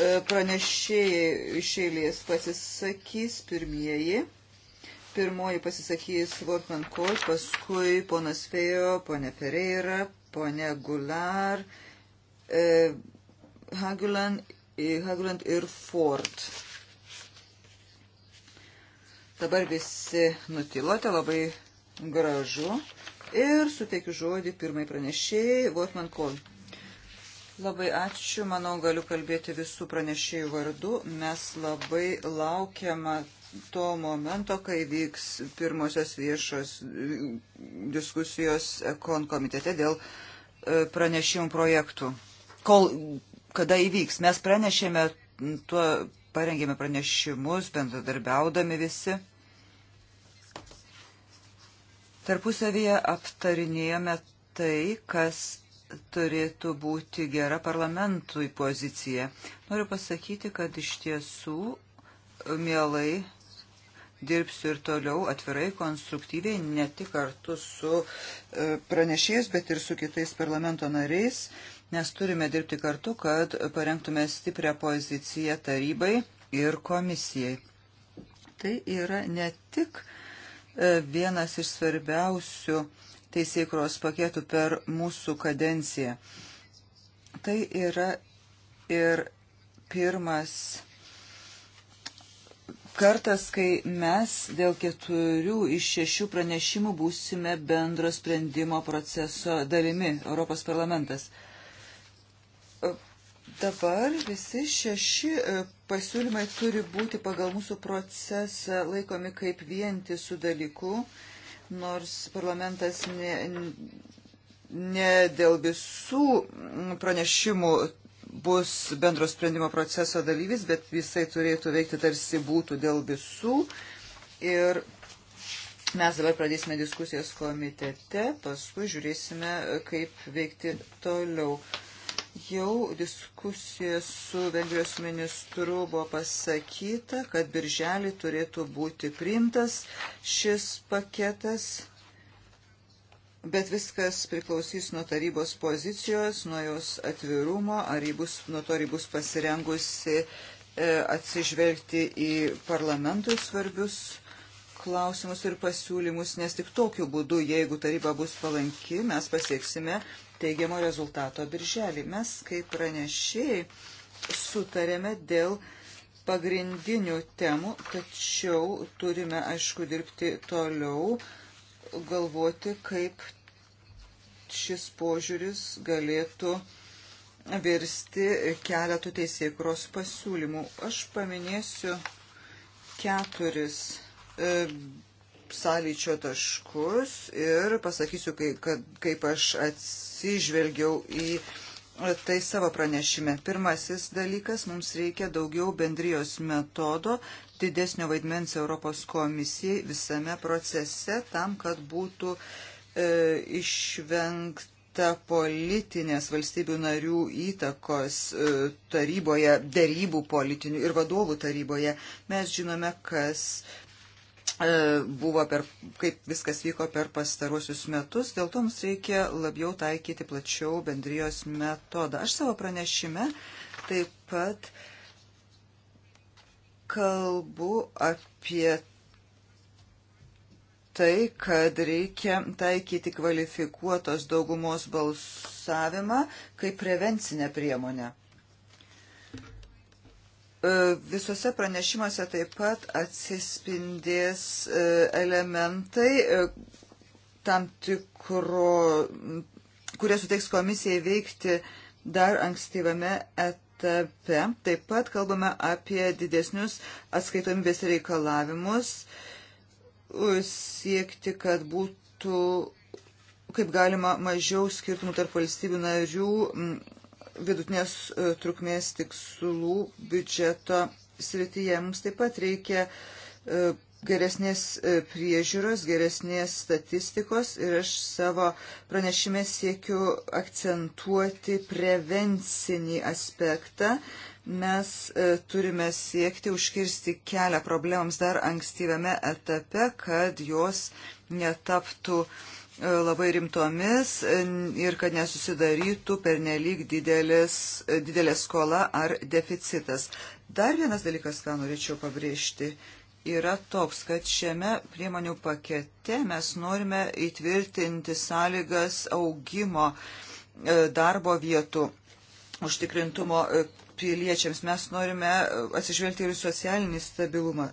E, pranešėjai iš eilės pasisakys pirmieji. Pirmoji pasisakys Wortman Kohl, paskui ponas Fejo, ponė Pereira, ponė Gular, eh, Haguland, e, Haguland ir Ford. Dabar visi nutilote, labai gražu. Ir suteikiu žodį pirmai pranešėjai, Votman Kol. Labai ačiū, manau, galiu kalbėti visų pranešėjų vardu. Mes labai laukiama to momento, kai vyks pirmosios viešos diskusijos kon komitete dėl e, pranešimų projektų. Kol, kada įvyks, mes pranešėme, tuo parengėme pranešimus, bendradarbiaudami visi. Tarpusavyje aptarinėjome tai, kas turėtų būti gera parlamentui pozicija. Noriu pasakyti, kad iš tiesų e, mielai dirbsiu ir toliau atvirai, konstruktyviai, ne tik kartu su e, pranešėjais, bet ir su kitais parlamento nariais, nes turime dirbti kartu, kad parengtume stiprią poziciją tarybai ir komisijai. Tai yra ne tik e, vienas iš svarbiausių uh, teisėkros paketų per mūsų kadenciją. Tai yra ir pirmas kartas, kai mes dėl keturių iš šešių pranešimų būsime bendro sprendimo proceso dalimi Europos parlamentas. Dabar visi šeši e, pasiūlymai turi būti pagal mūsų procesą laikomi kaip vienti su dalyku nors parlamentas ne, ne dėl visų pranešimų bus bendro sprendimo proceso dalyvis, bet jisai turėtų veikti tarsi būtų dėl visų. Ir Mes dabar pradėsime diskusijas komitete, paskui žiūrėsime, kaip veikti toliau. Jau diskusija su Vengrijos ministru buvo pasakyta, kad birželį turėtų būti priimtas šis paketas, bet viskas priklausys nuo tarybos pozicijos, nuo jos atvirumo, ar bus, nuo to ar bus pasirengusi e, atsižvelgti į parlamentui svarbius klausimus ir pasiūlymus, nes tik tokiu būdu, jeigu taryba bus palanki, mes pasieksime teigiamo rezultato birželį. Mes kaip pranešėjai sutarėme dėl pagrindinių temų, tačiau turime, aišku, dirbti toliau, galvoti, kaip šis požiūris galėtų virsti keletų teisėkros pasiūlymų. Aš paminėsiu keturis e, sąlyčio taškus ir pasakysiu, kaip, kad, kaip aš atsižvelgiau į tai savo pranešime. Pirmasis dalykas, mums reikia daugiau bendrijos metodo, didesnio vaidmens Europos komisijai visame procese tam, kad būtų e, išvengta ta politinės valstybių narių įtakos e, taryboje, dėrybų politinių ir vadovų taryboje. Mes žinome, kas E, buvo per, kaip viskas vyko per pastaruosius metus, dėl to mums reikia labiau taikyti plačiau bendrijos metodą. Aš savo pranešime taip pat kalbu apie tai, kad reikia taikyti kvalifikuotos daugumos balsavimą kaip prevencinę priemonę. E, Visose pranešimuose taip pat atsispindės e, elementai e, tam tikro, kurie suteiks komisijai veikti dar ankstyvame etape. Taip pat kalbame apie didesnius atskaitomybės reikalavimus, siekti, kad būtų kaip galima mažiau skirtumų tarp valstybių narių vidutinės e, trukmės tikslų biudžeto srityje. Mums taip pat reikia e, geresnės e, priežiūros, geresnės statistikos ir aš savo pranešime siekiu akcentuoti prevencinį aspektą. Mes turime siekti užkirsti kelią problemams dar ankstyvame etape, kad jos netaptų uh, labai rimtomis ir kad nesusidarytų pernelyg didelės, didelė skola ar deficitas. Dar vienas dalykas, ką norėčiau pabrėžti, yra toks, kad šiame priemonių pakete mes norime įtvirtinti sąlygas augimo e, darbo vietų užtikrintumo e, piliečiams. Mes norime e, atsižvelgti ir socialinį stabilumą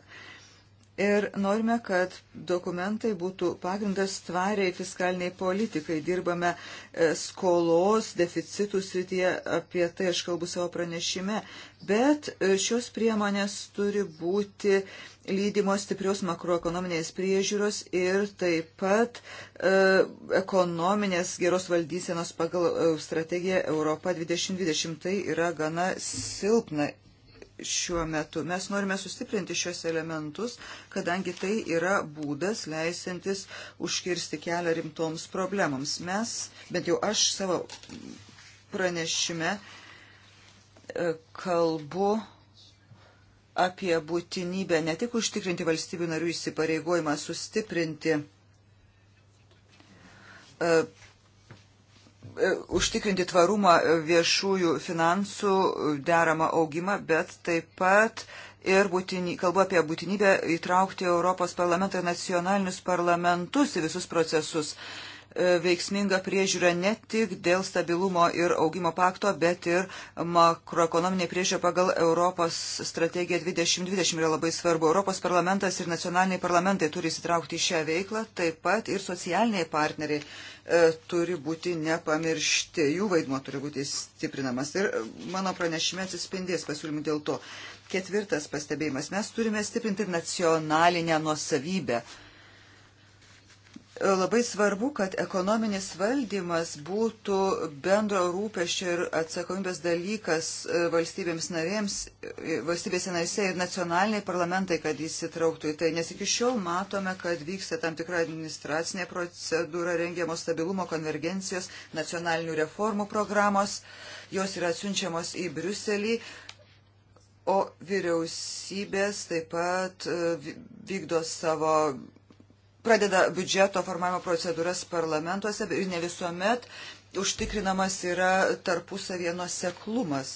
ir norime, kad dokumentai būtų pagrindas tvariai fiskaliniai politikai. Dirbame e, skolos, deficitų srityje, apie tai aš kalbu savo pranešime, bet e, šios priemonės turi būti lydimos stiprios makroekonominės priežiūros ir taip pat e, ekonominės geros valdysenos pagal e, strategiją Europa 2020. Tai yra gana silpna šiuo metu. Mes norime sustiprinti šios elementus, kadangi tai yra būdas leisantis užkirsti kelią rimtoms problemams. Mes, bent jau aš savo pranešime e, kalbu apie būtinybę ne tik užtikrinti valstybių narių įsipareigojimą, sustiprinti e, E, užtikrinti tvarumą viešųjų finansų, deramą augimą, bet taip pat ir būtini, kalbu apie būtinybę įtraukti Europos parlamentą ir nacionalinius parlamentus į visus procesus. E, E, veiksminga priežiūra ne tik dėl stabilumo ir augimo pakto, bet ir makroekonominė priežiūra pagal Europos strategiją 2020 yra labai svarbu. Europos parlamentas ir nacionaliniai parlamentai turi įsitraukti į šią veiklą, taip pat ir socialiniai partneriai e, turi būti nepamiršti, jų vaidmo turi būti stiprinamas. Ir e, mano pranešime atsispindės pasiūlymų dėl to. Ketvirtas pastebėjimas. Mes turime stiprinti nacionalinę nuosavybę. E, Labai svarbu, kad ekonominis valdymas būtų bendro rūpešio ir atsakomybės dalykas e, valstybėms narėms, e, valstybėse narėse ir nacionaliniai parlamentai, kad įsitrauktų į tai. Nes iki šiol matome, kad vyksta tam tikra administracinė procedūra rengiamos stabilumo konvergencijos, nacionalinių reformų programos, jos yra atsiunčiamos į Briuselį. O vyriausybės taip pat e, vykdo savo pradeda biudžeto formavimo procedūras parlamentuose ir ne visuomet užtikrinamas yra tarpusavie nuoseklumas.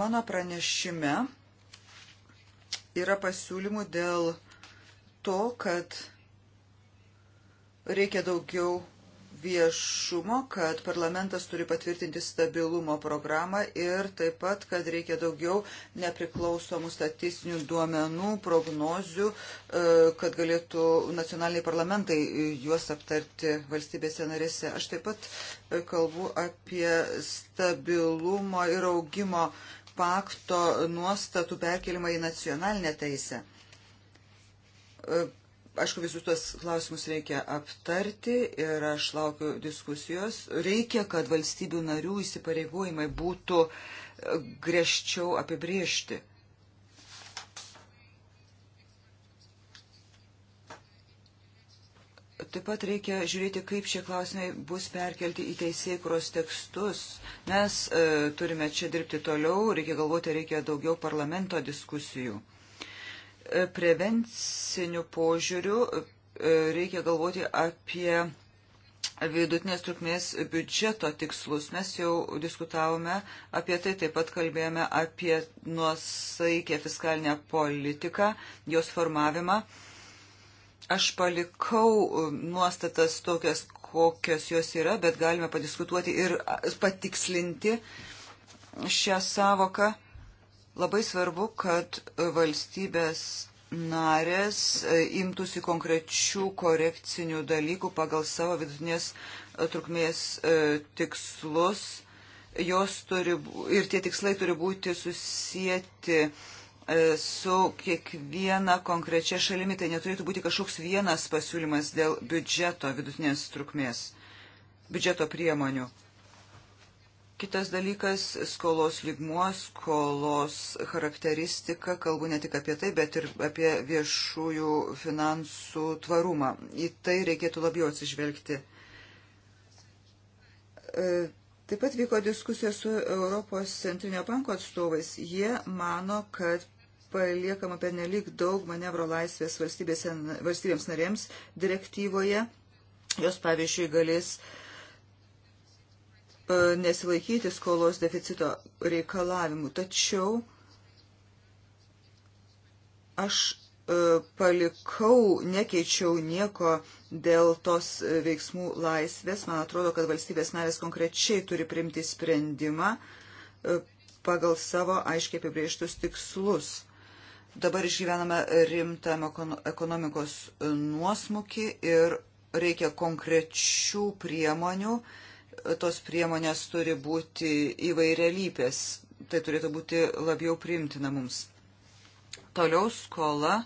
Mano pranešime yra pasiūlymų dėl to, kad reikia daugiau viešumo, kad parlamentas turi patvirtinti stabilumo programą ir taip pat, kad reikia daugiau nepriklausomų statistinių duomenų, prognozių, e, kad galėtų nacionaliniai parlamentai juos aptarti valstybėse narėse. Aš taip pat e, kalbu apie stabilumo ir augimo pakto nuostatų perkelimą į nacionalinę teisę e, Aišku, visus tuos klausimus reikia aptarti ir aš laukiu diskusijos. Reikia, kad valstybių narių įsipareigojimai būtų e, griežčiau apibriežti. Taip pat reikia žiūrėti, kaip šie klausimai bus perkelti į teisėkros tekstus. Mes e, turime čia dirbti toliau, reikia galvoti, reikia daugiau parlamento diskusijų prevencinių požiūrių e, reikia galvoti apie vidutinės trukmės biudžeto tikslus. Mes jau diskutavome apie tai, taip pat kalbėjome apie nuosaikę fiskalinę politiką, jos formavimą. Aš palikau nuostatas tokias, kokios jos yra, bet galime padiskutuoti ir patikslinti šią savoką. Labai svarbu, kad valstybės narės e, imtųsi konkrečių korekcinių dalykų pagal savo vidutinės e, trukmės e, tikslus. Jos turi, ir tie tikslai turi būti susijęti su kiekviena konkrečia šalimi. Tai neturėtų būti kažkoks vienas pasiūlymas dėl biudžeto vidutinės trukmės, biudžeto priemonių. Kitas dalykas - skolos lygmuo, skolos charakteristika. Kalbu ne tik apie tai, bet ir apie viešųjų finansų tvarumą. Į tai reikėtų labiau atsižvelgti. E, taip pat vyko diskusija su Europos centrinio banko atstovais. Jie mano, kad paliekama per nelik daug manevro laisvės valstybėms narėms direktyvoje. Jos pavyzdžiui galės uh, E, nesilaikyti skolos deficito reikalavimų. Tačiau aš e, palikau, nekeičiau nieko dėl tos veiksmų laisvės. Man atrodo, kad valstybės narės konkrečiai turi primti sprendimą e, pagal savo aiškiai apibrieštus tikslus. Dabar išgyvename rimtą ekonomikos nuosmukį ir reikia konkrečių priemonių, uh, tos priemonės turi būti įvairialypės. Tai turėtų būti labiau priimtina mums. Toliau skola.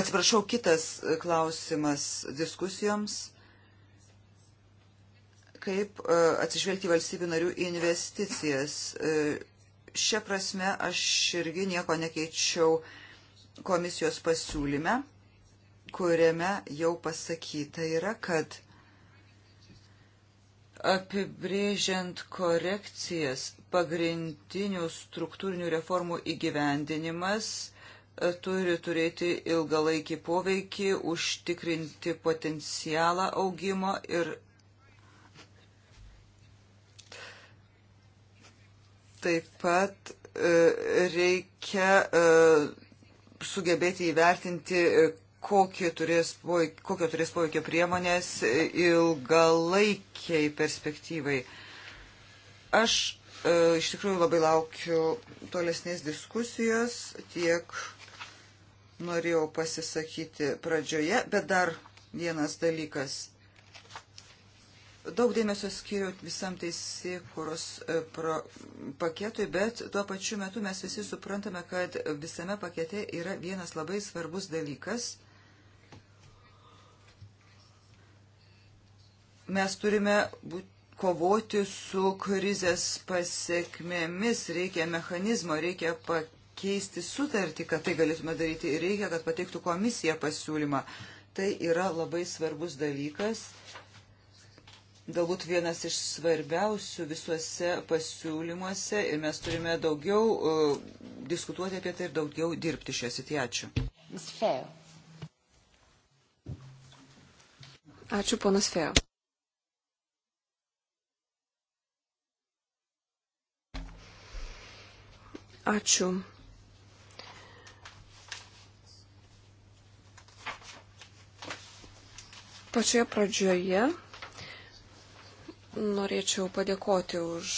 Atsiprašau, kitas klausimas diskusijoms. Kaip e, atsižvelgti valstybių narių investicijas? E, šia prasme aš irgi nieko nekeičiau komisijos pasiūlyme, kuriame jau pasakyta yra, kad apibrėžiant korekcijas pagrindinių struktūrinių reformų įgyvendinimas e, turi turėti ilgalaikį poveikį, užtikrinti potencialą augimo ir taip pat e, reikia e, sugebėti įvertinti kokio turės, kokio turės poveikio priemonės ilgalaikiai perspektyvai. Aš e, iš tikrųjų labai laukiu tolesnės diskusijos, tiek norėjau pasisakyti pradžioje, bet dar vienas dalykas. Daug dėmesio skiriu visam teisėkuros e, paketui, bet tuo pačiu metu mes visi suprantame, kad visame pakete yra vienas labai svarbus dalykas – Mes turime būti kovoti su krizės pasiekmėmis, reikia mechanizmo, reikia pakeisti sutartį, kad tai galėtume daryti ir reikia, kad pateiktų komisija pasiūlymą. Tai yra labai svarbus dalykas, galbūt vienas iš svarbiausių visuose pasiūlymuose ir mes turime daugiau uh, diskutuoti apie tai ir daugiau dirbti šią sitį. Ačiū. Ačiū, ponas Fejo. Ačiū. Pačioje pradžioje norėčiau padėkoti už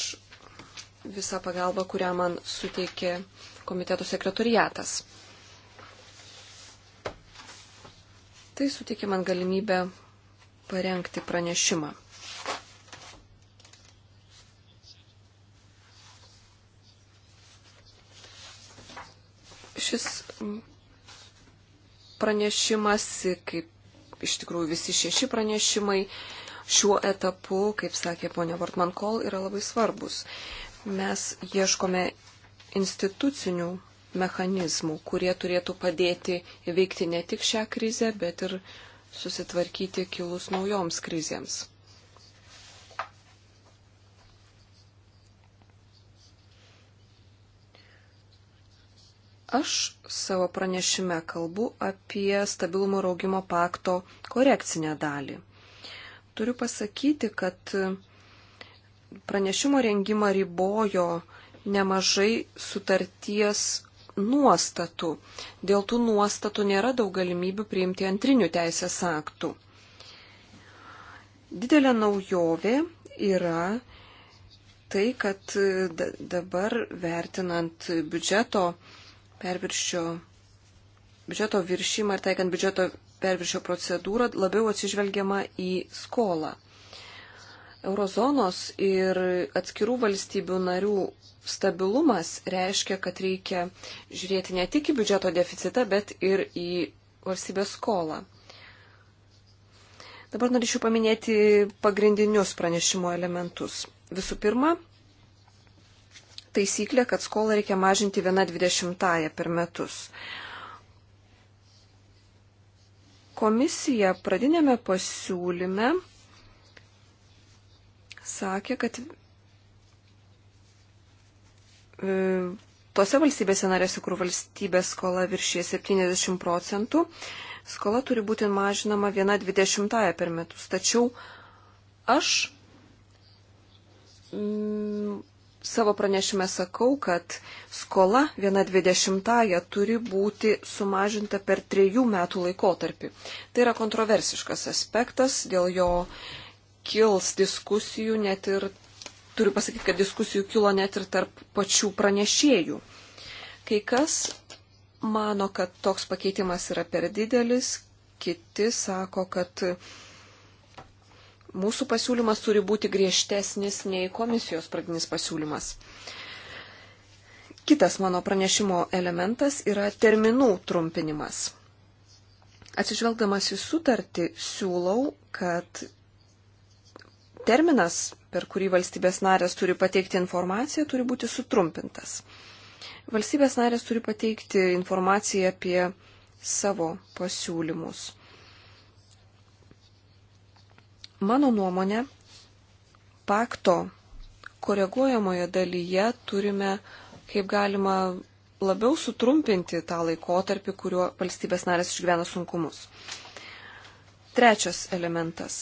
visą pagalbą, kurią man suteikė komiteto sekretoriatas. Tai suteikė man galimybę parengti pranešimą. pranešimas, kaip iš tikrųjų visi šeši pranešimai šiuo etapu, kaip sakė ponia Vartman Kol, yra labai svarbus. Mes ieškome institucinių mechanizmų, kurie turėtų padėti įveikti ne tik šią krizę, bet ir susitvarkyti kilus naujoms krizėms. Aš savo pranešime kalbu apie stabilumo ir augimo pakto korekcinę dalį. Turiu pasakyti, kad pranešimo rengimą ribojo nemažai sutarties nuostatų. Dėl tų nuostatų nėra daug galimybių priimti antrinių teisės aktų. Didelė naujovė yra tai, kad dabar vertinant biudžeto perviršio biudžeto viršymą ir taikant biudžeto perviršio procedūrą labiau atsižvelgiama į skolą. Eurozonos ir atskirų valstybių narių stabilumas reiškia, kad reikia žiūrėti ne tik į biudžeto deficitą, bet ir į valstybės skolą. Dabar norėčiau paminėti pagrindinius pranešimo elementus. Visų pirma, taisyklė, kad skolą reikia mažinti 1,20 per metus. Komisija pradinėme pasiūlyme sakė, kad e, tose valstybėse narėse, kur valstybės skola viršyje 70 procentų, skola turi būti mažinama 1,20 per metus. Tačiau aš mm, savo pranešime sakau, kad skola 1,20 turi būti sumažinta per trejų metų laikotarpį. Tai yra kontroversiškas aspektas, dėl jo kils diskusijų net ir, turiu pasakyti, kad diskusijų kilo net ir tarp pačių pranešėjų. Kai kas mano, kad toks pakeitimas yra per didelis, kiti sako, kad mūsų pasiūlymas turi būti griežtesnis nei komisijos pradinis pasiūlymas. Kitas mano pranešimo elementas yra terminų trumpinimas. Atsižvelgdamas į sutartį, siūlau, kad terminas, per kurį valstybės narės turi pateikti informaciją, turi būti sutrumpintas. Valstybės narės turi pateikti informaciją apie savo pasiūlymus. Mano nuomonė, pakto koreguojamoje dalyje turime kaip galima labiau sutrumpinti tą laikotarpį, kuriuo valstybės narės išgyvena sunkumus. Trečias elementas.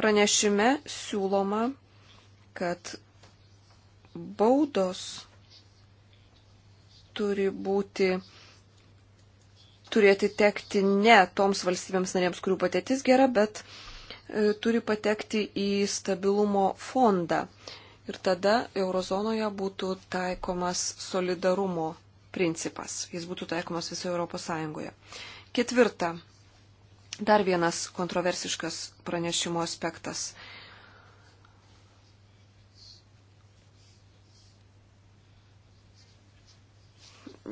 Pranešime siūloma, kad baudos turi būti turi atitekti ne toms valstybėms narėms, kurių patėtis gera, bet e, turi patekti į stabilumo fondą. Ir tada eurozonoje būtų taikomas solidarumo principas. Jis būtų taikomas visoje Europos Sąjungoje. Ketvirta. Dar vienas kontroversiškas pranešimo aspektas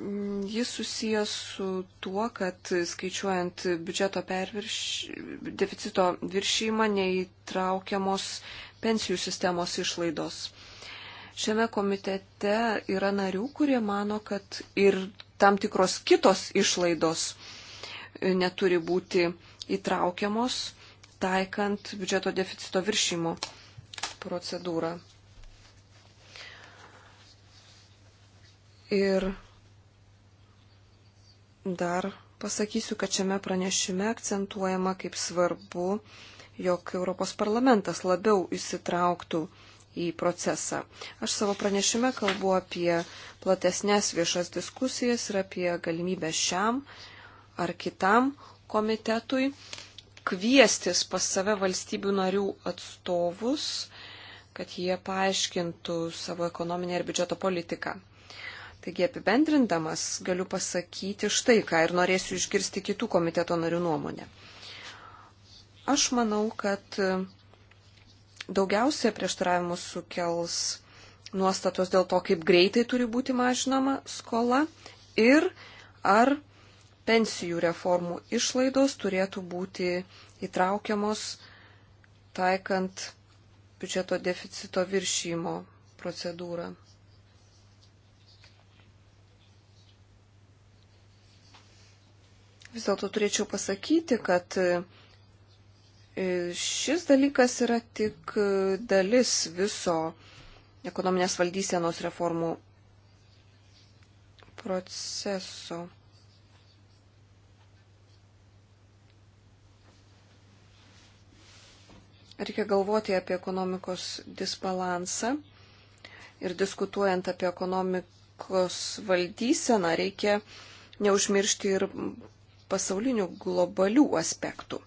Mm, jis susijęs su tuo, kad skaičiuojant biudžeto pervirš, deficito viršymą neįtraukiamos pensijų sistemos išlaidos. Šiame komitete yra narių, kurie mano, kad ir tam tikros kitos išlaidos e, neturi būti įtraukiamos, taikant biudžeto deficito viršymo procedūrą. Ir dar pasakysiu, kad šiame pranešime akcentuojama, kaip svarbu, jog Europos parlamentas labiau įsitrauktų į procesą. Aš savo pranešime kalbu apie platesnės viešas diskusijas ir apie galimybę šiam ar kitam komitetui kviestis pas save valstybių narių atstovus, kad jie paaiškintų savo ekonominę ir biudžeto politiką. Taigi apibendrindamas galiu pasakyti štai ką ir norėsiu išgirsti kitų komiteto narių nuomonę. Aš manau, kad daugiausia prieštaravimų sukels nuostatos dėl to, kaip greitai turi būti mažinama skola ir ar pensijų reformų išlaidos turėtų būti įtraukiamos taikant biudžeto deficito viršymo procedūrą. vis dėlto turėčiau pasakyti, kad e, šis dalykas yra tik e, dalis viso ekonominės valdysenos reformų proceso. Reikia galvoti apie ekonomikos disbalansą ir diskutuojant apie ekonomikos valdyseną reikia neužmiršti ir pasaulinių globalių aspektų.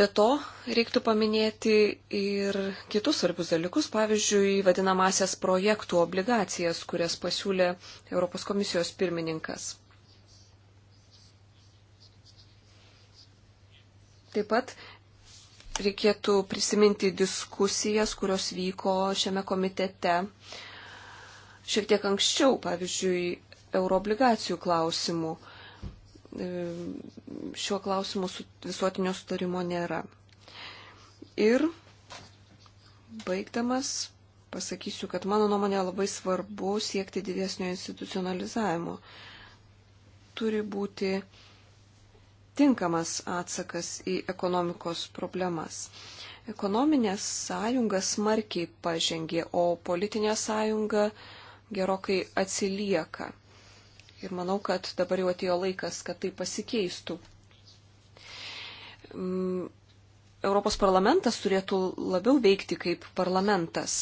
Be to, reiktų paminėti ir kitus svarbius dalykus, pavyzdžiui, vadinamasias projektų obligacijas, kurias pasiūlė Europos komisijos pirmininkas. Taip pat reikėtų prisiminti diskusijas, kurios vyko šiame komitete šiek tiek anksčiau, pavyzdžiui, euroobligacijų klausimų. E, šiuo klausimu visuotinio sutarimo nėra. Ir baigdamas pasakysiu, kad mano nuomonė labai svarbu siekti didesnio institucionalizavimo. Turi būti tinkamas atsakas į ekonomikos problemas. Ekonominė sąjunga smarkiai pažengė, o politinė sąjunga gerokai atsilieka. Ir manau, kad dabar jau atėjo laikas, kad tai pasikeistų. Mm, Europos parlamentas turėtų labiau veikti kaip parlamentas.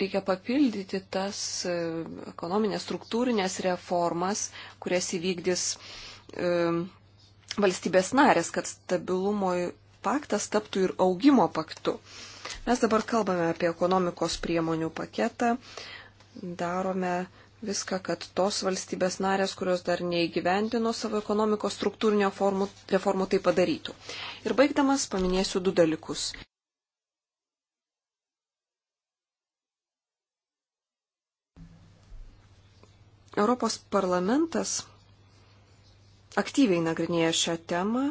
Reikia papildyti tas e, ekonominės struktūrinės reformas, kurias įvykdys e, valstybės narės, kad stabilumo paktas taptų ir augimo paktu. Mes dabar kalbame apie ekonomikos priemonių paketą, darome viską, kad tos valstybės narės, kurios dar neįgyvendino savo ekonomikos struktūrinio formų, reformų, tai padarytų. Ir baigdamas paminėsiu du dalykus. Europos parlamentas aktyviai nagrinėja šią temą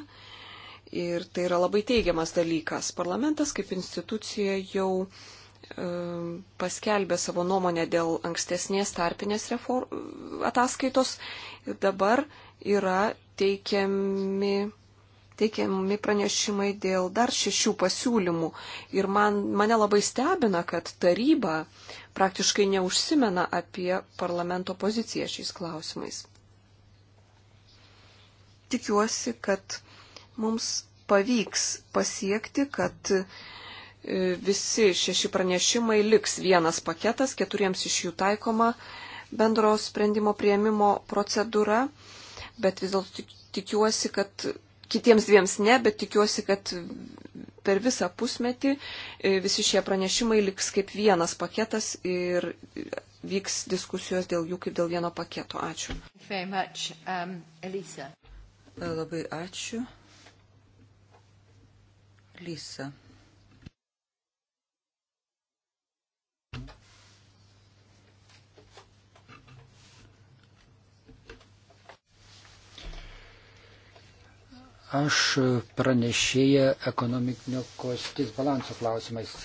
Ir tai yra labai teigiamas dalykas. Parlamentas kaip institucija jau e, paskelbė savo nuomonę dėl ankstesnės tarpinės reform... ataskaitos ir dabar yra teikiami, teikiami pranešimai dėl dar šešių pasiūlymų. Ir man, mane labai stebina, kad taryba praktiškai neužsimena apie parlamento poziciją šiais klausimais. Tikiuosi, kad mums pavyks pasiekti, kad e, visi šeši pranešimai liks vienas paketas, keturiems iš jų taikoma bendro sprendimo prieimimo procedūra, bet vis dėlto tikiuosi, kad kitiems dviems ne, bet tikiuosi, kad per visą pusmetį e, visi šie pranešimai liks kaip vienas paketas ir vyks diskusijos dėl jų kaip dėl vieno paketo. Ačiū. Much, um, Elisa. Labai ačiū. Lysa. Aš pranešėję ekonominio kostis balanso klausimais.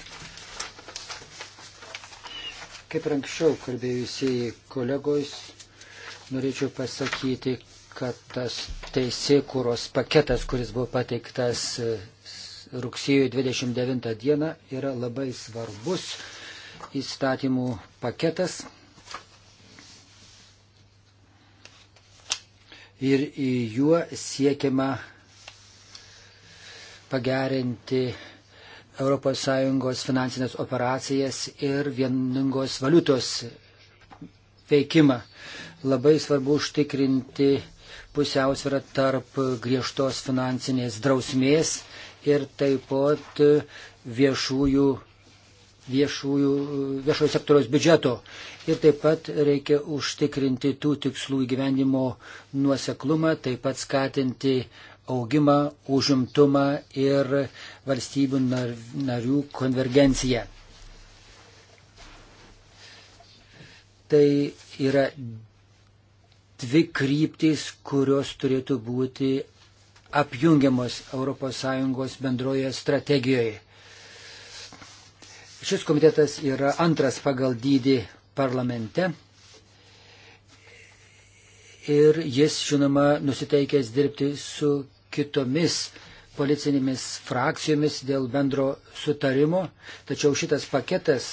Kaip ir anksčiau kalbėjusiai kolegos, norėčiau pasakyti, kad tas teisėkūros paketas, kuris buvo pateiktas rugsėjo 29 dieną yra labai svarbus įstatymų paketas. Ir juo siekiama pagerinti ES finansinės operacijas ir vieningos valiutos veikimą. Labai svarbu užtikrinti pusiausvyrą tarp griežtos finansinės drausmės ir taip pat viešųjų, viešųjų, viešojo sektoriaus biudžeto. Ir taip pat reikia užtikrinti tų tikslų įgyvendimo nuoseklumą, taip pat skatinti augimą, užimtumą ir valstybių narių konvergenciją. Tai yra dvi kryptys, kurios turėtų būti apjungiamos ES bendroje strategijoje. Šis komitetas yra antras pagal dydį parlamente ir jis, žinoma, nusiteikęs dirbti su kitomis policinėmis frakcijomis dėl bendro sutarimo, tačiau šitas paketas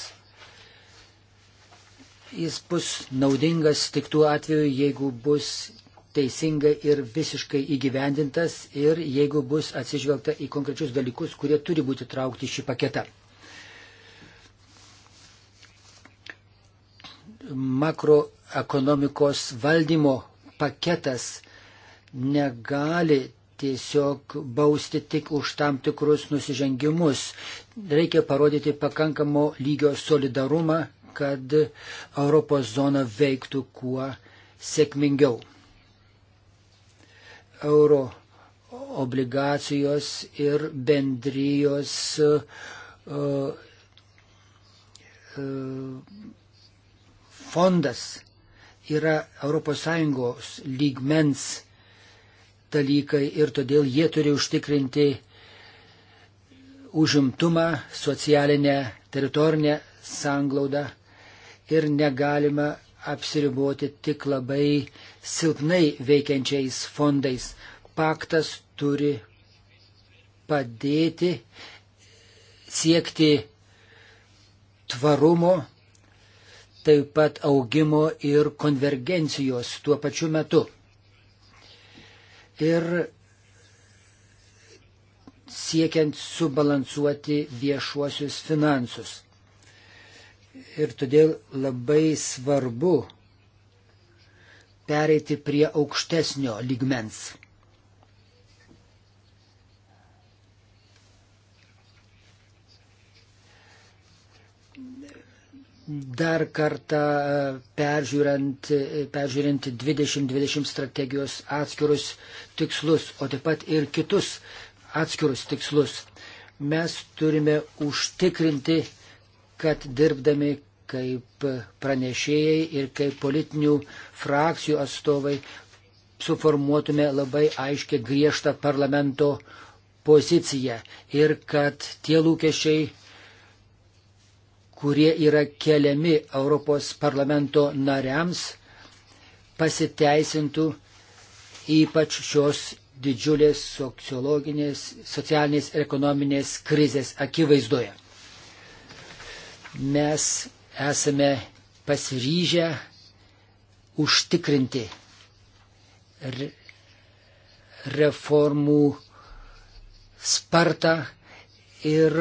jis bus naudingas tik tuo atveju, jeigu bus teisingai ir visiškai įgyvendintas ir jeigu bus atsižvelgta į konkrečius dalykus, kurie turi būti traukti šį paketą. Makroekonomikos valdymo paketas negali tiesiog bausti tik už tam tikrus nusižengimus. Reikia parodyti pakankamo lygio solidarumą kad Europos zona veiktų kuo sėkmingiau. Euro obligacijos ir bendrijos uh, uh, fondas yra ES lygmens dalykai ir todėl jie turi užtikrinti užimtumą, socialinę, teritorinę sanglaudą ir negalima apsiriboti tik labai silpnai veikiančiais fondais. Paktas turi padėti siekti tvarumo, taip pat augimo ir konvergencijos tuo pačiu metu. Ir siekiant subalansuoti viešuosius finansus ir todėl labai svarbu pereiti prie aukštesnio lygmens. dar kartą e, peržiūrint, e, peržiūrint 2020 strategijos atskirus tikslus, o taip pat ir kitus atskirus tikslus, mes turime užtikrinti kad dirbdami kaip pranešėjai ir kaip politinių frakcijų atstovai suformuotume labai aiškę griežtą parlamento poziciją ir kad tie lūkesčiai, kurie yra keliami Europos parlamento nariams, pasiteisintų ypač šios didžiulės sociologinės, socialinės ir ekonominės krizės akivaizdoje mes esame pasiryžę užtikrinti re reformų spartą ir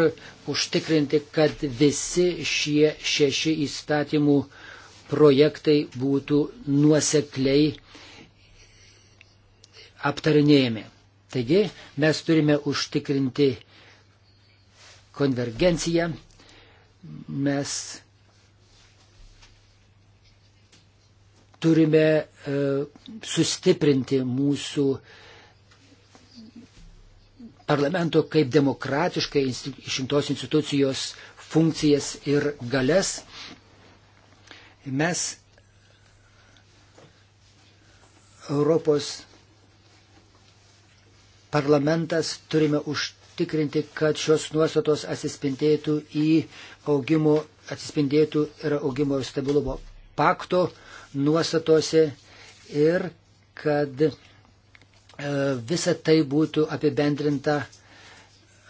užtikrinti, kad visi šie šeši įstatymų projektai būtų nuosekliai aptarinėjami. Taigi mes turime užtikrinti konvergenciją mes turime e, sustiprinti mūsų parlamento kaip demokratiškai išrinktos institucijos funkcijas ir galės. Mes Europos parlamentas turime užtikrinti, kad šios nuostatos atsispindėtų į augimo atsispindėtų ir augimo ir stabilumo pakto nuostatose ir kad e, visa tai būtų apibendrinta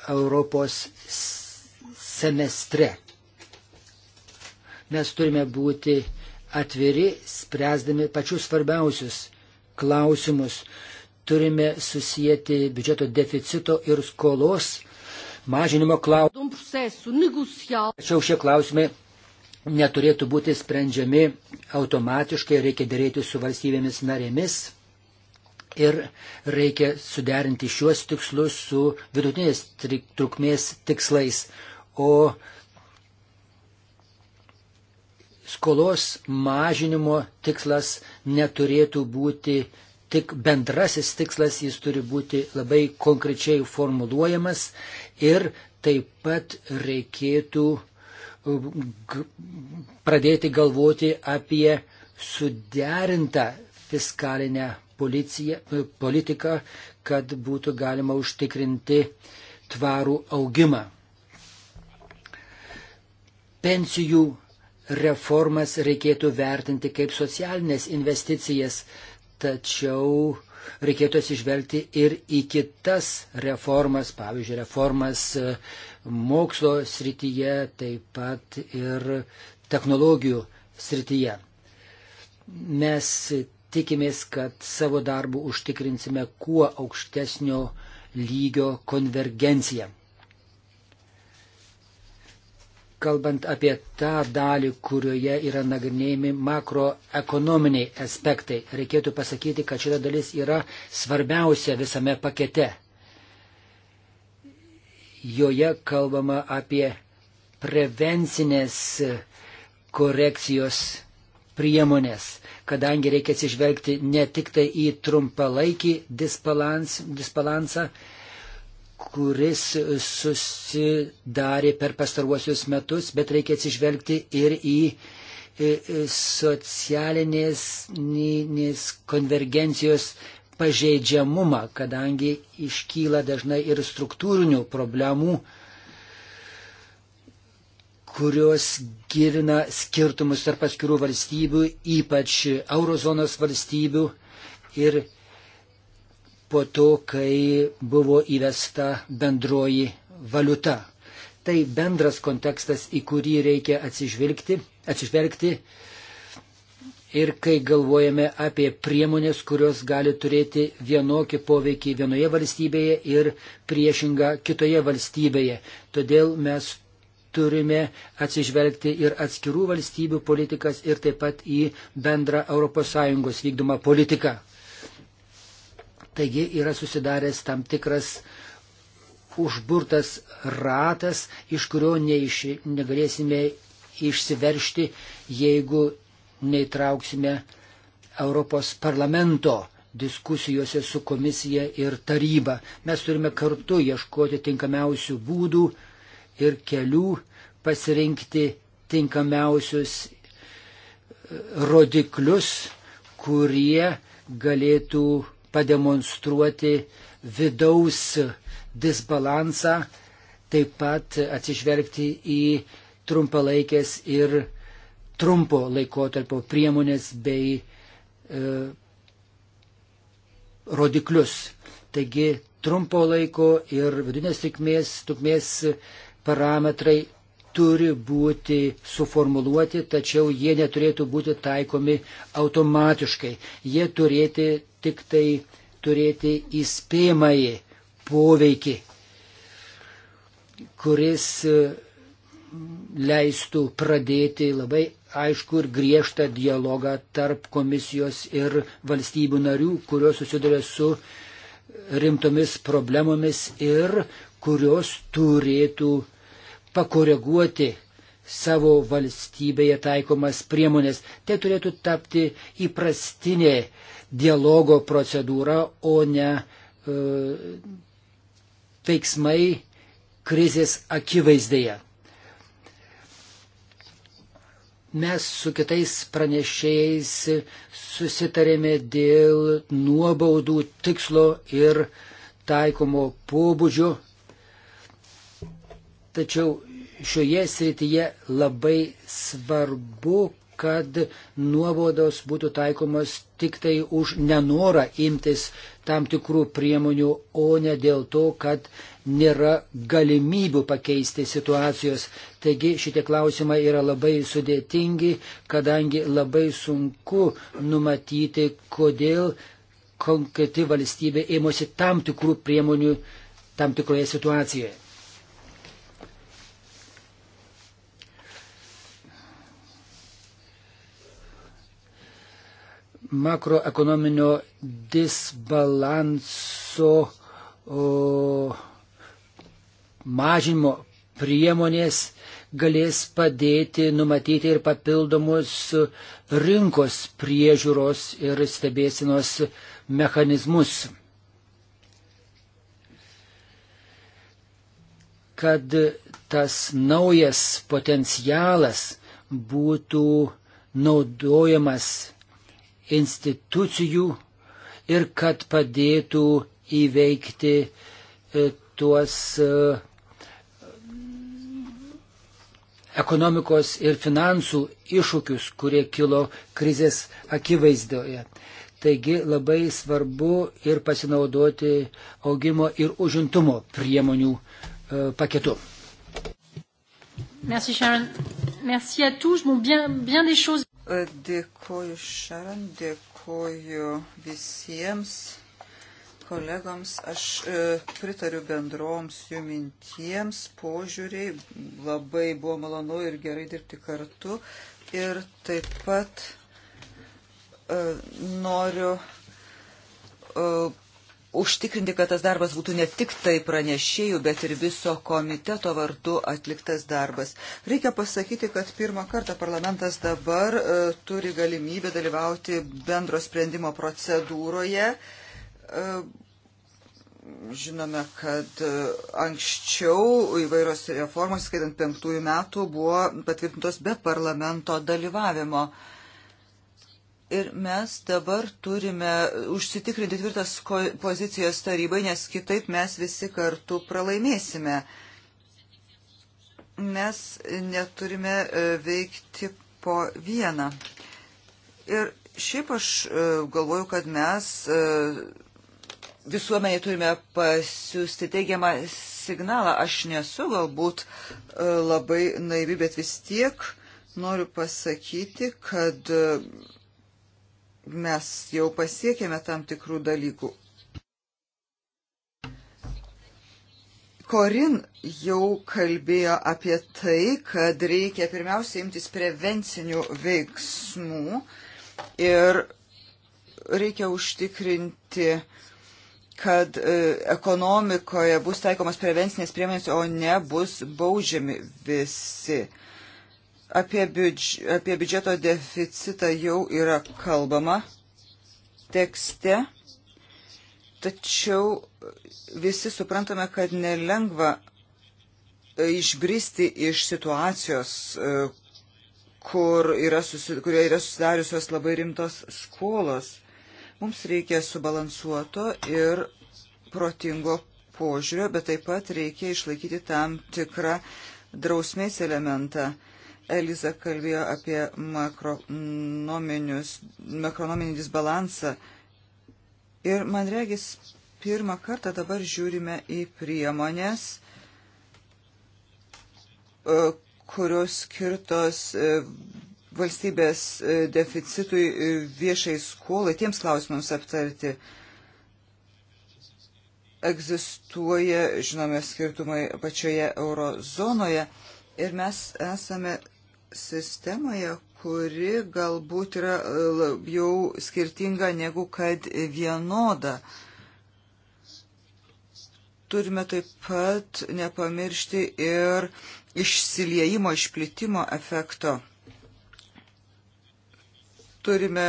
Europos semestre. Mes turime būti atviri, spręsdami pačius svarbiausius klausimus. Turime susijęti biudžeto deficito ir skolos mažinimo klausimai. Tačiau šie klausimai neturėtų būti sprendžiami automatiškai, reikia dėrėti su valstybėmis narėmis ir reikia suderinti šiuos tikslus su vidutinės trukmės tikslais. O skolos mažinimo tikslas neturėtų būti tik bendrasis tikslas, jis turi būti labai konkrečiai formuluojamas ir taip pat reikėtų uh, pradėti galvoti apie suderintą fiskalinę policiją, uh, politiką, kad būtų galima užtikrinti tvarų augimą. Pensijų reformas reikėtų vertinti kaip socialinės investicijas, tačiau reikėtų atsižvelgti ir į kitas reformas, pavyzdžiui, reformas e, mokslo srityje, taip pat ir technologijų srityje. Mes tikimės, kad savo darbu užtikrinsime kuo aukštesnio lygio konvergenciją kalbant apie tą dalį, kurioje yra nagrinėjami makroekonominiai aspektai, reikėtų pasakyti, kad šita dalis yra svarbiausia visame pakete. Joje kalbama apie prevencinės korekcijos priemonės, kadangi reikia atsižvelgti ne tik tai į trumpalaikį disbalans, disbalansą, disbalansą kuris susidarė per pastaruosius metus, bet reikia atsižvelgti ir į e, e, socialinės konvergencijos pažeidžiamumą, kadangi iškyla dažnai ir struktūrinių problemų, kurios girina skirtumus tarp atskirų valstybių, ypač eurozonos valstybių ir valstybių po to, kai buvo įvesta bendroji valiuta. Tai bendras kontekstas, į kurį reikia atsižvelgti, atsižvelgti ir kai galvojame apie priemonės, kurios gali turėti vienokį poveikį vienoje valstybėje ir priešingą kitoje valstybėje. Todėl mes turime atsižvelgti ir atskirų valstybių politikas ir taip pat į bendrą ES vykdomą politiką. Taigi yra susidaręs tam tikras užburtas ratas, iš kurio neiš, negalėsime išsiveršti, jeigu neįtrauksime Europos parlamento diskusijose su komisija ir taryba. Mes turime kartu ieškoti tinkamiausių būdų ir kelių, pasirinkti tinkamiausius e, rodiklius, kurie galėtų pademonstruoti vidaus disbalansą, taip pat atsižvelgti į trumpalaikės ir trumpo laikotarpio priemonės bei e, rodiklius. Taigi trumpo laiko ir vidinės trukmės, trukmės parametrai turi būti suformuluoti, tačiau jie neturėtų būti taikomi automatiškai. Jie turėti, tik tai turėti įspėjamąjį poveikį, kuris e, leistų pradėti labai aišku ir griežtą dialogą tarp komisijos ir valstybių narių, kurios susiduria su rimtomis problemomis ir kurios turėtų pakoreguoti savo valstybėje taikomas priemonės. Tai turėtų tapti įprastinė dialogo procedūra, o ne e, veiksmai krizės akivaizdėje. Mes su kitais pranešėjais susitarėme dėl nuobaudų tikslo ir taikomo pobūdžio, tačiau šioje srityje labai svarbu, kad nuobodos būtų taikomos tik tai už nenorą imtis tam tikrų priemonių, o ne dėl to, kad nėra galimybių pakeisti situacijos. Taigi šitie klausimai yra labai sudėtingi, kadangi labai sunku numatyti, kodėl konkreti valstybė ėmosi tam tikrų priemonių tam tikroje situacijoje. makroekonominio disbalanso o, mažimo priemonės galės padėti numatyti ir papildomus rinkos priežiūros ir stebėsinos mechanizmus. Kad tas naujas potencialas būtų naudojamas institucijų ir kad padėtų įveikti e, tuos e, ekonomikos ir finansų iššūkius, kurie kilo krizės akivaizdoje. Taigi labai svarbu ir pasinaudoti augimo ir užimtumo priemonių e, paketu. Merci Sharon. Merci à tous. Bon, bien, bien des choses. Dėkoju Šaran, dėkoju visiems kolegoms. Aš e, pritariu bendroms jų mintiems, požiūriai. Labai buvo malonu ir gerai dirbti kartu. Ir taip pat e, noriu e, užtikrinti, kad tas darbas būtų ne tik tai pranešėjų, bet ir viso komiteto vardu atliktas darbas. Reikia pasakyti, kad pirmą kartą parlamentas dabar e, turi galimybę dalyvauti bendro sprendimo procedūroje. E, Žinome, kad e, anksčiau įvairios reformos, skaitant penktųjų metų, buvo patvirtintos be parlamento dalyvavimo. E, Ir mes dabar turime užsitikrinti tvirtas pozicijas tarybai, nes kitaip mes visi kartu pralaimėsime. Mes neturime e, veikti po vieną. Ir šiaip aš e, galvoju, kad mes e, visuomenė turime pasiūsti teigiamą signalą. Aš nesu galbūt labai naivi, bet vis tiek noriu pasakyti, kad mes jau pasiekėme tam tikrų dalykų. Korin jau kalbėjo apie tai, kad reikia pirmiausia imtis prevencinių veiksmų ir reikia užtikrinti, kad e, ekonomikoje bus taikomas prevencinės priemonės, o ne bus baudžiami visi. Uh, Apie, biudž apie biudžeto deficitą jau yra kalbama tekste, tačiau visi suprantame, kad nelengva išbristi iš situacijos, e, kur yra susi, kurie yra susidariusios labai rimtos skolos. Mums reikia subalansuoto ir protingo požiūrio, bet taip pat reikia išlaikyti tam tikrą drausmės elementą. Eliza kalbėjo apie makronominį disbalansą. Ir man regis, pirmą kartą dabar žiūrime į priemonės, e, kurios skirtos e, valstybės e, deficitui viešai skolai, tiems klausimams aptarti. Egzistuoja, žinome, skirtumai pačioje eurozonoje ir mes esame sistemoje, kuri galbūt yra e, labiau skirtinga negu kad vienoda. Turime taip pat nepamiršti ir išsiliejimo, išplitimo efekto. Turime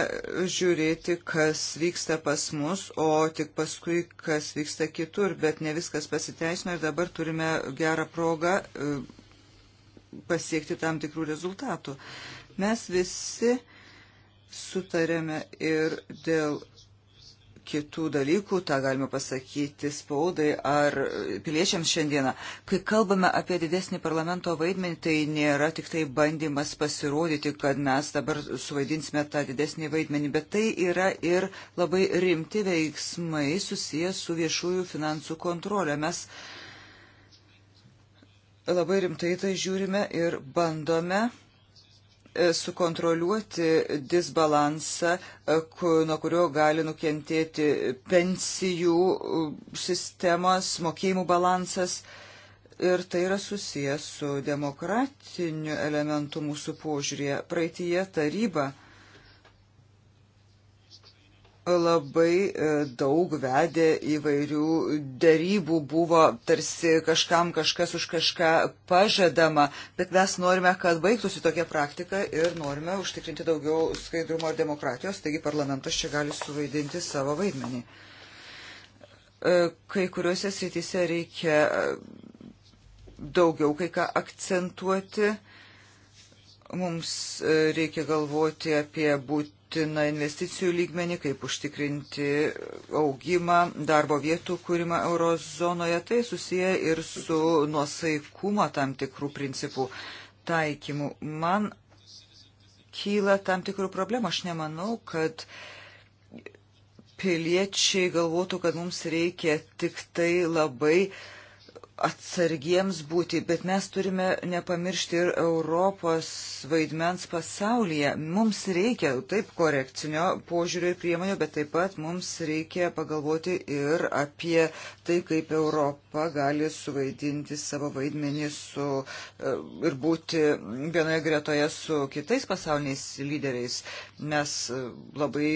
žiūrėti, kas vyksta pas mus, o tik paskui, kas vyksta kitur, bet ne viskas pasiteisino ir dabar turime gerą progą e, pasiekti tam tikrų rezultatų. Mes visi sutarėme ir dėl kitų dalykų, tą galime pasakyti spaudai ar piliečiams šiandieną. Kai kalbame apie didesnį parlamento vaidmenį, tai nėra tik tai bandymas pasirodyti, kad mes dabar suvaidinsime tą didesnį vaidmenį, bet tai yra ir labai rimti veiksmai susijęs su viešųjų finansų kontrolė. Mes uh, labai rimtai tai žiūrime ir bandome e, sukontroliuoti disbalansą, e, nuo kurio gali nukentėti pensijų sistemos, mokėjimų balansas. Ir tai yra susijęs su demokratiniu elementu mūsų požiūrėje. Praeitie taryba labai e, daug vedė įvairių darybų, buvo tarsi kažkam kažkas už kažką pažadama, bet mes norime, kad baigtųsi tokia praktika ir norime užtikrinti daugiau skaidrumo ir demokratijos, taigi parlamentas čia gali suvaidinti savo vaidmenį. E, kai kuriuose srityse reikia e, daugiau kai ką akcentuoti mums reikia galvoti apie būt, būtina investicijų lygmenį, kaip užtikrinti augimą, darbo vietų kūrimą eurozonoje. Tai susiję ir su nuosaikumo tam tikrų principų taikymu. Man kyla tam tikrų problemų. Aš nemanau, kad piliečiai galvotų, kad mums reikia tik tai labai uh, atsargiems būti, bet mes turime nepamiršti ir Europos vaidmens pasaulyje. Mums reikia taip korekcinio požiūrio ir priemonio, bet taip pat mums reikia pagalvoti ir apie tai, kaip Europa gali suvaidinti savo vaidmenį su, e, ir būti vienoje gretoje su kitais pasauliniais lyderiais. Mes e, labai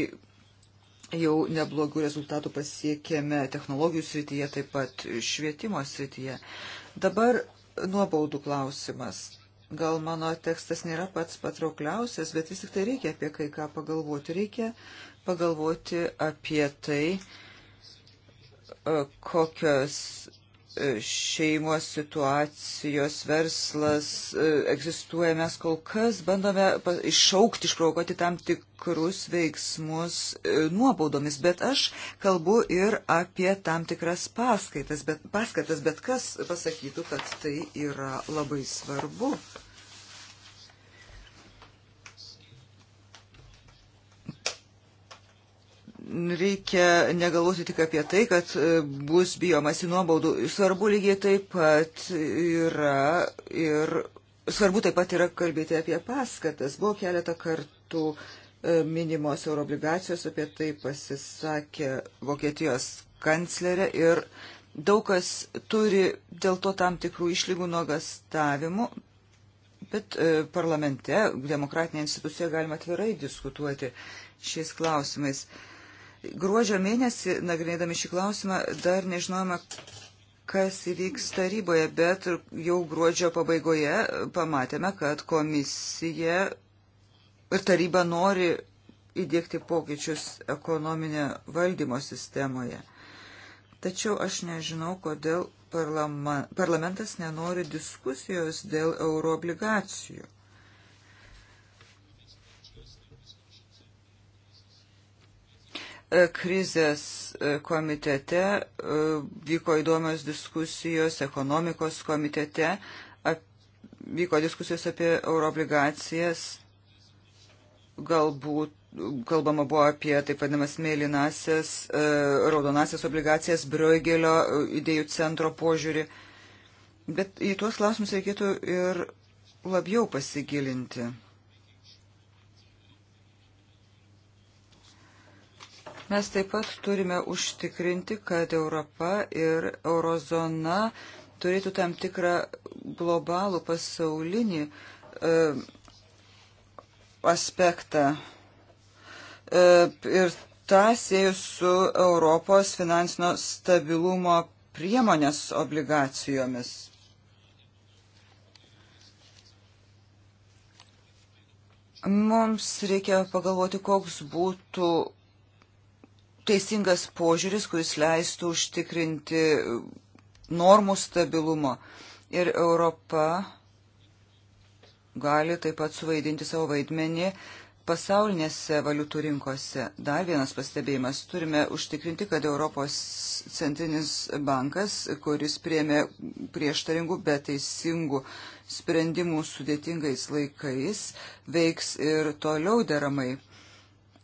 jau neblogų rezultatų pasiekėme technologijų srityje, taip pat švietimo srityje. Dabar nuobaudų klausimas. Gal mano tekstas nėra pats patraukliausias, bet vis tik tai reikia apie kai ką pagalvoti. Reikia pagalvoti apie tai, e, kokios šeimos situacijos, verslas, e, egzistuoja, mes kol kas bandome iššaukti, išprovokuoti tam tikrus veiksmus e, nuobaudomis, bet aš kalbu ir apie tam tikras paskaitas, bet, paskaitas, bet kas pasakytų, kad tai yra labai svarbu. reikia negalvoti tik apie tai, kad e, bus bijomasi nuobaudų. Svarbu lygiai taip pat yra ir svarbu taip pat yra kalbėti apie paskatas. Buvo keletą kartų e, minimos euroobligacijos, apie tai pasisakė Vokietijos kanclerė ir daug kas turi dėl to tam tikrų išlygų nuogastavimų. Bet e, parlamente, demokratinė institucija, galima atvirai diskutuoti šiais klausimais. E, Gruodžio mėnesį, nagrinėdami šį klausimą, dar nežinojame, kas įvyks taryboje, bet jau gruodžio pabaigoje pamatėme, kad komisija ir taryba nori įdėkti pokyčius ekonominio valdymo sistemoje. Tačiau aš nežinau, kodėl parlama, parlamentas nenori diskusijos dėl euroobligacijų. E, krizės e, komitete e, vyko įdomios diskusijos, ekonomikos komitete ap, vyko diskusijos apie euroobligacijas, galbūt kalbama buvo apie taip vadinamas mėlynasias, raudonasias obligacijas, Bruegelio idėjų centro požiūrį, bet į tuos klausimus reikėtų ir labiau pasigilinti. Mes taip pat turime užtikrinti, kad Europa ir eurozona turėtų tam tikrą globalų pasaulinį e, aspektą. E, ir tą sieju su Europos finansinio stabilumo priemonės obligacijomis. Mums reikia pagalvoti, koks būtų teisingas požiūris, kuris leistų užtikrinti normų stabilumo. Ir Europa gali taip pat suvaidinti savo vaidmenį pasaulinėse valiutų rinkose. Dar vienas pastebėjimas. Turime užtikrinti, kad Europos centrinis bankas, kuris priemė prieštaringų, bet teisingų sprendimų sudėtingais laikais, veiks ir toliau deramai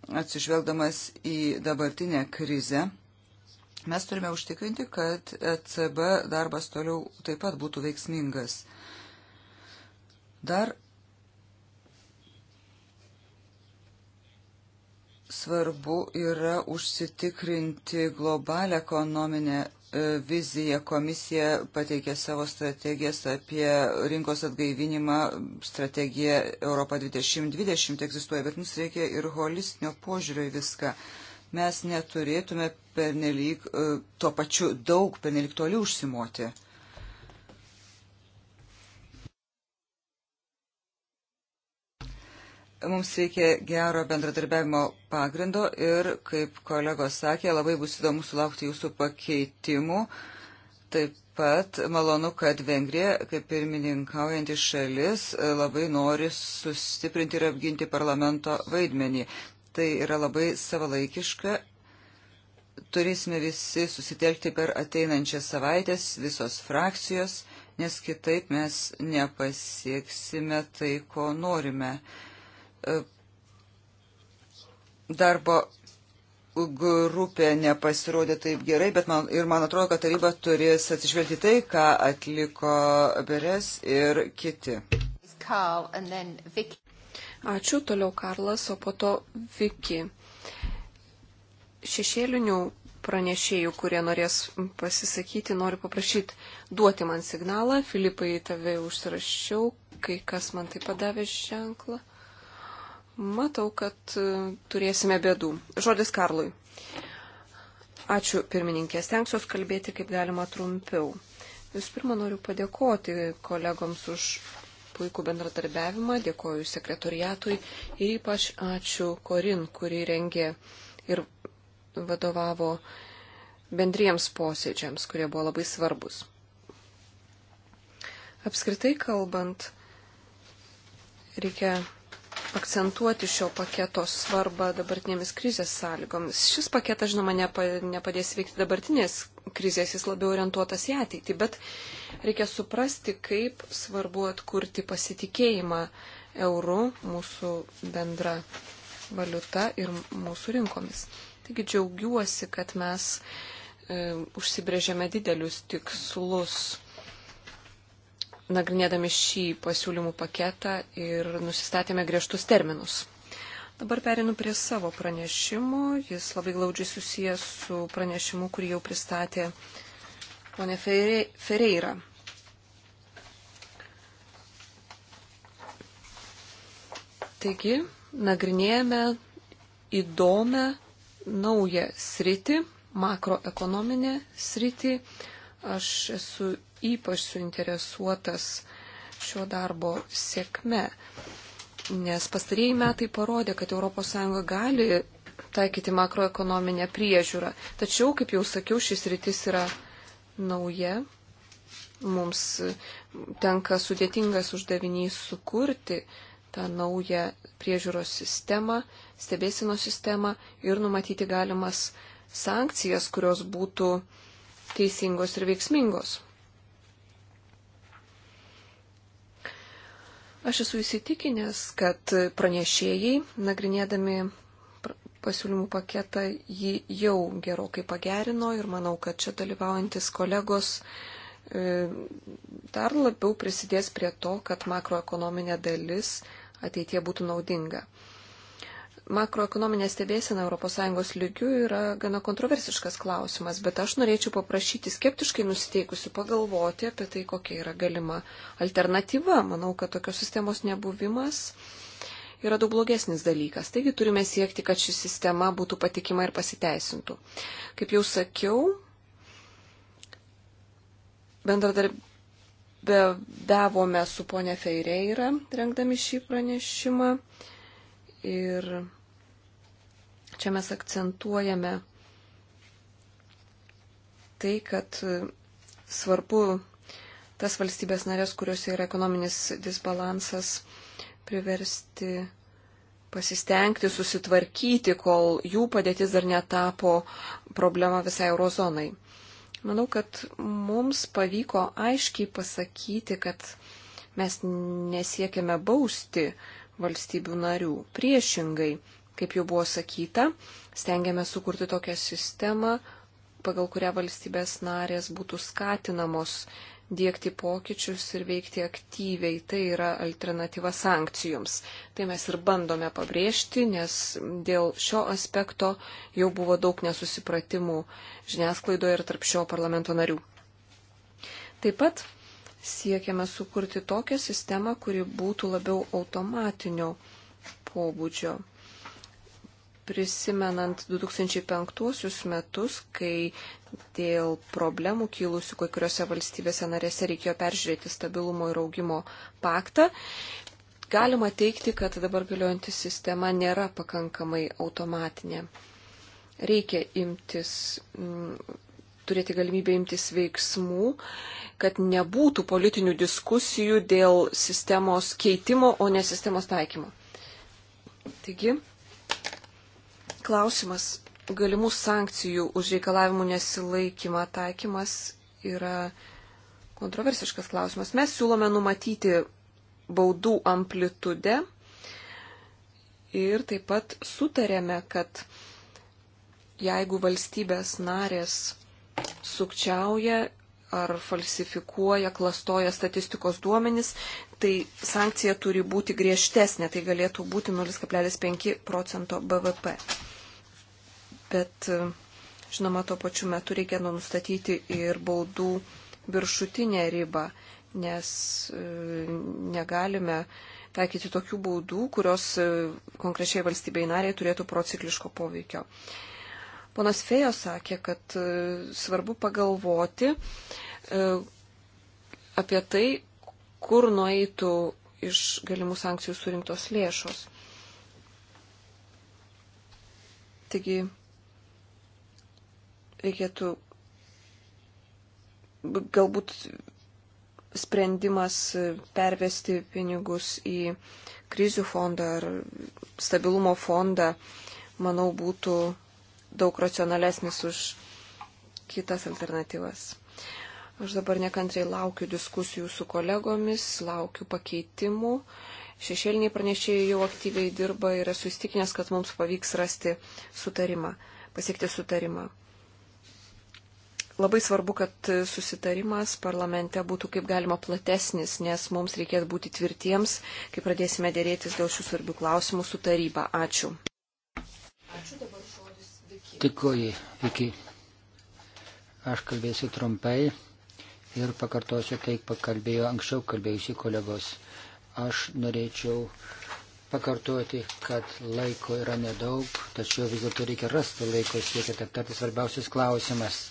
atsižvelgdamas į dabartinę krizę, mes turime užtikrinti, kad ECB darbas toliau taip pat būtų veiksmingas. Dar svarbu yra užsitikrinti globalią ekonominę E, viziją komisija pateikė savo strategijas apie rinkos atgaivinimą, strategija Europa 2020 egzistuoja, bet mums reikia ir holistinio požiūrio į viską. Mes neturėtume pernelyg e, tuo pačiu daug, pernelyg toli užsimoti. Mums reikia gero bendradarbiavimo pagrindo ir, kaip kolegos sakė, labai bus įdomu sulaukti jūsų pakeitimų. Taip pat malonu, kad Vengrija, kaip pirmininkaujanti šalis, labai nori sustiprinti ir apginti parlamento vaidmenį. Tai yra labai savalaikiška. Turėsime visi susitelkti per ateinančias savaitės, visos frakcijos, nes kitaip mes nepasieksime tai, ko norime. E, darbo grupė nepasirodė taip gerai, bet man, ir man atrodo, kad taryba turės atsižvelgti tai, ką atliko Beres ir kiti. Ačiū, toliau Karlas, o po to Viki. Šešėlinių pranešėjų, kurie norės pasisakyti, noriu paprašyti duoti man signalą. Filipai, tave užsirašiau, kai kas man tai padavė ženklą. Matau, kad e, turėsime bėdų. Žodis Karlui. Ačiū, pirmininkė. Stengsiuos kalbėti kaip galima trumpiau. Visų pirma, noriu padėkoti kolegoms už puikų bendradarbiavimą, dėkoju sekretoriatui ir ypač ačiū Korin, kuri rengė ir vadovavo bendriems posėdžiams, kurie buvo labai svarbus. Apskritai kalbant, reikia akcentuoti šio paketo svarbą dabartinėmis krizės sąlygomis. Šis paketas, žinoma, nepa, nepadės veikti dabartinės krizės, jis labiau orientuotas į ateitį, bet reikia suprasti, kaip svarbu atkurti pasitikėjimą eurų mūsų bendra valiuta ir mūsų rinkomis. Taigi džiaugiuosi, kad mes e, užsibrėžėme didelius tikslus nagrinėdami šį pasiūlymų paketą ir nusistatėme griežtus terminus. Dabar perinu prie savo pranešimų. Jis labai glaudžiai susijęs su pranešimu, kurį jau pristatė ponė Fereira. Taigi, nagrinėjame įdomią naują sritį, makroekonominę sritį. Aš esu ypač suinteresuotas šio darbo sėkme, nes pastarėjai metai parodė, kad ES gali taikyti makroekonominę priežiūrą. Tačiau, kaip jau sakiau, šis rytis yra nauja. Mums tenka sudėtingas uždavinys sukurti tą naują priežiūros sistemą, stebėsino sistemą ir numatyti galimas sankcijas, kurios būtų teisingos ir veiksmingos. Aš esu įsitikinęs, kad pranešėjai, nagrinėdami pasiūlymų paketą, jį jau gerokai pagerino ir manau, kad čia dalyvaujantis kolegos e, dar labiau prisidės prie to, kad makroekonominė dalis ateitie būtų naudinga makroekonominė stebėsena ES lygių yra gana kontroversiškas klausimas, bet aš norėčiau paprašyti skeptiškai nusiteikusių pagalvoti apie tai, kokia yra galima alternatyva. Manau, kad tokios sistemos nebuvimas yra daug blogesnis dalykas. Taigi turime siekti, kad ši sistema būtų patikima ir pasiteisintų. Kaip jau sakiau, bendradarbiavome su ponė Feireira, rengdami šį pranešimą. Ir Čia mes akcentuojame tai, kad svarbu tas valstybės narės, kuriuose yra ekonominis disbalansas, priversti pasistengti, susitvarkyti, kol jų padėtis dar netapo problema visai eurozonai. Manau, kad mums pavyko aiškiai pasakyti, kad mes nesiekime bausti valstybių narių. Priešingai, Kaip jau buvo sakyta, stengiame sukurti tokią sistemą, pagal kurią valstybės narės būtų skatinamos dėkti pokyčius ir veikti aktyviai. Tai yra alternatyva sankcijoms. Tai mes ir bandome pabrėžti, nes dėl šio aspekto jau buvo daug nesusipratimų žiniasklaidoje ir tarp šio parlamento narių. Taip pat siekiame sukurti tokią sistemą, kuri būtų labiau automatinio pobūdžio prisimenant 2005 metus, kai dėl problemų kilusių kai kuriuose valstybėse narėse reikėjo peržiūrėti stabilumo ir augimo paktą, galima teikti, kad dabar galiojanti sistema nėra pakankamai automatinė. Reikia imtis, m, mm, turėti galimybę imtis veiksmų, kad nebūtų politinių diskusijų dėl sistemos keitimo, o ne sistemos taikymo. Taigi, Klausimas galimų sankcijų už reikalavimų nesilaikymą taikymas yra kontroversiškas klausimas. Mes siūlome numatyti baudų amplitudę ir taip pat sutarėme, kad jeigu valstybės narės sukčiauja ar falsifikuoja, klastoja statistikos duomenis, tai sankcija turi būti griežtesnė, tai galėtų būti 0,5 procento BVP bet e, žinoma, tuo pačiu metu reikia nustatyti ir baudų viršutinę ribą, nes e, negalime taikyti tokių baudų, kurios e, konkrečiai valstybei nariai turėtų procikliško poveikio. Ponas Fejo sakė, kad svarbu pagalvoti apie tai, kur nueitų iš galimų sankcijų surinktos lėšos. Taigi reikėtų galbūt sprendimas pervesti pinigus į krizių fondą ar stabilumo fondą, manau, būtų daug racionalesnis už kitas alternatyvas. Aš dabar nekantriai laukiu diskusijų su kolegomis, laukiu pakeitimų. Šešėliniai pranešėjai jau aktyviai dirba ir esu įstikinęs, kad mums pavyks rasti sutarimą, pasiekti sutarimą. Labai svarbu, kad susitarimas parlamente būtų kaip galima platesnis, nes mums reikės būti tvirtiems, kai pradėsime dėrėtis dėl šių svarbių klausimų su taryba. Ačiū. Ačiū dabar žodis Viki. Tikoji, Viki. Aš kalbėsiu trumpai ir pakartosiu tai, pakalbėjo anksčiau kalbėjusi kolegos. Aš norėčiau pakartoti, kad laiko yra nedaug, tačiau vis dėlto reikia rasti laiko siekiant aptarti svarbiausius klausimas.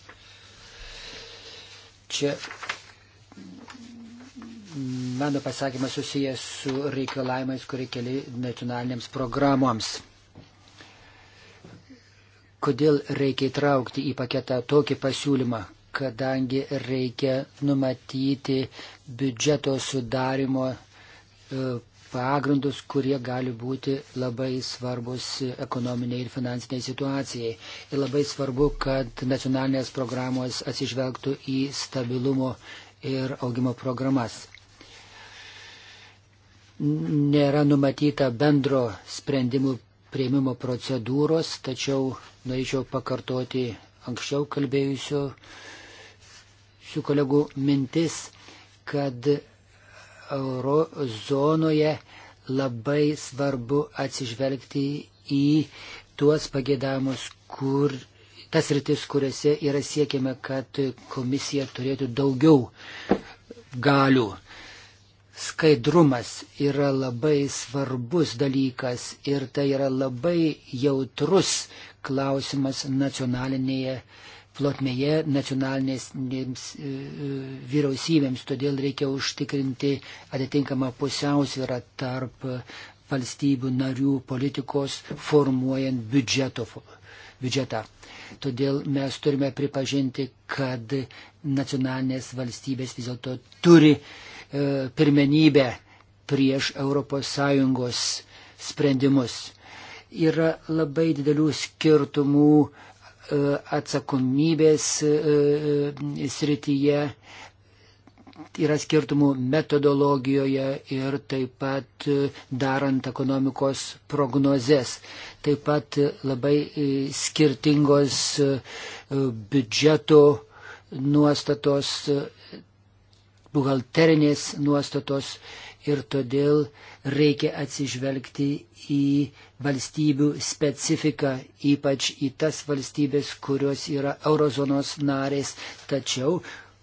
Čia mano pasakymas susijęs su reikalavimais, kurie keli nacionalinėms programoms. Kodėl reikia įtraukti į paketą tokį pasiūlymą, kadangi reikia numatyti biudžeto sudarimo e, pagrindus, kurie gali būti labai svarbus ekonominiai ir finansiniai situacijai. Ir labai svarbu, kad nacionalinės programos atsižvelgtų į stabilumo ir augimo programas. Nėra numatyta bendro sprendimų prieimimo procedūros, tačiau norėčiau pakartoti anksčiau kalbėjusių šių kolegų mintis, kad euro zonoje labai svarbu atsižvelgti į tuos pagėdamus, kur tas rytis, kuriuose yra siekiama, kad komisija turėtų daugiau galių. Skaidrumas yra labai svarbus dalykas ir tai yra labai jautrus klausimas nacionalinėje plotmėje nacionalinėms e, e, vyriausybėms, todėl reikia užtikrinti atitinkamą pusiausvyrą tarp valstybių narių politikos formuojant biudžeto, biudžetą. Todėl mes turime pripažinti, kad nacionalinės valstybės vis dėlto turi e, pirmenybę prieš ES sprendimus. Yra labai didelių skirtumų e, atsakomybės e, e, srityje, yra skirtumų metodologijoje ir taip pat e, darant ekonomikos prognozes. Taip pat labai skirtingos biudžeto nuostatos, buhalterinės nuostatos ir todėl uh, reikia atsižvelgti į valstybių specifiką, ypač į tas valstybės, kurios yra eurozonos narės, tačiau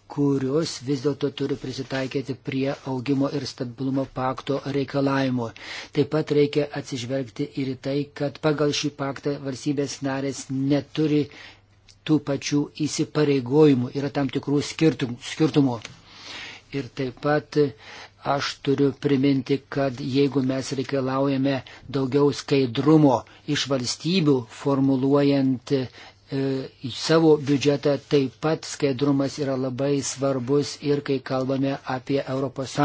kurios vis dėlto turi prisitaikyti prie augimo ir stabilumo pakto reikalavimų. Taip pat reikia atsižvelgti ir į tai, kad pagal šį paktą valstybės narės neturi tų pačių įsipareigojimų, yra tam tikrų skirtumų. skirtumų. Ir taip pat aš turiu priminti, kad jeigu mes reikalaujame daugiau skaidrumo iš valstybių formuluojant e, savo biudžetą, taip pat skaidrumas yra labai svarbus ir kai kalbame apie ES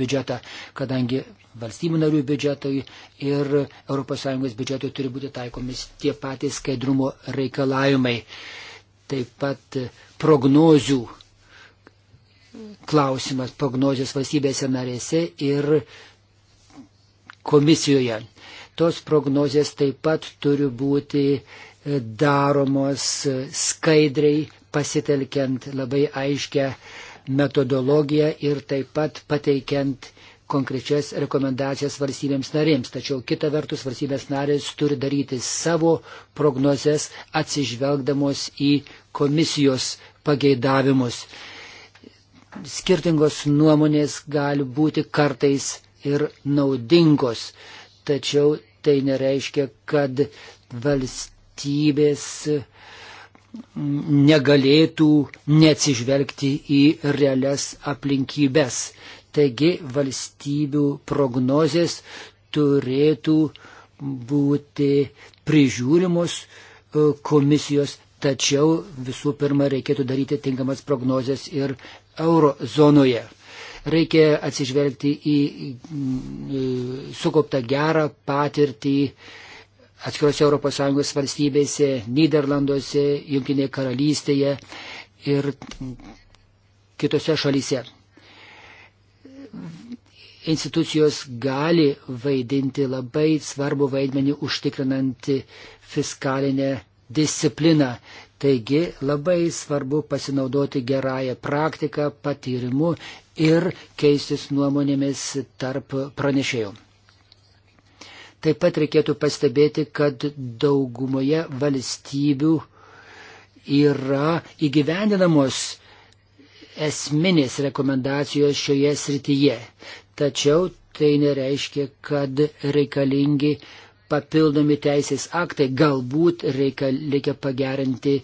biudžetą, kadangi valstybių narių biudžetui ir ES biudžetui turi būti taikomis tie patys skaidrumo reikalavimai. Taip pat prognozių klausimas prognozijos valstybėse narėse ir komisijoje. Tos prognozijos taip pat turi būti e, daromos e, skaidriai, pasitelkiant labai aiškę metodologiją ir taip pat pateikiant konkrečias rekomendacijas valstybėms narėms. Tačiau kita vertus valstybės narės turi daryti savo prognozes atsižvelgdamos į komisijos pageidavimus skirtingos nuomonės gali būti kartais ir naudingos, tačiau tai nereiškia, kad valstybės negalėtų neatsižvelgti į realias aplinkybės. Taigi valstybių prognozės turėtų būti prižiūrimos e, komisijos, tačiau visų pirma reikėtų daryti tinkamas prognozes ir euro zonoje. Reikia atsižvelgti į sukauptą gerą patirtį atskirose ES valstybėse, Niderlanduose, Junktinėje karalystėje ir kitose šalyse. Institucijos gali vaidinti labai svarbu vaidmenį užtikrinant fiskalinę discipliną. Taigi labai svarbu pasinaudoti gerąją praktiką, patyrimu ir keistis nuomonėmis tarp pranešėjų. Taip pat reikėtų pastebėti, kad daugumoje valstybių yra įgyvendinamos esminės rekomendacijos šioje srityje. Tačiau tai nereiškia, kad reikalingi papildomi teisės aktai, galbūt reikia, reikia pagerinti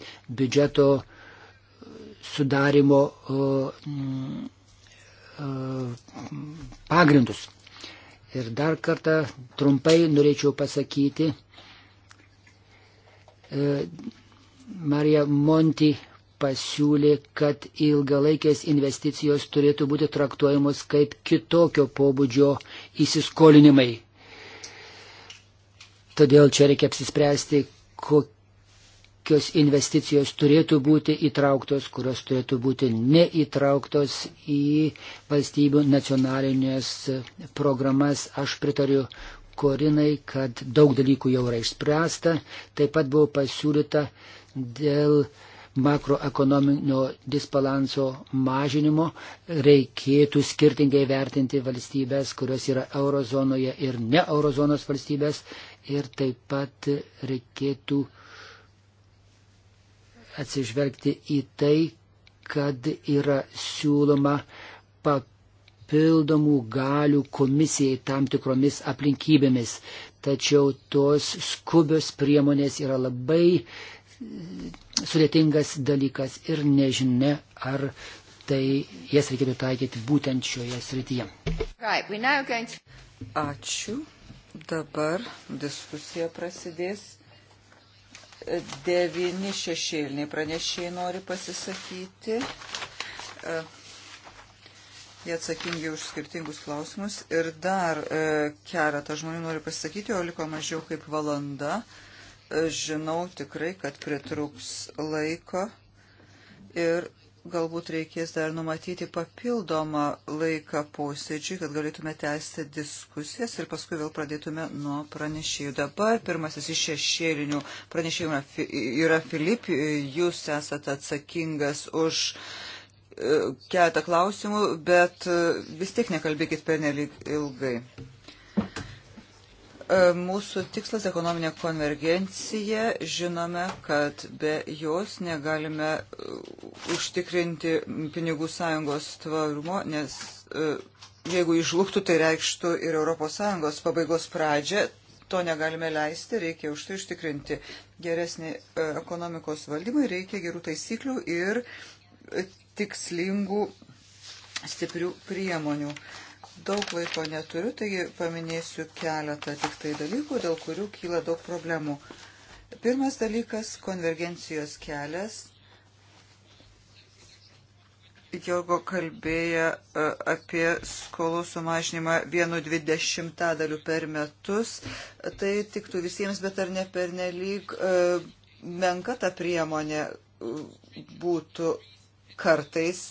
biudžeto uh, sudarimo uh, uh, pagrindus. Ir dar kartą trumpai norėčiau pasakyti, uh, Marija Monti pasiūlė, kad ilgalaikės investicijos turėtų būti traktuojamos kaip kitokio pobūdžio įsiskolinimai Todėl čia reikia apsispręsti, kokios investicijos turėtų būti įtrauktos, kurios turėtų būti neįtrauktos į valstybių nacionalinės programas. Aš pritariu Korinai, kad daug dalykų jau yra išspręsta. Taip pat buvo pasiūlyta dėl makroekonominio disbalanso mažinimo reikėtų skirtingai vertinti valstybės, kurios yra eurozonoje ir ne eurozonos valstybės ir taip pat reikėtų atsižvelgti į tai, kad yra siūloma papildomų galių komisijai tam tikromis aplinkybėmis. Tačiau tos skubios priemonės yra labai sudėtingas dalykas ir nežinia, ar tai jas reikėtų taikyti būtent šioje srityje. Right, to... Ačiū. Dabar diskusija prasidės. Devini šešėliniai pranešėjai nori pasisakyti. E, jie atsakingi už skirtingus klausimus. Ir dar e, keletą žmonių nori pasisakyti, o liko mažiau kaip valanda. E, žinau tikrai, kad pritruks laiko. Ir galbūt reikės dar numatyti papildomą laiką posėdžiui, kad galėtume tęsti diskusijas ir paskui vėl pradėtume nuo pranešėjų. Dabar pirmasis iš šešėlinių pranešėjų yra, yra Filip, jūs esate atsakingas už e, keletą klausimų, bet e, vis tiek nekalbėkit pernelyg ilgai. E, mūsų tikslas ekonominė konvergencija, žinome, kad be jos negalime e, užtikrinti pinigų sąjungos tvarumo, nes e, jeigu išlūktų, tai reikštų ir ES pabaigos pradžią, to negalime leisti, reikia už tai užtikrinti geresnį ekonomikos valdymą, reikia gerų taisyklių ir tikslingų stiprių priemonių. Uh, Daug laiko neturiu, taigi paminėsiu keletą tik tai dalykų, dėl kurių kyla daug problemų. Pirmas dalykas - konvergencijos kelias. Jorgo kalbėjo e, apie skolų sumažinimą 1,20 dalių per metus. Tai tiktų visiems, bet ar ne per nelik e, menka ta priemonė e, būtų kartais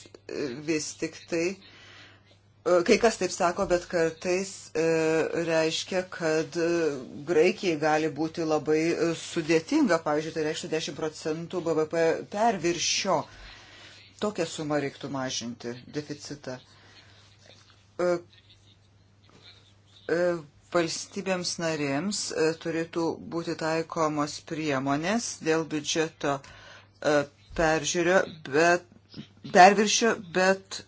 vis tik tai E, kai kas taip sako, bet kartais e, reiškia, kad Graikijai gali būti labai e, sudėtinga, pavyzdžiui, tai reiškia 10 procentų BVP perviršio. Tokią sumą reiktų mažinti deficitą. E, e, valstybėms narėms e, turėtų būti taikomos priemonės dėl biudžeto e, peržiūrio, bet perviršio, bet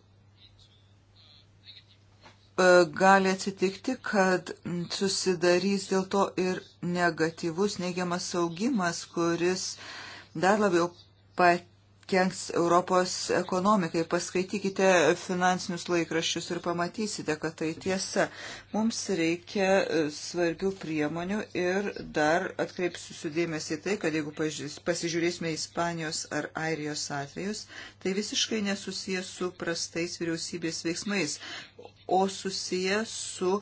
E, gali atsitikti, kad susidarys dėl to ir negatyvus, neigiamas augimas, kuris dar labiau pakenks Europos ekonomikai. Paskaitykite finansinius laikraščius ir pamatysite, kad tai tiesa. Mums reikia e, svarbių priemonių ir dar atkreipsiu sudėmėsi į tai, kad jeigu pasižiūrėsime Ispanijos ar Airijos atvejus, tai visiškai nesusijęs su prastais vyriausybės veiksmais o susiję su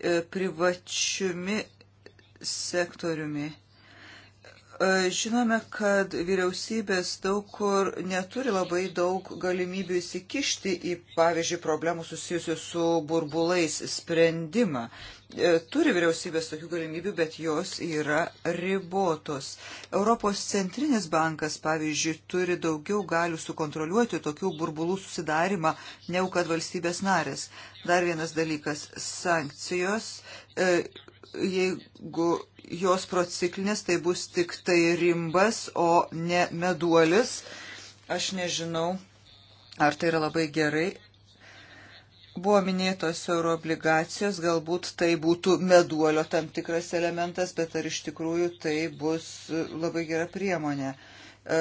e, privačiumi sektoriumi. E, žinome, kad vyriausybės daug kur neturi labai daug galimybių įsikišti į, pavyzdžiui, problemų susijusių su burbulais sprendimą. E, turi vyriausybės tokių galimybių, bet jos yra ribotos. Europos centrinis bankas, pavyzdžiui, turi daugiau galių sukontroliuoti tokių burbulų susidarimą, negu kad valstybės narės. Dar vienas dalykas - sankcijos e, jeigu jos prociklinės, tai bus tik tai rimbas, o ne meduolis. Aš nežinau, ar tai yra labai gerai. Buvo minėtos euroobligacijos, galbūt tai būtų meduolio tam tikras elementas, bet ar iš tikrųjų tai bus labai gera priemonė. E,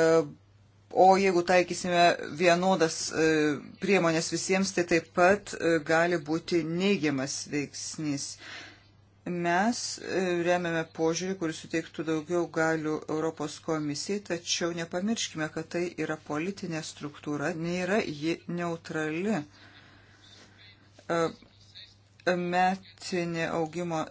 o jeigu taikysime vienodas e, priemonės visiems, tai taip pat e, gali būti neigiamas veiksnys. Mes e, remiame požiūrį, kuris suteiktų daugiau galių Europos komisijai, tačiau nepamirškime, kad tai yra politinė struktūra, nėra ji neutrali. E, metinė augimo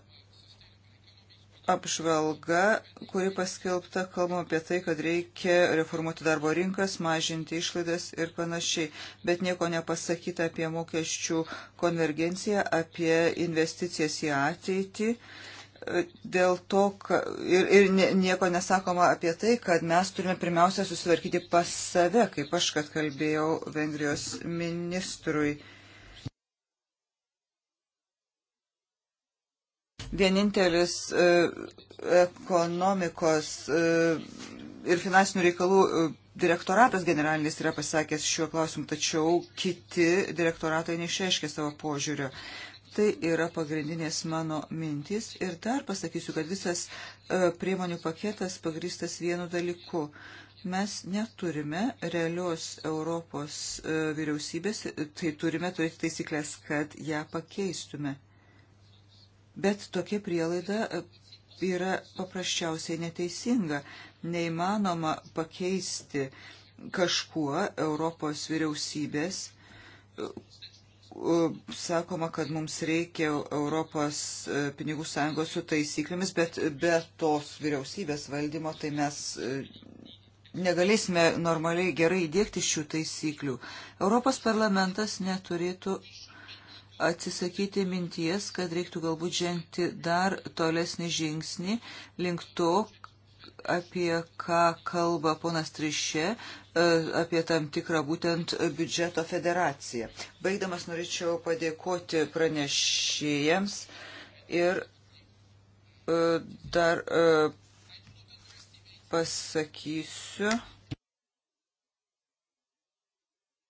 apžvalga, kuri paskelbta, kalbama apie tai, kad reikia reformuoti darbo rinkas, mažinti išlaidas ir panašiai, bet nieko nepasakyta apie mokesčių konvergenciją, apie investicijas į ateitį. Dėl to ka, ir, ir nieko nesakoma apie tai, kad mes turime pirmiausia susitvarkyti pas save, kaip aš, kad kalbėjau Vengrijos ministrui vienintelis e, ekonomikos e, ir finansinių reikalų e, direktoratas generalinis yra pasakęs šiuo klausimu, tačiau kiti direktoratai neišreiškė savo požiūrio. Tai yra pagrindinės mano mintys ir dar pasakysiu, kad visas priemonių paketas pagristas vienu dalyku mes neturime realios Europos vyriausybės, tai turime turėti taisyklės, kad ją pakeistume. Bet tokia prielaida e, yra paprasčiausiai neteisinga. Neįmanoma pakeisti kažkuo Europos vyriausybės. E, e, sakoma, kad mums reikia Europos pinigų sąjungos su taisyklėmis, bet be tos vyriausybės valdymo tai mes negalėsime normaliai gerai įdėkti šių taisyklių. Europos parlamentas neturėtų atsisakyti minties, kad reiktų galbūt žengti dar tolesnį žingsnį link to, apie ką kalba ponas Trišė, e, apie tam tikrą būtent biudžeto federaciją. Baigdamas norėčiau padėkoti pranešėjams ir e, dar e, pasakysiu.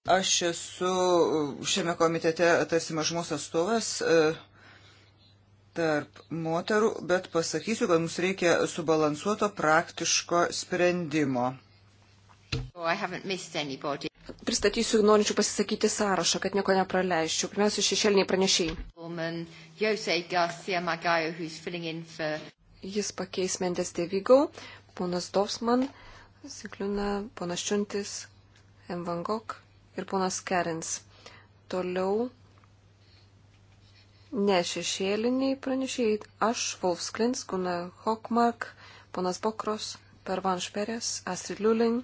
Aš esu šiame komitete tarsi mažumos atstovas e, tarp moterų, bet pasakysiu, kad mums reikia subalansuoto praktiško sprendimo. Oh, Pristatysiu norinčių pasisakyti sąrašą, kad nieko nepraleisčiau. Pirmiausia, šešėliniai pranešėjai. Jis pakeis Mendes Devigau, ponas Dovsman, Sikliūna, ponas Čiuntis, M. Van Gogh, ir ponas Kerins. Toliau. Ne šešėliniai pranešėjai. Aš, Wolfs Klins, Guna Hockmark, ponas Bokros, Pervan Šperės, Astrid Liuling,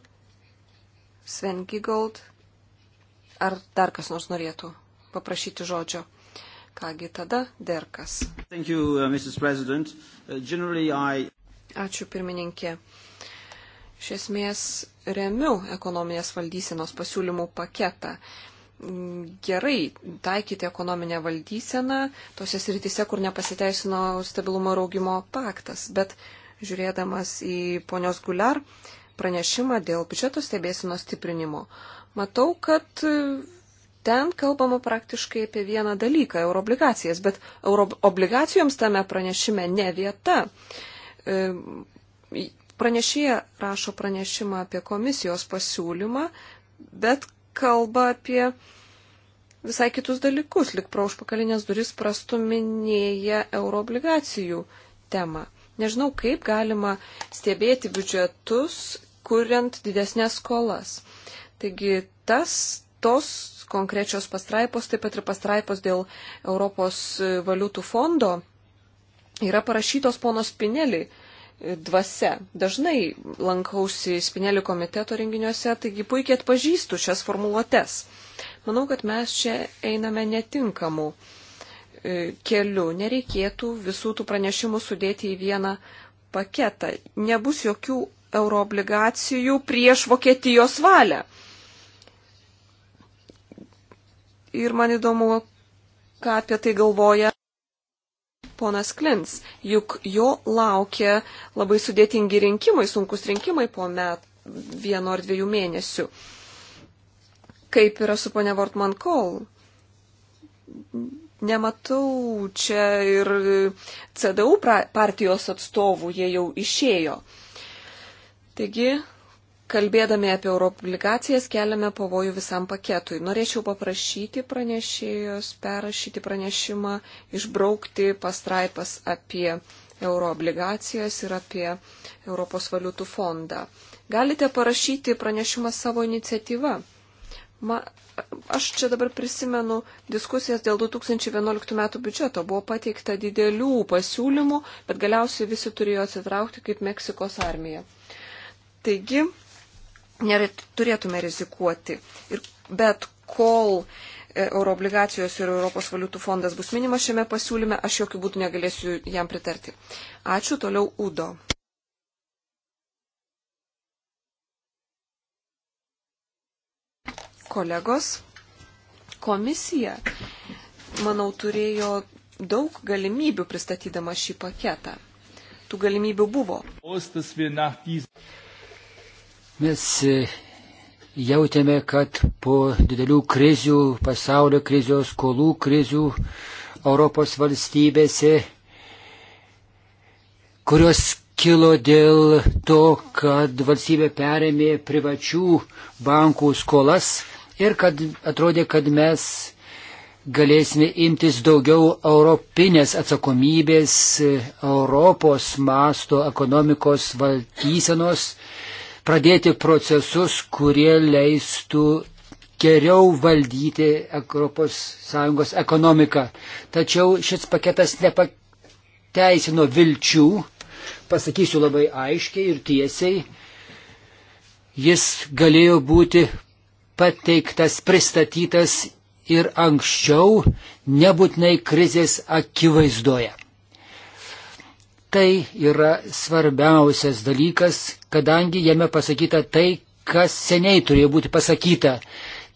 Sven Gigold. Ar dar kas nors norėtų paprašyti žodžio? Kągi tada derkas. Thank you, uh, uh I... Ačiū pirmininkė iš esmės remiu ekonominės valdysenos pasiūlymų paketą. Gerai taikyti ekonominę valdyseną tose sritise, kur nepasiteisino stabilumo ir augimo paktas, bet žiūrėdamas į ponios Guliar pranešimą dėl biudžeto stebėsino stiprinimo, matau, kad ten kalbama praktiškai apie vieną dalyką - euroobligacijas, bet euroobligacijoms tame pranešime ne vieta. Ehm, Pranešėja rašo pranešimą apie komisijos pasiūlymą, bet kalba apie visai kitus dalykus, lik pro užpakalinės duris prastuminėja euroobligacijų temą. Nežinau, kaip galima stebėti biudžetus, kuriant didesnės skolas. Taigi tas, tos konkrečios pastraipos, taip pat ir pastraipos dėl Europos valiutų fondo yra parašytos ponos Pinelį dvasia. Dažnai lankausi Spinelį komiteto renginiuose, taigi puikiai atpažįstu šias formuluotės. Manau, kad mes čia einame netinkamų e, kelių. Nereikėtų visų tų pranešimų sudėti į vieną paketą. Nebus jokių euroobligacijų prieš Vokietijos valią. Ir man įdomu, ką apie tai galvoja ponas Klins, juk jo laukia labai sudėtingi rinkimai, sunkus rinkimai po met, vieno ar dviejų mėnesių. Kaip yra su ponia Vortman Kol? Nematau čia ir CDU partijos atstovų, jie jau išėjo. Taigi kalbėdami apie euroobligacijas keliame pavojų visam paketui. Norėčiau paprašyti pranešėjos perrašyti pranešimą, išbraukti pastraipas apie euroobligacijas ir apie Europos valiutų fondą. Galite parašyti pranešimą savo iniciatyvą. Ma, aš čia dabar prisimenu diskusijas dėl 2011 metų biudžeto. Buvo pateikta didelių pasiūlymų, bet galiausiai visi turėjo atsitraukti kaip Meksikos armija. Taigi, neturėtume rizikuoti. Ir, bet kol e, euroobligacijos ir Europos valiutų fondas bus minimas šiame pasiūlyme, aš jokių būdų negalėsiu jam pritarti. Ačiū, toliau Udo. Kolegos, komisija, manau, turėjo daug galimybių pristatydama šį paketą. Tų galimybių buvo. Mes e, jautėme, kad po didelių krizių, pasaulio krizių, skolų krizių Europos valstybėse, kurios kilo dėl to, kad valstybė perėmė privačių bankų skolas ir kad atrodė, kad mes galėsime imtis daugiau europinės atsakomybės, e, Europos masto ekonomikos valdysenos pradėti procesus, kurie leistų geriau valdyti ES ekonomiką. Tačiau šis paketas nepateisino vilčių, pasakysiu labai aiškiai ir tiesiai, jis galėjo būti pateiktas, pristatytas ir anksčiau, nebūtinai krizės akivaizdoje tai yra svarbiausias dalykas, kadangi jame pasakyta tai, kas seniai turėjo būti pasakyta.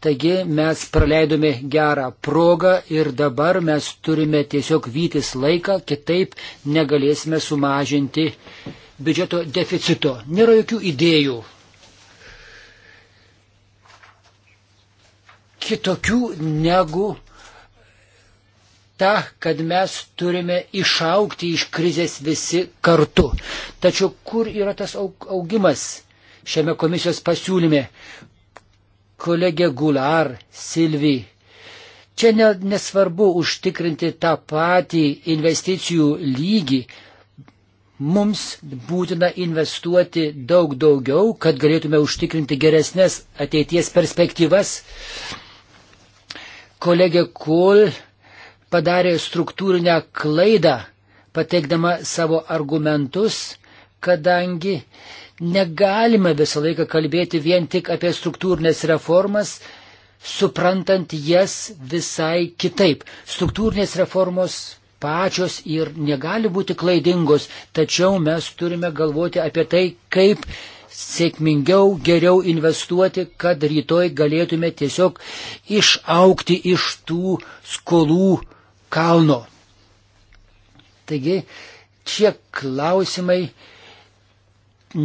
Taigi mes praleidome gerą progą ir dabar mes turime tiesiog vytis laiką, kitaip negalėsime sumažinti biudžeto deficito. Nėra jokių idėjų. Kitokių negu ta, kad mes turime išaukti iš krizės visi kartu. Tačiau kur yra tas augimas šiame komisijos pasiūlyme? Kolegė Gular, Silvi. Čia ne, nesvarbu užtikrinti tą patį investicijų lygį. Mums būtina investuoti daug daugiau, kad galėtume užtikrinti geresnės ateities perspektyvas. Kolegė Kul. Cool, padarė struktūrinę klaidą, pateikdama savo argumentus, kadangi negalime visą laiką kalbėti vien tik apie struktūrinės reformas, suprantant jas visai kitaip. Struktūrinės reformos pačios ir negali būti klaidingos, tačiau mes turime galvoti apie tai, kaip sėkmingiau, geriau investuoti, kad rytoj galėtume tiesiog išaukti iš tų skolų kalno. Taigi, šie klausimai,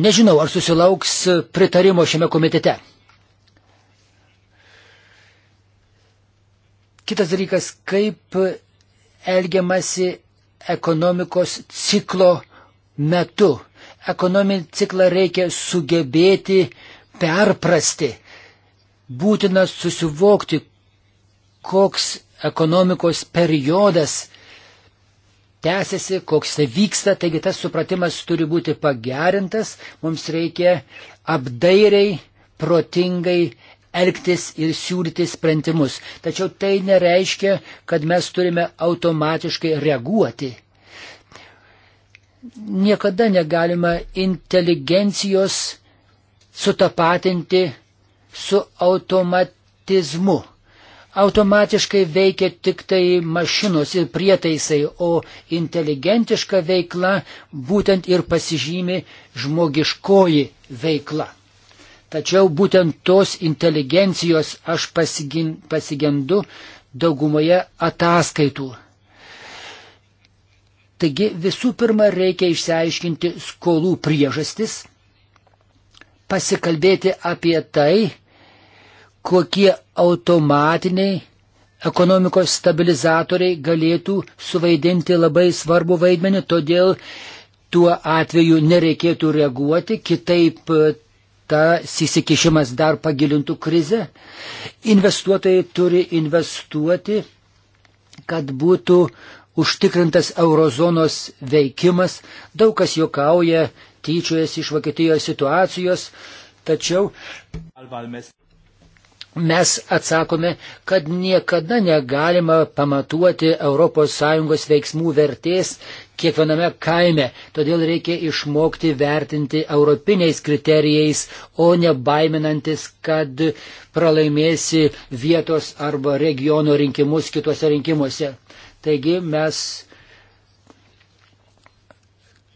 nežinau, ar susilauks pritarimo šiame komitete. Kitas dalykas, kaip elgiamasi ekonomikos ciklo metu. Ekonominį ciklą reikia sugebėti perprasti. Būtina susivokti, koks ekonomikos periodas tęsiasi, koks tai vyksta, taigi tas supratimas turi būti pagerintas, mums reikia apdairiai, protingai elgtis ir siūlyti sprendimus. Tačiau tai nereiškia, kad mes turime automatiškai reaguoti. Niekada negalima inteligencijos sutapatinti su automatizmu automatiškai veikia tik tai mašinos ir prietaisai, o inteligentiška veikla būtent ir pasižymi žmogiškoji veikla. Tačiau būtent tos inteligencijos aš pasigendu daugumoje ataskaitų. Taigi visų pirma reikia išsiaiškinti skolų priežastis, pasikalbėti apie tai, kokie automatiniai ekonomikos stabilizatoriai galėtų suvaidinti labai svarbu vaidmenį, todėl tuo atveju nereikėtų reaguoti, kitaip e, tas įsikišimas dar pagilintų krizę. Investuotojai turi investuoti, kad būtų užtikrintas eurozonos veikimas. Daug kas juokauja, tyčiojas iš Vokietijos situacijos, tačiau. Albalmes mes atsakome, kad niekada negalima pamatuoti ES veiksmų vertės kiekviename kaime, todėl reikia išmokti vertinti europiniais kriterijais, o ne baiminantis, kad pralaimėsi vietos arba regiono rinkimus kituose rinkimuose. Taigi mes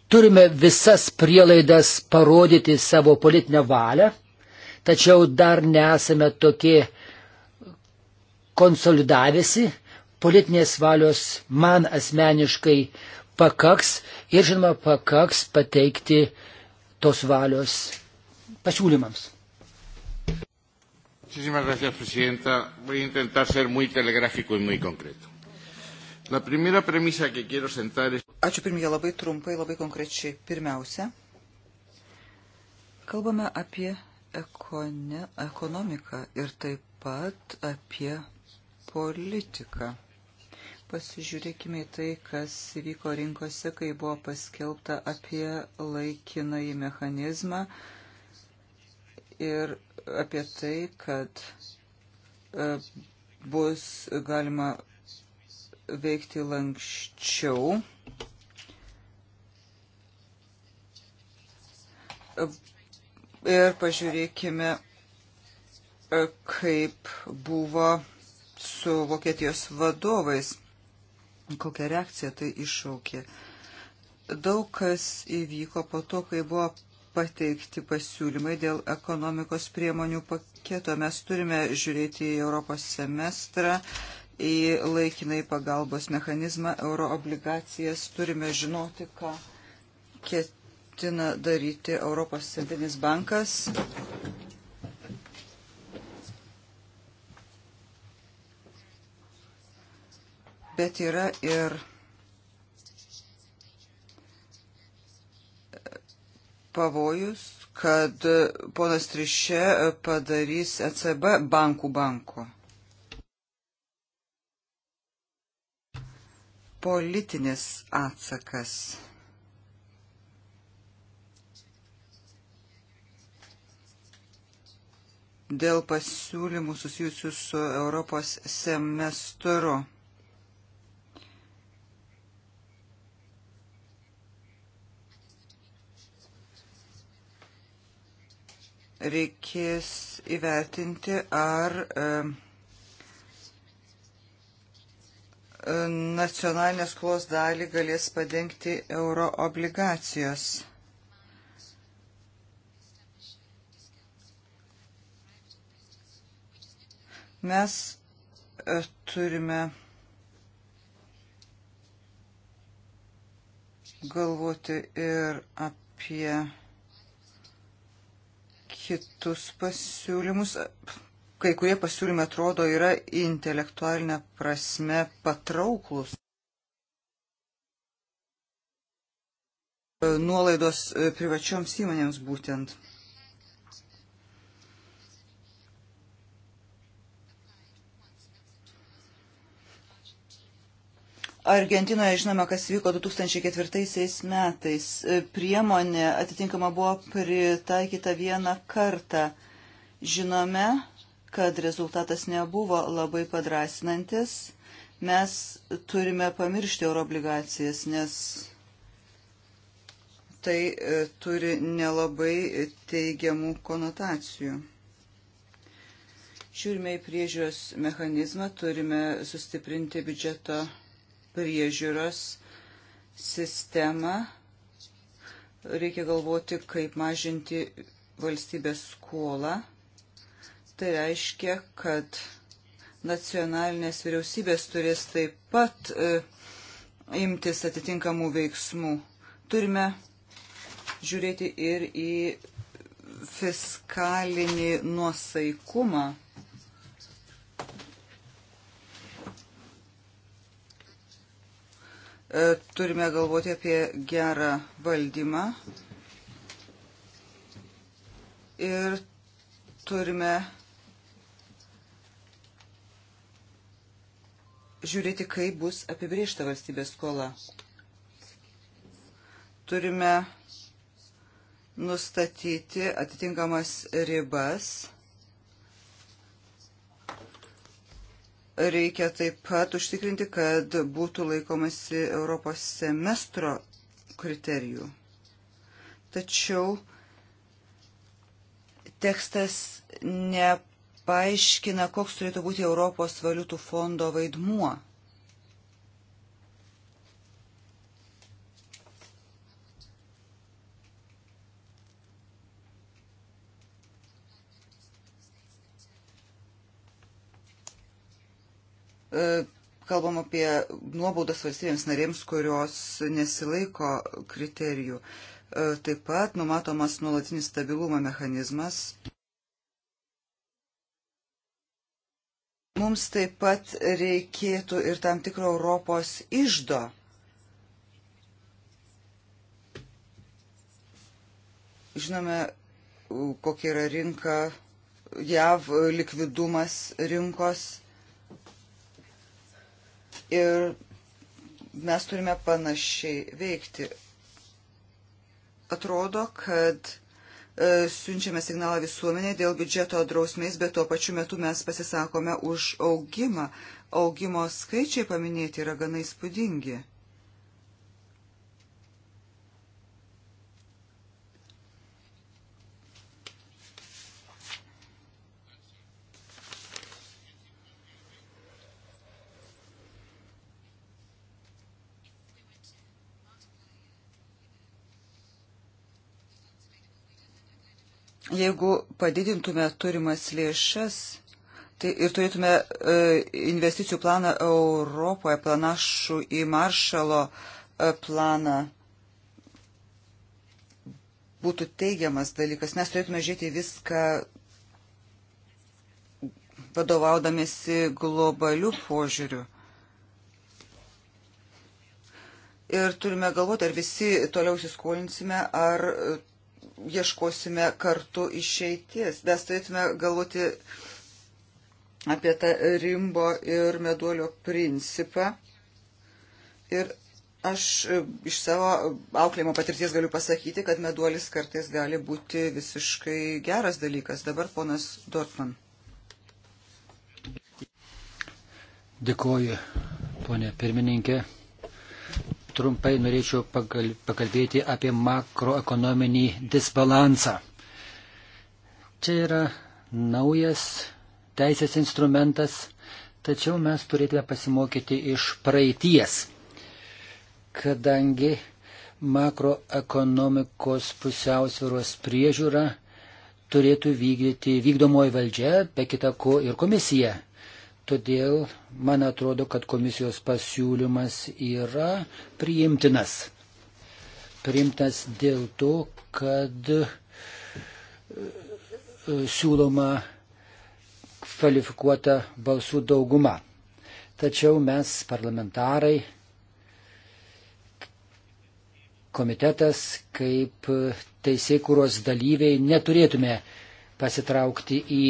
turime visas prielaidas parodyti savo politinę valią tačiau dar nesame tokie konsolidavėsi, politinės valios man asmeniškai pakaks ir žinoma pakaks pateikti tos valios pasiūlymams. Muchísimas gracias, Presidenta. Voy a intentar ser muy telegráfico y muy concreto. La primera premisa que quiero sentar es... Ačiū pirmie labai trumpai, labai konkrečiai. Pirmiausia, kalbame apie ekone, ekonomiką ir taip pat apie politiką. Pasižiūrėkime į tai, kas vyko rinkose, kai buvo paskelbta apie laikinai mechanizmą ir apie tai, kad e, bus galima veikti lankščiau ir pažiūrėkime, e, kaip buvo su Vokietijos vadovais, kokią reakciją tai iššaukė. Daug kas įvyko po to, kai buvo pateikti pasiūlymai dėl ekonomikos priemonių paketo. Mes turime žiūrėti į Europos semestrą, į laikinai pagalbos mechanizmą, euroobligacijas, turime žinoti, ką ketiname ketina daryti Europos centrinis bankas. Bet yra ir pavojus, kad ponas Trišė padarys ECB bankų banko. Politinis atsakas. dėl pasiūlymų susijusių su Europos semestru. Reikės įvertinti, ar e, nacionalinės klos dalį galės padengti euro obligacijos. Mes e, turime galvoti ir apie kitus pasiūlymus. Kai kurie pasiūlymai atrodo yra intelektualinė prasme patrauklus. Nuolaidos privačioms įmonėms būtent. Argentinoje žinome, kas vyko 2004 metais. Priemonė atitinkama buvo pritaikyta vieną kartą. Žinome, kad rezultatas nebuvo labai padrasinantis. Mes turime pamiršti euroobligacijas, nes tai e, turi nelabai teigiamų konotacijų. Žiūrime į priežiūros mechanizmą, turime sustiprinti biudžeto priežiūros sistemą. Reikia galvoti, kaip mažinti valstybės skolą. Tai reiškia, kad nacionalinės vyriausybės turės taip pat e, imtis atitinkamų veiksmų. Turime žiūrėti ir į fiskalinį nuosaikumą E, turime galvoti apie gerą valdymą ir turime žiūrėti, kaip bus apibriešta valstybės skola. Turime nustatyti atitinkamas ribas Reikia taip pat užtikrinti, kad būtų laikomasi Europos semestro kriterijų. Tačiau tekstas nepaaiškina, koks turėtų būti Europos valiutų fondo vaidmuo E, kalbam apie nuobaudas valstybėms narėms, kurios nesilaiko kriterijų. E, taip pat numatomas nuolatinis stabilumo mechanizmas. Mums taip pat reikėtų ir tam tikro Europos išdo. Žinome, kokia yra rinka, jav likvidumas rinkos Ir mes turime panašiai veikti. Atrodo, kad e, siunčiame signalą visuomenė dėl biudžeto drausmės, bet tuo pačiu metu mes pasisakome už augimą. Augimo skaičiai paminėti yra gana įspūdingi. Jeigu padidintume turimas lėšas tai ir turėtume e, investicijų planą Europoje, planašų į maršalo e, planą, būtų teigiamas dalykas. Mes turėtume žiūrėti viską vadovaudamėsi globalių požiūrių. Ir turime galvoti, ar visi toliau įsiskolinsime, ar ieškosime kartu išeities. Mes turėtume galvoti apie tą rimbo ir meduolio principą. Ir aš iš savo auklėjimo patirties galiu pasakyti, kad meduolis kartais gali būti visiškai geras dalykas. Dabar ponas Dortman. Dėkuoju, ponė pirmininkė trumpai norėčiau pakalbėti apie makroekonominį disbalansą. Čia yra naujas teisės instrumentas, tačiau mes turėtume pasimokyti iš praeities, kadangi makroekonomikos pusiausvėros priežiūra turėtų vykdyti vykdomoji valdžia, be kita ko ir komisija. Todėl man atrodo, kad komisijos pasiūlymas yra priimtinas. Priimtas dėl to, kad e, siūloma kvalifikuota balsų dauguma. Tačiau mes, parlamentarai, komitetas, kaip teisėkūros dalyviai, neturėtume pasitraukti į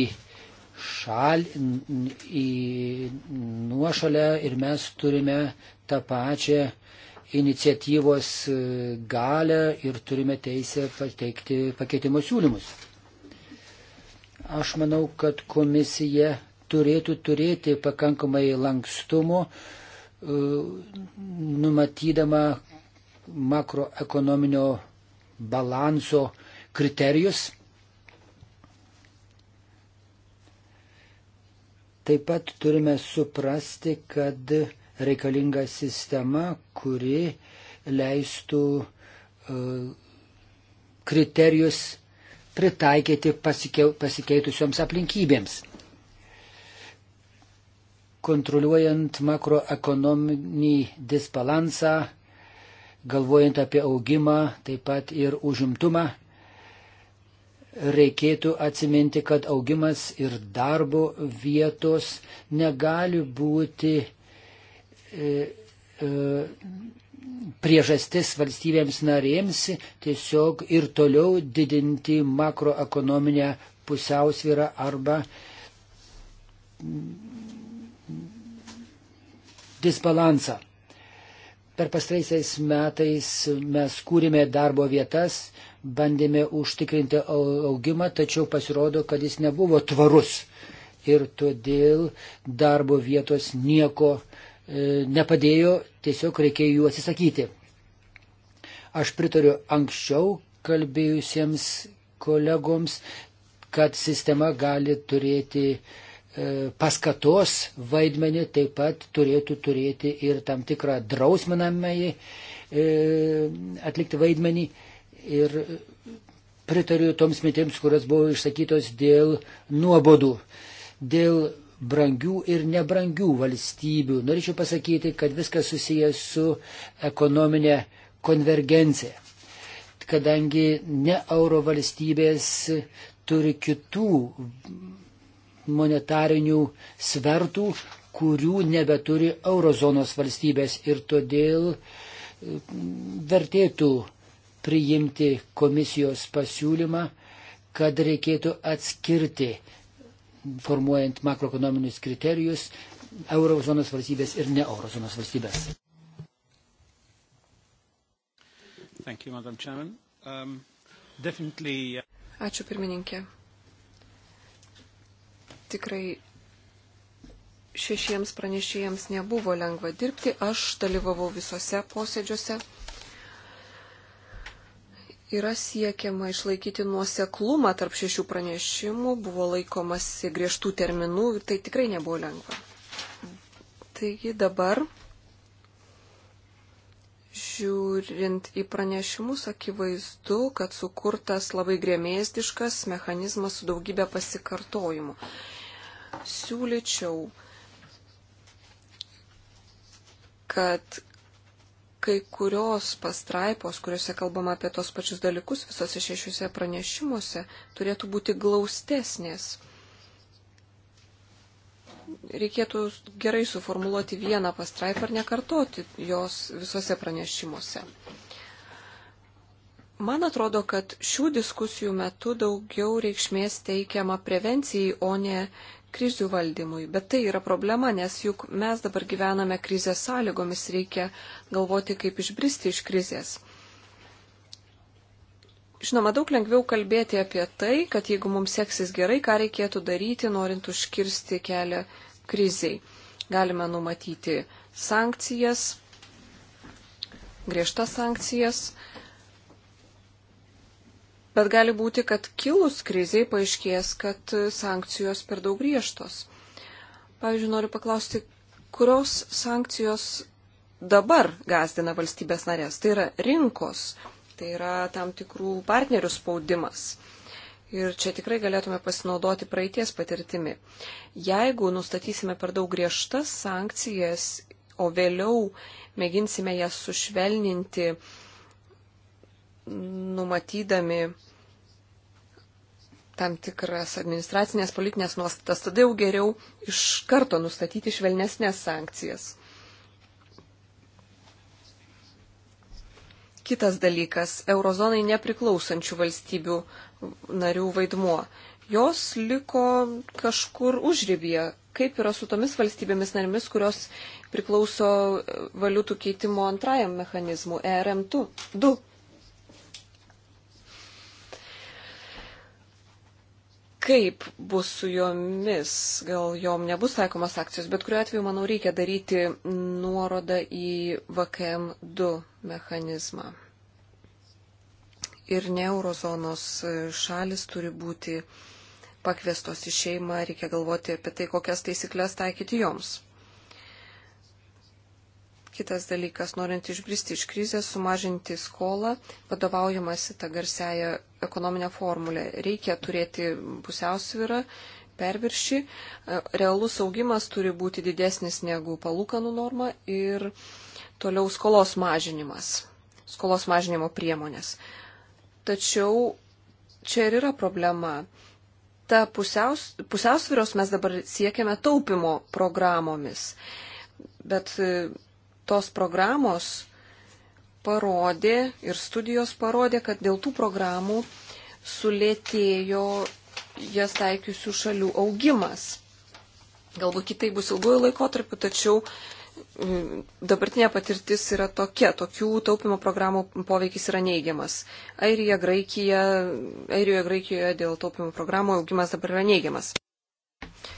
šal, į nuošalę ir mes turime tą pačią iniciatyvos e, galę ir turime teisę pateikti pakeitimo siūlymus. Aš manau, kad komisija turėtų turėti pakankamai lankstumo, e, numatydama makroekonominio balanso kriterijus Taip pat turime suprasti, kad reikalinga sistema, kuri leistų e, kriterijus pritaikyti pasikeitusioms aplinkybėms. Kontroliuojant makroekonominį disbalansą, galvojant apie augimą, taip pat ir užimtumą, reikėtų atsiminti, kad augimas ir darbo vietos negali būti e, e, priežastis valstybėms narėms tiesiog ir toliau didinti makroekonominę pusiausvyrą arba disbalansą. Per pastraisiais metais mes kūrėme darbo vietas, bandėme užtikrinti augimą, tačiau pasirodo, kad jis nebuvo tvarus. Ir todėl darbo vietos nieko e, nepadėjo, tiesiog reikėjo jų atsisakyti. Aš pritariu anksčiau kalbėjusiems kolegoms, kad sistema gali turėti e, paskatos vaidmenį, taip pat turėtų turėti ir tam tikrą drausminamąjį e, atlikti vaidmenį. E, ir pritariu toms mintims, kurios buvo išsakytos dėl nuobodų, dėl brangių ir nebrangių valstybių. Norėčiau pasakyti, kad viskas susijęs su ekonominė konvergencija, kadangi ne euro valstybės turi kitų monetarinių svertų, kurių nebeturi eurozonos valstybės ir todėl vertėtų priimti komisijos pasiūlymą, kad reikėtų atskirti, formuojant makroekonominius kriterijus, eurozonos valstybės ir ne eurozonos valstybės. Thank you, Madam Chairman. Um, definitely... Uh, Ačiū pirmininkė. Tikrai šešiems pranešėjams nebuvo lengva dirbti. Aš dalyvavau visose posėdžiuose yra siekiama išlaikyti nuoseklumą tarp šešių pranešimų, buvo laikomasi griežtų terminų ir tai tikrai nebuvo lengva. Taigi dabar, žiūrint į pranešimus, akivaizdu, kad sukurtas labai grėmėstiškas mechanizmas su daugybė pasikartojimų. Siūlyčiau, kad kai kurios pastraipos, kuriuose kalbama apie tos pačius dalykus visose šešiuose pranešimuose, turėtų būti glaustesnės. Reikėtų gerai suformuluoti vieną pastraipą ir nekartoti jos visose pranešimuose. Man atrodo, kad šių diskusijų metu daugiau reikšmės teikiama prevencijai, o ne krizių valdymui. Bet tai yra problema, nes juk mes dabar gyvename krizės sąlygomis, reikia galvoti, kaip išbristi iš krizės. Žinoma, daug lengviau kalbėti apie tai, kad jeigu mums seksis gerai, ką reikėtų daryti, norint užkirsti kelią kriziai. Galime numatyti sankcijas, griežtas sankcijas, bet gali būti, kad kilus kriziai paaiškės, kad sankcijos per daug griežtos. Pavyzdžiui, noriu paklausti, kurios sankcijos dabar gazdina valstybės narės? Tai yra rinkos, tai yra tam tikrų partnerių spaudimas. Ir čia tikrai galėtume pasinaudoti praeities patirtimi. Jeigu nustatysime per daug griežtas sankcijas, o vėliau mėginsime jas sušvelninti, uh, numatydami tam tikras administracinės politinės nuostatas, tada jau geriau iš karto nustatyti švelnesnės sankcijas. Kitas dalykas - eurozonai nepriklausančių valstybių narių vaidmuo. Jos liko kažkur užrybėje. Kaip yra su tomis valstybėmis narimis, kurios priklauso valiutų keitimo antrajam mechanizmui ERM2? kaip bus su jomis, gal jom nebus taikomas akcijos, bet kuriuo atveju, manau, reikia daryti nuorodą į VKM2 mechanizmą. Ir ne eurozonos šalis turi būti pakviestos į šeimą, reikia galvoti apie tai, kokias taisyklės taikyti joms. Kitas dalykas, norint išbristi iš krizės, sumažinti skolą, vadovaujamasi tą garsiają ekonominę formulę. Reikia turėti pusiausvyrą, perviršį, realus augimas turi būti didesnis negu palūkanų norma ir toliau skolos mažinimas, skolos mažinimo priemonės. Tačiau čia ir yra problema. Ta pusiaus, pusiausvyros mes dabar siekiame taupimo programomis. Bet tos programos parodė ir studijos parodė, kad dėl tų programų sulėtėjo jas taikiusių šalių augimas. Galbūt kitai bus ilguoju laikotarpiu, tačiau mm, dabartinė patirtis yra tokia, tokių taupimo programų poveikis yra neigiamas. Airija, Graikija, Airijoje, Graikijoje dėl taupimo programų augimas dabar yra neigiamas.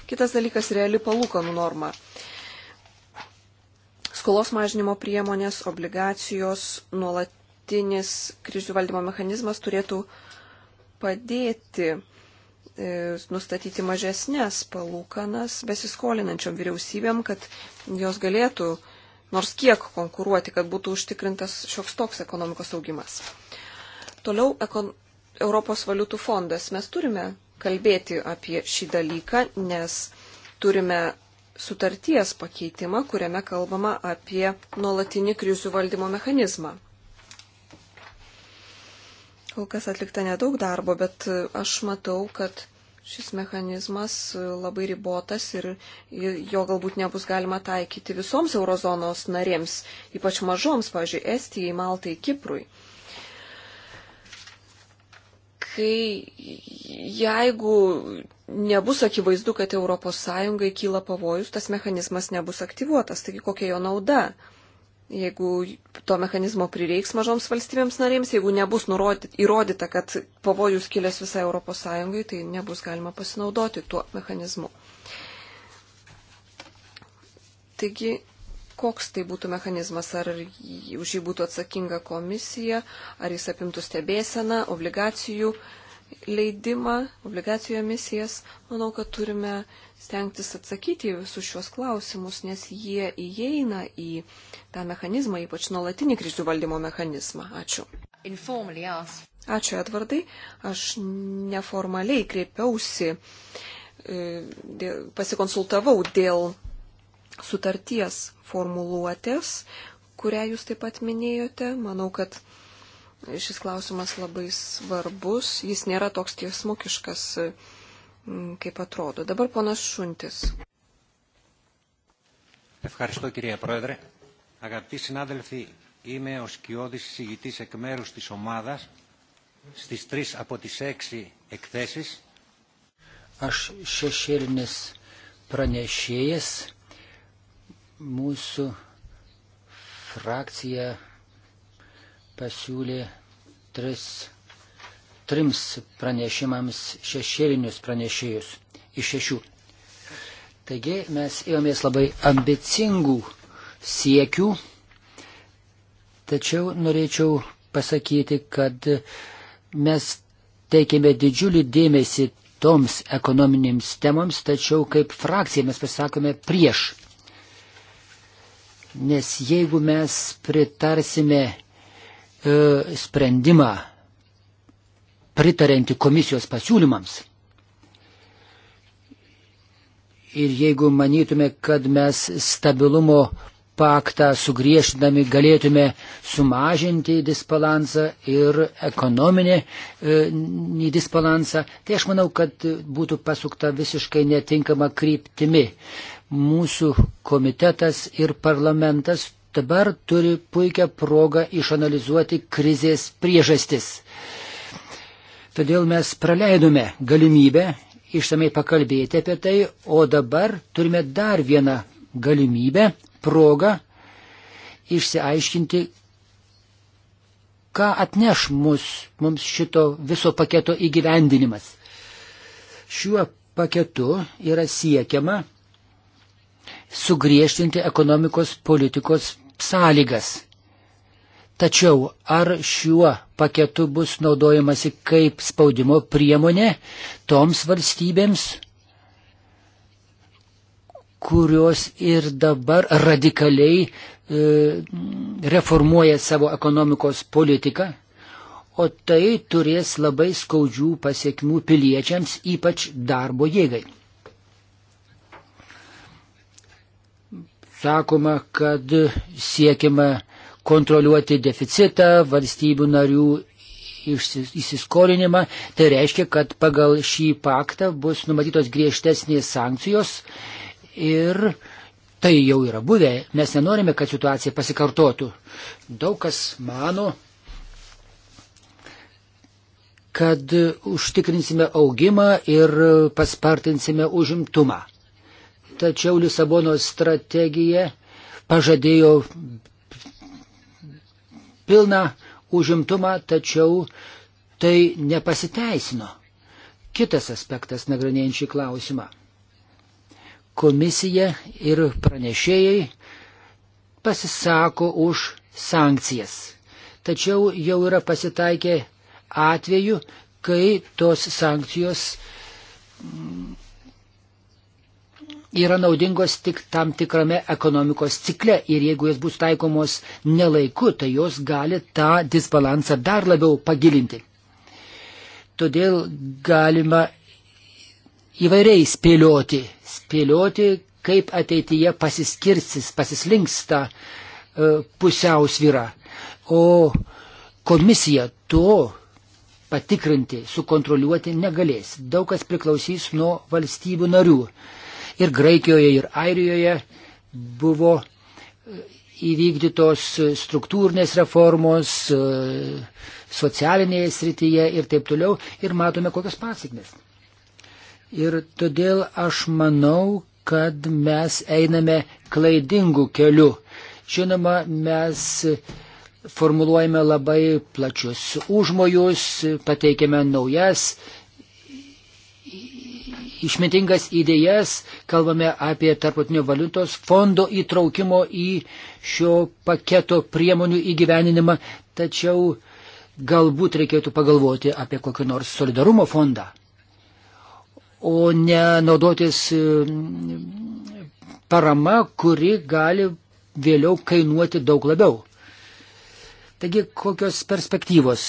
Kitas dalykas - reali palūkanų norma skolos mažinimo priemonės, obligacijos, nuolatinis krizių valdymo mechanizmas turėtų padėti e, nustatyti mažesnės palūkanas besiskolinančiom vyriausybėm, kad jos galėtų nors kiek konkuruoti, kad būtų užtikrintas šioks toks ekonomikos augimas. Toliau ekon... Europos valiutų fondas. Mes turime kalbėti apie šį dalyką, nes turime sutarties pakeitimą, kuriame kalbama apie nuolatinį krizių valdymo mechanizmą. Kol kas atlikta nedaug darbo, bet aš matau, kad šis mechanizmas labai ribotas ir jo galbūt nebus galima taikyti visoms eurozonos narėms, ypač mažoms, pavyzdžiui, Estijai, Maltai, Kiprui kai jeigu nebus akivaizdu, kad ES kyla pavojus, tas mechanizmas nebus aktyvuotas. Taigi kokia jo nauda? Jeigu to mechanizmo prireiks mažoms valstybėms narėms, jeigu nebus nurodyt, įrodyta, kad pavojus kilęs visai ES, tai nebus galima pasinaudoti tuo mechanizmu. Taigi koks tai būtų mechanizmas, ar už jį būtų atsakinga komisija, ar jis apimtų stebėseną, obligacijų leidimą, obligacijų emisijas. Manau, kad turime stengtis atsakyti į visus šios klausimus, nes jie įeina į tą mechanizmą, ypač nuolatinį krizių valdymo mechanizmą. Ačiū. Ačiū, Edvardai. Aš neformaliai kreipiausi, e, pasikonsultavau dėl sutarties formuluotės, kurią jūs taip pat minėjote. Manau, kad šis klausimas labai svarbus. Jis nėra toks tiesmukiškas, mm, kaip atrodo. Dabar ponas Šuntis. Ευχαριστώ κυρία Πρόεδρε. Αγαπητοί συνάδελφοι, είμαι ο σκιώδης συζητητής εκ μέρους της ομάδας στις τρεις από τις έξι εκθέσεις. Aš šešėlinis pranešėjas Mūsų frakcija pasiūlė tris, trims pranešimams šešėlinius pranešėjus iš šešių. Taigi mes ėjomės labai ambicingų siekių, tačiau norėčiau pasakyti, kad mes teikėme didžiulį dėmesį toms ekonominėms temoms, tačiau kaip frakcija mes pasakome prieš Nes jeigu mes pritarsime e, sprendimą pritarinti komisijos pasiūlymams ir jeigu manytume, kad mes stabilumo paktą sugriešinami galėtume sumažinti disbalansą ir ekonominį e, disbalansą, tai aš manau, kad būtų pasukta visiškai netinkama kryptimi. Mūsų komitetas ir parlamentas dabar turi puikią progą išanalizuoti krizės priežastis. Todėl mes praleidome galimybę išsamei pakalbėti apie tai, o dabar turime dar vieną galimybę, progą išsiaiškinti, ką atneš mus, mums šito viso paketo įgyvendinimas. Šiuo paketu yra siekiama sugriežtinti ekonomikos politikos sąlygas. Tačiau ar šiuo paketu bus naudojamasi kaip spaudimo priemonė toms valstybėms, kurios ir dabar radikaliai e, reformuoja savo ekonomikos politiką, o tai turės labai skaudžių pasiekmių piliečiams, ypač darbo jėgai. sakoma, kad siekiama kontroliuoti deficitą valstybių narių įsiskolinimą. Tai reiškia, kad pagal šį paktą bus numatytos griežtesnės sankcijos ir tai jau yra buvę. Mes nenorime, kad situacija pasikartotų. Daug kas mano, kad užtikrinsime augimą ir paspartinsime užimtumą. Tačiau Lisabonos strategija pažadėjo pilną užimtumą, tačiau tai nepasiteisino. Kitas aspektas nagrinėjant šį klausimą. Komisija ir pranešėjai pasisako už sankcijas. Tačiau jau yra pasitaikę atveju, kai tos sankcijos yra naudingos tik tam tikrame ekonomikos cikle ir jeigu jos bus taikomos nelaiku, tai jos gali tą disbalansą dar labiau pagilinti. Todėl galima įvairiai spėlioti, spėlioti, kaip ateityje pasiskirsis, pasislinksta e, pusiausvyra. O komisija to patikrinti, sukontroliuoti negalės. Daug kas priklausys nuo valstybių narių ir Graikijoje, ir Airijoje buvo e, įvykdytos e, struktūrinės reformos e, socialinėje srityje ir taip toliau ir matome kokias pasiekmes. Ir todėl aš manau, kad mes einame klaidingų kelių. Žinoma, mes formuluojame labai plačius užmojus, pateikiame naujas išmintingas idėjas, kalbame apie tarptautinio valiutos fondo įtraukimo į šio paketo priemonių įgyveninimą, tačiau galbūt reikėtų pagalvoti apie kokį nors solidarumo fondą, o ne naudotis mm, parama, kuri gali vėliau kainuoti daug labiau. Taigi, kokios perspektyvos?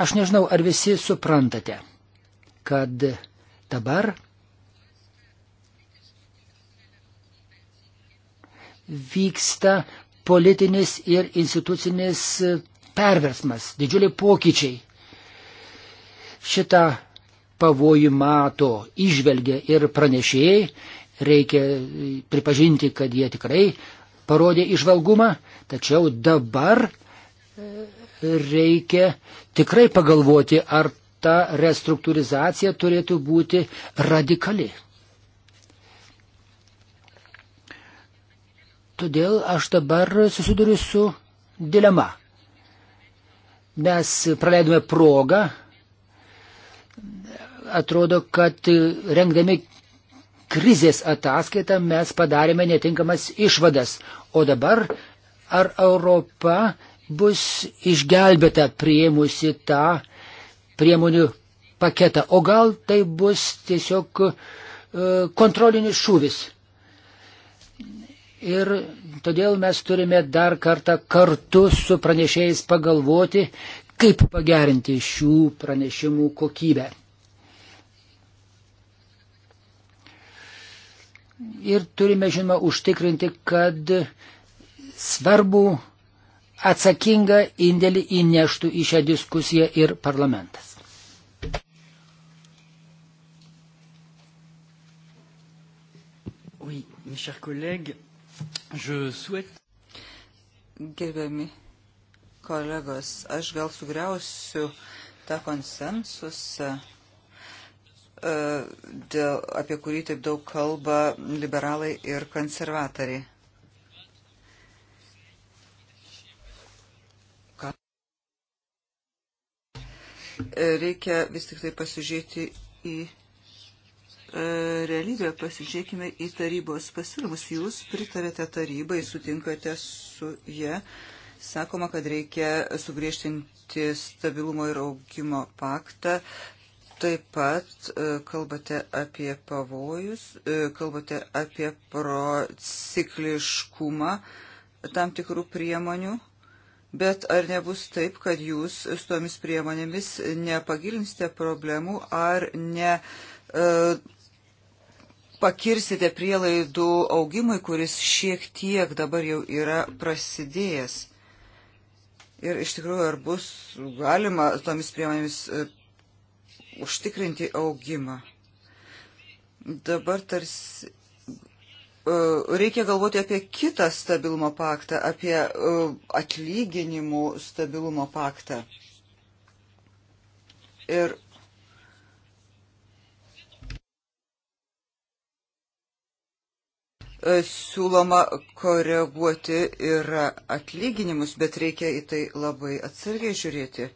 Aš nežinau, ar visi suprantate, kad Dabar vyksta politinis ir institucinis perversmas, didžiuliai pokyčiai. Šitą pavojų mato, išvelgia ir pranešėjai, reikia pripažinti, kad jie tikrai parodė išvalgumą, tačiau dabar e, reikia tikrai pagalvoti, ar ta restruktūrizacija turėtų būti radikali. Todėl aš dabar susiduriu su dilema. Mes praleidome progą, atrodo, kad rengdami krizės ataskaitą mes padarėme netinkamas išvadas. O dabar ar Europa bus išgelbėta prieimusi tą priemonių paketą, o gal tai bus tiesiog e, kontrolinis šūvis. Ir todėl mes turime dar kartą kartu su pranešėjais pagalvoti, kaip pagerinti šių pranešimų kokybę. Ir turime, žinoma, užtikrinti, kad svarbu atsakingą indėlį įneštų į šią diskusiją ir parlamentas. mes chers collègues, je souhaite. Gerbiami kolegos, aš gal sugriausiu tą konsensusą, e, dėl, apie kurį taip daug kalba liberalai ir konservatoriai. E, reikia vis tik tai pasižiūrėti į E, realybę, pasižiūrėkime į tarybos pasiūlymus. Jūs pritarėte tarybai, sutinkate su jie. Sakoma, kad reikia sugriežtinti stabilumo ir augimo paktą. Taip pat e, kalbate apie pavojus, e, kalbate apie procikliškumą tam tikrų priemonių, bet ar nebus taip, kad jūs su tomis priemonėmis nepagilinsite problemų ar ne pakirsite prielaidų augimui, kuris šiek tiek dabar jau yra prasidėjęs. Ir iš tikrųjų, ar bus galima tomis priemonėmis e, užtikrinti augimą. Dabar tarsi e, reikia galvoti apie kitą stabilumo paktą, apie e, atlyginimų stabilumo paktą. Ir E, siūloma koreguoti ir atlyginimus, bet reikia į tai labai atsargiai žiūrėti.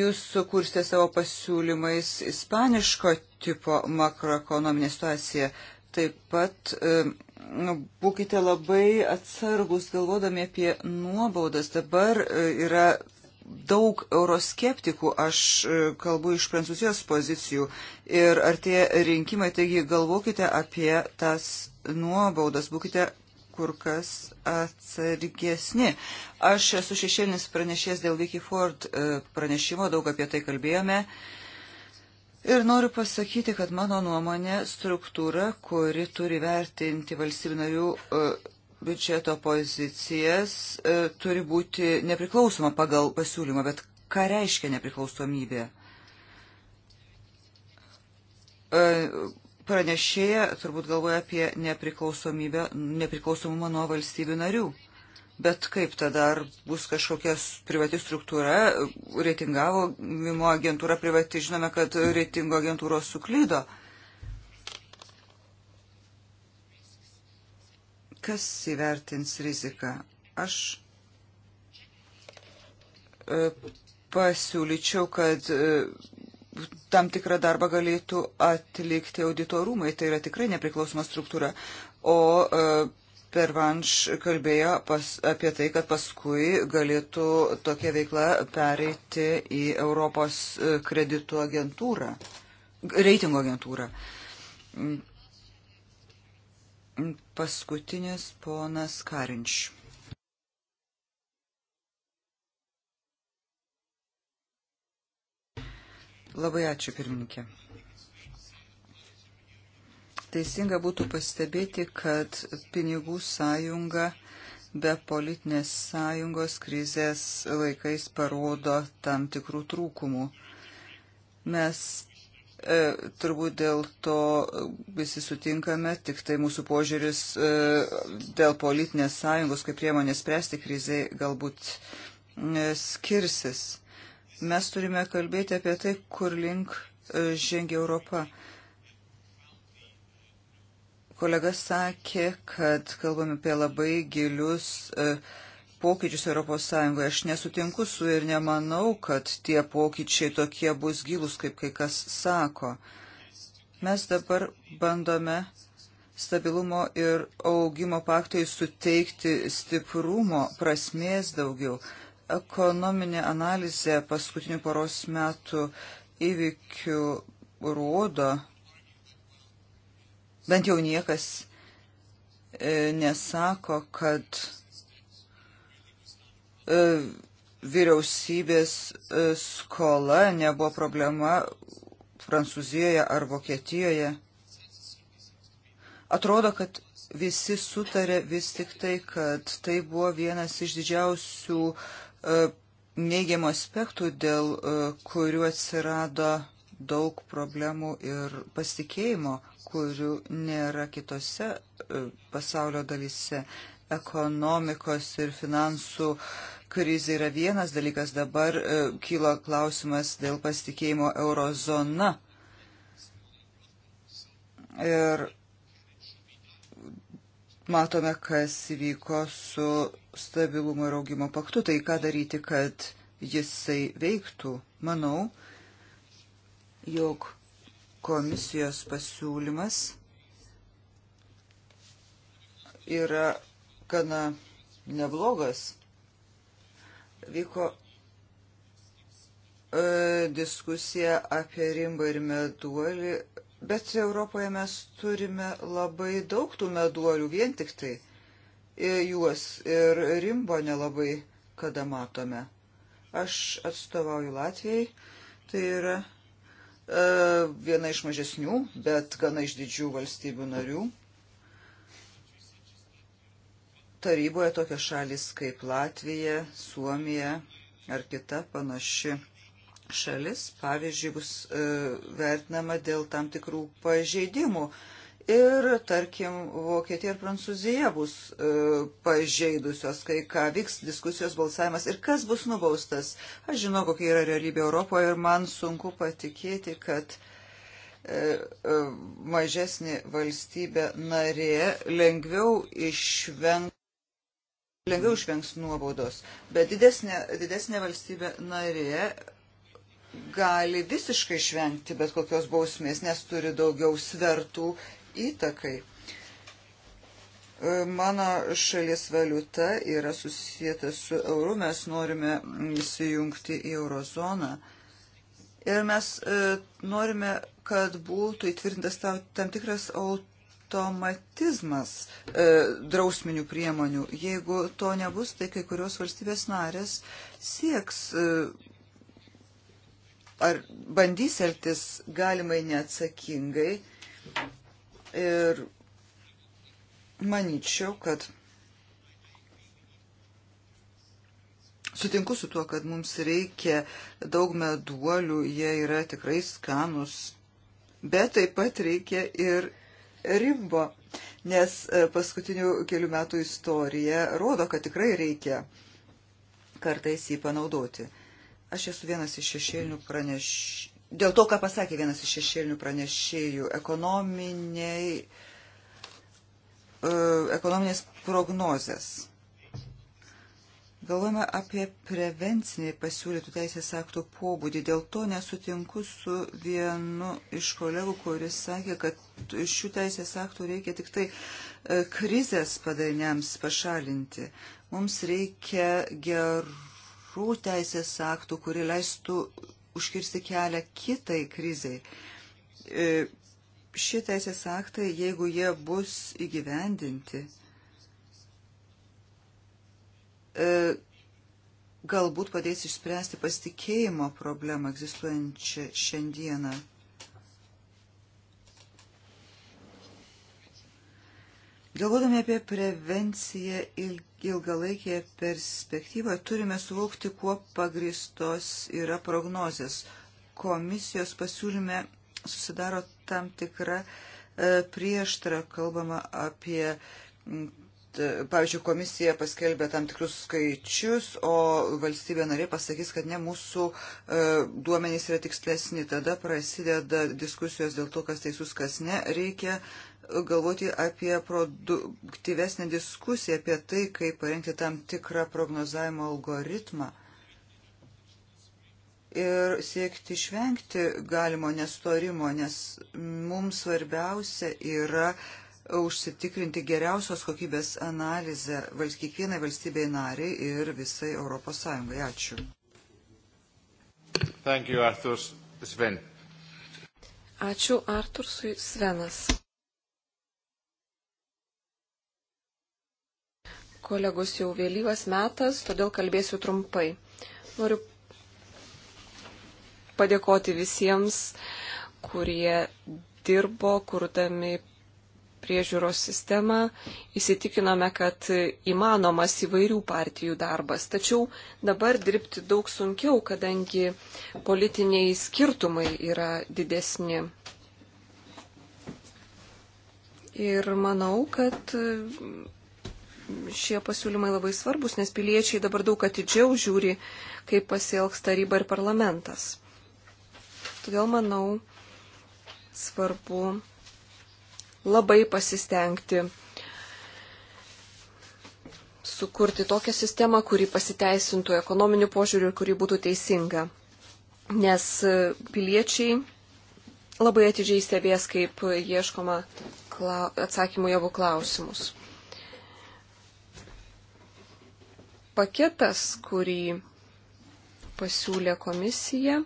Jūs sukursite savo pasiūlymais ispaniško tipo makroekonominę situaciją. Taip pat e, nu, būkite labai atsargus galvodami apie nuobaudas. Dabar e, yra daug euroskeptikų, aš e, kalbu iš prancūzijos pozicijų, ir ar tie rinkimai, taigi galvokite apie tas nuobaudas, būkite kur kas atsargesni. Aš esu šešėlinis pranešės dėl Vicky Ford e, pranešimo, daug apie tai kalbėjome. Ir noriu pasakyti, kad mano nuomonė struktūra, kuri turi vertinti valstybių narių e, biudžeto pozicijas e, turi būti nepriklausoma pagal pasiūlymą, bet ką reiškia nepriklausomybė? E, pranešėja turbūt galvoja apie nepriklausomybę, nepriklausomumą nuo valstybių narių. Bet kaip tada, ar bus kažkokia privati struktūra, reitingavimo agentūra privati, žinome, kad reitingo agentūros suklydo. E, Kas įvertins riziką? Aš e, pasiūlyčiau, kad e, tam tikrą darbą galėtų atlikti auditorumai, tai yra tikrai nepriklausoma struktūra. O e, Pervanš kalbėjo pas, apie tai, kad paskui galėtų tokia veikla pereiti į Europos kreditų agentūrą, reitingo agentūrą. Paskutinis ponas Karinč. Labai ačiū, pirmininkė. Teisinga būtų pastebėti, kad pinigų sąjunga be politinės sąjungos krizės laikais parodo tam tikrų trūkumų. Mes E, turbūt dėl to visi sutinkame, tik tai mūsų požiūris e, dėl politinės sąjungos kaip priemonės spręsti krizai galbūt e, skirsis. Mes turime kalbėti apie tai, kur link žengia Europa. Kolega sakė, kad kalbame apie labai gilius uh, pokyčius ES. Aš nesutinku su ir nemanau, kad tie pokyčiai tokie bus gilus, kaip kai kas sako. Mes dabar bandome stabilumo ir augimo paktai suteikti stiprumo, prasmės daugiau. Ekonominė analizė paskutinių poros metų įvykių rodo, bent jau niekas e, nesako, kad E, vyriausybės e, skola nebuvo problema Prancūzijoje ar Vokietijoje. Atrodo, kad visi sutarė vis tik tai, kad tai buvo vienas iš didžiausių e, neigiamų aspektų, dėl kurių atsirado daug problemų ir pasitikėjimo, kurių nėra kitose pasaulio dalyse. Ekonomikos ir finansų uh, krizė yra vienas dalykas, dabar e, kyla klausimas dėl pasitikėjimo eurozona. Ir matome, kas įvyko su stabilumo ir augimo paktu, tai ką daryti, kad jisai veiktų. Manau, jog komisijos pasiūlymas yra gana neblogas. Vyko e, diskusija apie rimbą ir meduolį, bet Europoje mes turime labai daug tų meduolių, vien tik tai e, juos ir rimbo nelabai kada matome. Aš atstovauju Latvijai, tai yra e, viena iš mažesnių, bet gana iš didžių valstybių narių taryboje tokios šalis kaip Latvija, Suomija ar kita panaši šalis, pavyzdžiui, bus e, vertinama dėl tam tikrų pažeidimų. Ir, tarkim, Vokietija ir Prancūzija bus e, pažeidusios, kai ką vyks diskusijos balsavimas ir kas bus nubaustas. Aš žinau, kokia yra realybė Europoje ir man sunku patikėti, kad e, e, mažesnė valstybė narė lengviau išvengtų lengviau išvengs nuobaudos, bet didesnė, didesnė valstybė narė gali visiškai išvengti bet kokios bausmės, nes turi daugiau svertų įtakai. Mano šalies valiuta yra susijęta su euru, mes norime įsijungti į eurozoną ir mes e, norime, kad būtų įtvirtintas tam tikras autorius automatizmas e, drausminių priemonių. Jeigu to nebus, tai kai kurios valstybės narės sieks e, ar bandys elgtis galimai neatsakingai. Ir manyčiau, kad sutinku su tuo, kad mums reikia daug meduolių, jie yra tikrai skanus, bet taip pat reikia ir rimbo, nes e, paskutinių kelių metų istorija rodo, kad tikrai reikia kartais jį panaudoti. Aš esu vienas iš šešėlinių pranešėjų. Dėl to, ką pasakė vienas iš šešėlinių pranešėjų, ekonominiai, e, ekonominės prognozės Galvojame apie prevencinį pasiūlytų teisės aktų pobūdį. Dėl to nesutinku su vienu iš kolegų, kuris sakė, kad šių teisės aktų reikia tik tai e, krizės padariniams pašalinti. Mums reikia gerų teisės aktų, kurie leistų užkirsti kelią kitai krizai. E, šie teisės aktai, jeigu jie bus įgyvendinti, E, galbūt padės išspręsti pasitikėjimo problemą egzistuojančią šiandieną. Galvodami apie prevenciją ilgalaikėje perspektyvoje, turime suvokti, kuo pagristos yra prognozės. Komisijos pasiūlyme susidaro tam tikra e, prieštra, kalbama apie E, pavyzdžiui, komisija paskelbė tam tikrus skaičius, o valstybė narė pasakys, kad ne mūsų e, duomenys yra tikslesni. Tada prasideda diskusijos dėl to, kas teisus, kas ne. Reikia galvoti apie produktyvesnę diskusiją, apie tai, kaip parengti tam tikrą prognozavimo algoritmą ir siekti išvengti galimo nestorimo, nes mums svarbiausia yra užsitikrinti geriausios kokybės analizę kiekvienai valstybei nariai ir visai Europos Sąjungai. Ačiū. Thank you, Arthurs. Sven. Ačiū Artursui Svenas. Kolegos jau vėlyvas metas, todėl kalbėsiu trumpai. Noriu padėkoti visiems, kurie dirbo, kurdami priežiūros sistemą, įsitikinome, kad įmanomas įvairių partijų darbas. Tačiau dabar dirbti daug sunkiau, kadangi politiniai skirtumai yra didesni. Ir manau, kad šie pasiūlymai labai svarbus, nes piliečiai dabar daug atidžiau žiūri, kaip pasielgs taryba ir parlamentas. Todėl manau, svarbu labai pasistengti sukurti tokią sistemą, kuri pasiteisintų ekonominiu požiūriu ir kuri būtų teisinga. Nes piliečiai labai atidžiai stebės, kaip ieškoma atsakymų javų klausimus. Paketas, kurį pasiūlė komisija,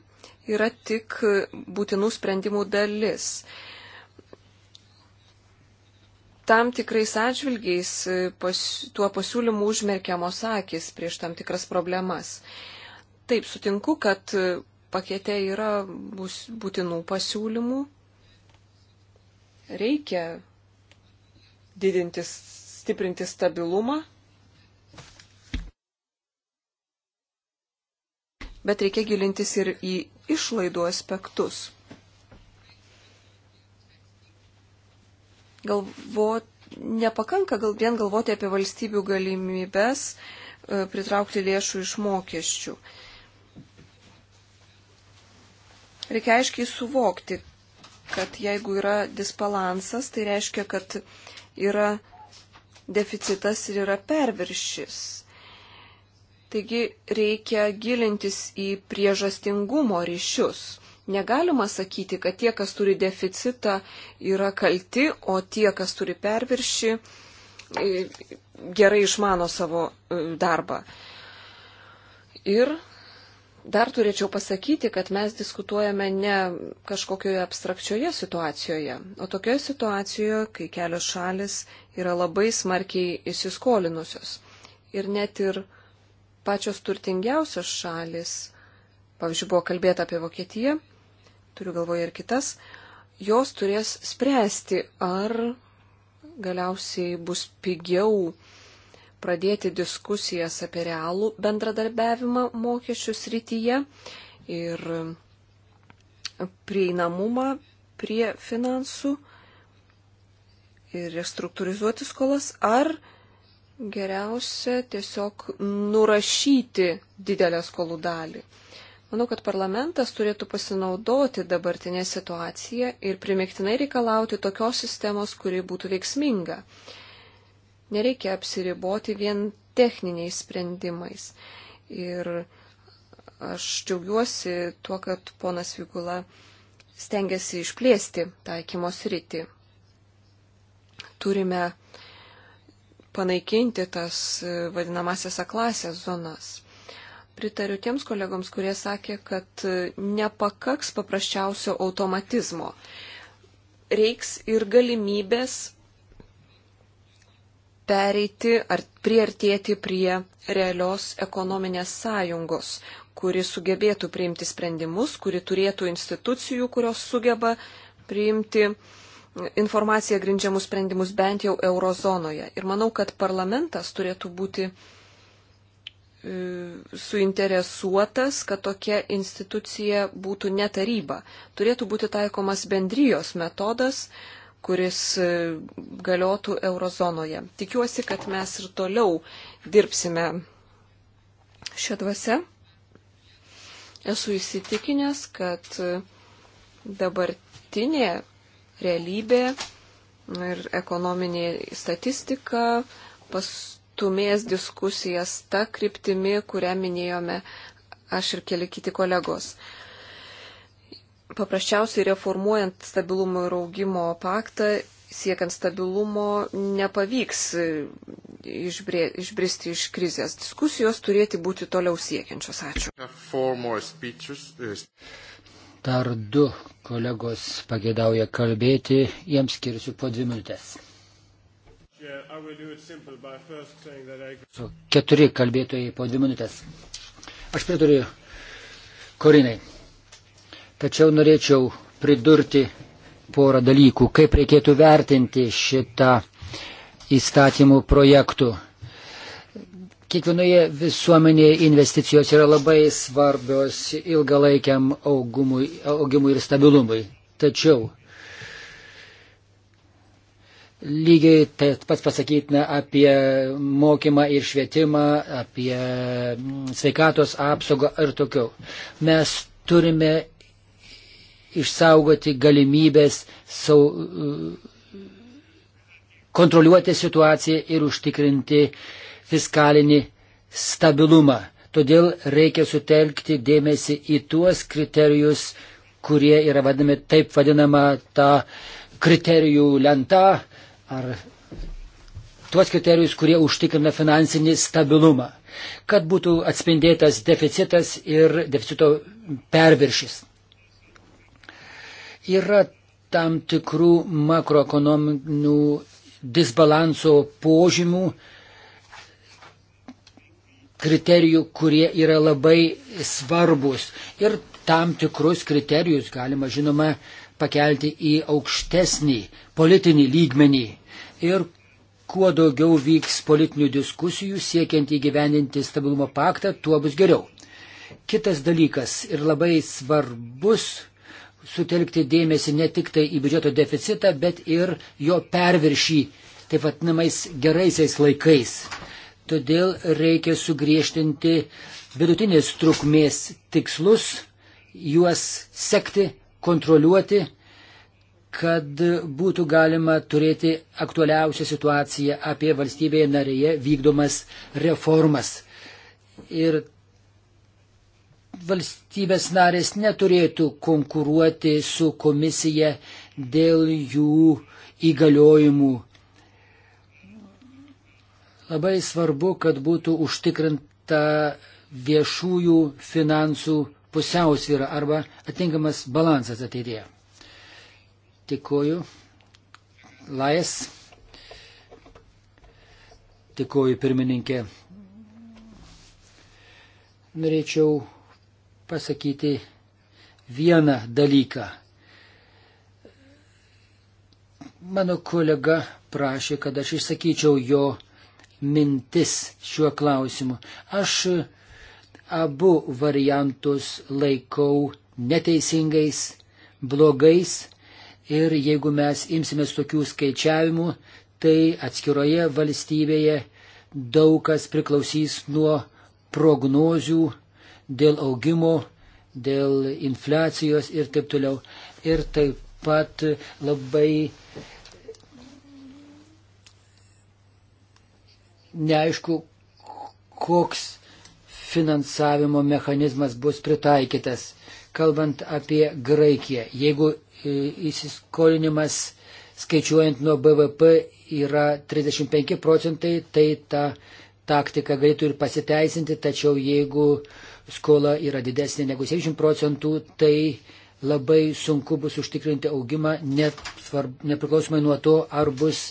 yra tik būtinų sprendimų dalis tam tikrais atžvilgiais e, pas, tuo pasiūlymu užmerkiamos akis prieš tam tikras problemas. Taip, sutinku, kad e, pakete yra bus, būtinų pasiūlymų. Reikia didinti, stiprinti stabilumą. Bet reikia gilintis ir į išlaidų aspektus. galvot, nepakanka gal vien galvoti apie valstybių galimybės e, pritraukti lėšų iš mokesčių. Reikia aiškiai suvokti, kad jeigu yra disbalansas, tai reiškia, kad yra deficitas ir yra perviršis. Taigi reikia gilintis į priežastingumo ryšius. Negalima sakyti, kad tie, kas turi deficitą, yra kalti, o tie, kas turi perviršį, e, gerai išmano savo e, darbą. Ir dar turėčiau pasakyti, kad mes diskutuojame ne kažkokioje abstrakčioje situacijoje, o tokioje situacijoje, kai kelios šalis yra labai smarkiai įsiskolinusios. Ir net ir pačios turtingiausios šalis, pavyzdžiui, buvo kalbėta apie Vokietiją, turiu galvoje ir kitas, jos turės spręsti, ar galiausiai bus pigiau pradėti diskusijas apie realų bendradarbiavimą mokesčių srityje ir prieinamumą prie finansų ir restruktūrizuoti skolas, ar geriausia tiesiog nurašyti didelę skolų dalį. Manau, kad parlamentas turėtų pasinaudoti dabartinę situaciją ir primiktinai reikalauti tokios sistemos, kuri būtų veiksminga. Nereikia apsiriboti vien techniniais sprendimais. Ir aš džiaugiuosi tuo, kad ponas Vigula stengiasi išplėsti taikymo sritį. Turime panaikinti tas vadinamasias aklasės zonas. Pritariu tiems kolegoms, kurie sakė, kad nepakaks paprasčiausio automatizmo. Reiks ir galimybės pereiti ar priartėti prie realios ekonominės sąjungos, kuri sugebėtų priimti sprendimus, kuri turėtų institucijų, kurios sugeba priimti informaciją grindžiamus sprendimus bent jau eurozonoje. Ir manau, kad parlamentas turėtų būti E, suinteresuotas, kad tokia institucija būtų ne taryba. Turėtų būti taikomas bendrijos metodas, kuris e, galiotų eurozonoje. Tikiuosi, kad mes ir toliau dirbsime šią dvasę. Esu įsitikinęs, kad e, dabartinė realybė ir ekonominė statistika pas stumės diskusijas tą kryptimį, kurią minėjome aš ir keli kiti kolegos. Paprasčiausiai reformuojant stabilumo ir augimo paktą, siekiant stabilumo, nepavyks e, išbrė, išbristi iš krizės. Diskusijos turėtų būti toliau siekiančios. Ačiū. Dar du kolegos pagėdauja kalbėti, jiems skirsiu po dvi minutės. Keturi kalbėtojai po dvi minutės. Aš pritariu Korinai. Tačiau norėčiau pridurti porą dalykų, kaip reikėtų vertinti šitą įstatymų projektų. Kiekvienoje visuomenėje investicijos yra labai svarbios ilgalaikiam augumui, augimui ir stabilumui. Tačiau Lygiai tas pats pasakytina apie mokymą ir švietimą, apie mm, sveikatos apsaugą ir tokiau. Mes turime išsaugoti galimybės sau, mm, kontroliuoti situaciją ir užtikrinti fiskalinį stabilumą. Todėl reikia sutelkti dėmesį į tuos kriterijus, kurie yra vadinami taip vadinama ta kriterijų lenta, ar tuos kriterijus, kurie užtikrina finansinį stabilumą, kad būtų atspindėtas deficitas ir deficito perviršis. Yra tam tikrų makroekonominių disbalanso požymių, kriterijų, kurie yra labai svarbus. Ir tam tikrus kriterijus galima, žinoma, pakelti į aukštesnį politinį lygmenį ir kuo daugiau vyks politinių diskusijų siekiant įgyveninti stabilumo paktą, tuo bus geriau. Kitas dalykas ir labai svarbus sutelkti dėmesį ne tik tai į biudžeto deficitą, bet ir jo perviršį, taip vadinamais geraisiais laikais. Todėl reikia sugriežtinti vidutinės trukmės tikslus, juos sekti, kontroliuoti kad būtų galima turėti aktualiausią situaciją apie valstybėje narėje vykdomas reformas. Ir valstybės narės neturėtų konkuruoti su komisija dėl jų įgaliojimų. Labai svarbu, kad būtų užtikrinta viešųjų finansų pusiausvyrą arba atinkamas balansas ateityje. Tikuoju. Lajas. Tikuoju pirmininkė. Norėčiau pasakyti vieną dalyką. Mano kolega prašė, kad aš išsakyčiau jo mintis šiuo klausimu. Aš abu variantus laikau neteisingais, blogais, Ir jeigu mes imsimės tokių skaičiavimų, tai atskiroje valstybėje daug kas priklausys nuo prognozių dėl augimo, dėl infliacijos ir taip toliau. Ir taip pat labai neaišku, koks finansavimo mechanizmas bus pritaikytas. Kalbant apie Graikiją, jeigu E, įsiskolinimas skaičiuojant nuo BVP yra 35 procentai, tai ta taktika galėtų ir pasiteisinti, tačiau jeigu skola yra didesnė negu 70 procentų, tai labai sunku bus užtikrinti augimą, svarb, nepriklausomai nuo to, ar bus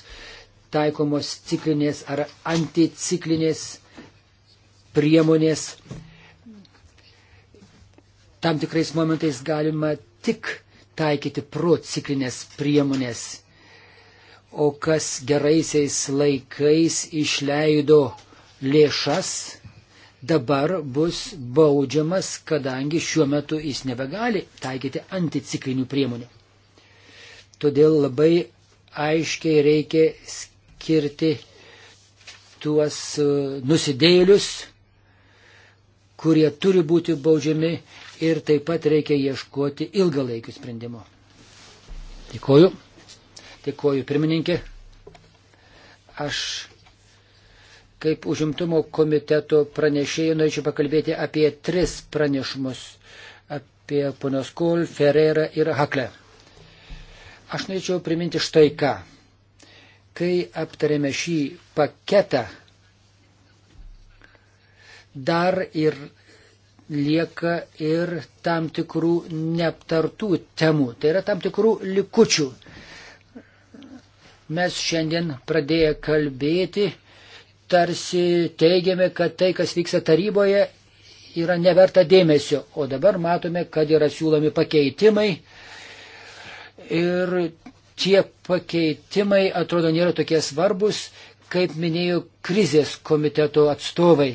taikomos ciklinės ar anticiklinės priemonės. Tam tikrais momentais galima tik taikyti prociklinės priemonės. O kas geraisiais laikais išleido lėšas, dabar bus baudžiamas, kadangi šiuo metu jis nebegali taikyti anticiklinių priemonių. Todėl labai aiškiai reikia skirti tuos e, nusidėlius, kurie turi būti baudžiami ir taip pat reikia ieškoti ilgalaikių sprendimų. Dėkoju. Dėkoju, pirmininkė. Aš kaip užimtumo komiteto pranešėjai norėčiau pakalbėti apie tris pranešimus - apie ponios Kul, Ferrerą ir Haklę. Aš norėčiau priminti štai ką. Kai aptarėme šį paketą, dar ir lieka ir tam tikrų neaptartų temų, tai yra tam tikrų likučių. Mes šiandien pradėję kalbėti, tarsi teigiame, kad tai, kas vyksta taryboje, yra neverta dėmesio, o dabar matome, kad yra siūlomi pakeitimai ir tie pakeitimai atrodo nėra tokie svarbus, kaip minėjo krizės komiteto atstovai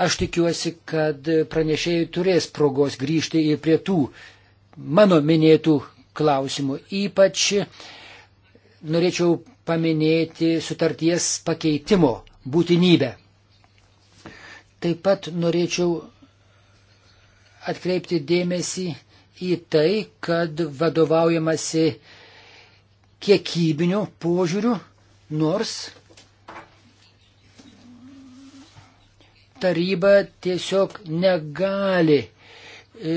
Aš tikiuosi, kad pranešėjai turės progos grįžti ir prie tų mano minėtų klausimų. Ypač norėčiau paminėti sutarties pakeitimo būtinybę. Taip pat norėčiau atkreipti dėmesį į tai, kad vadovaujamasi kiekybiniu požiūriu, nors taryba tiesiog negali e,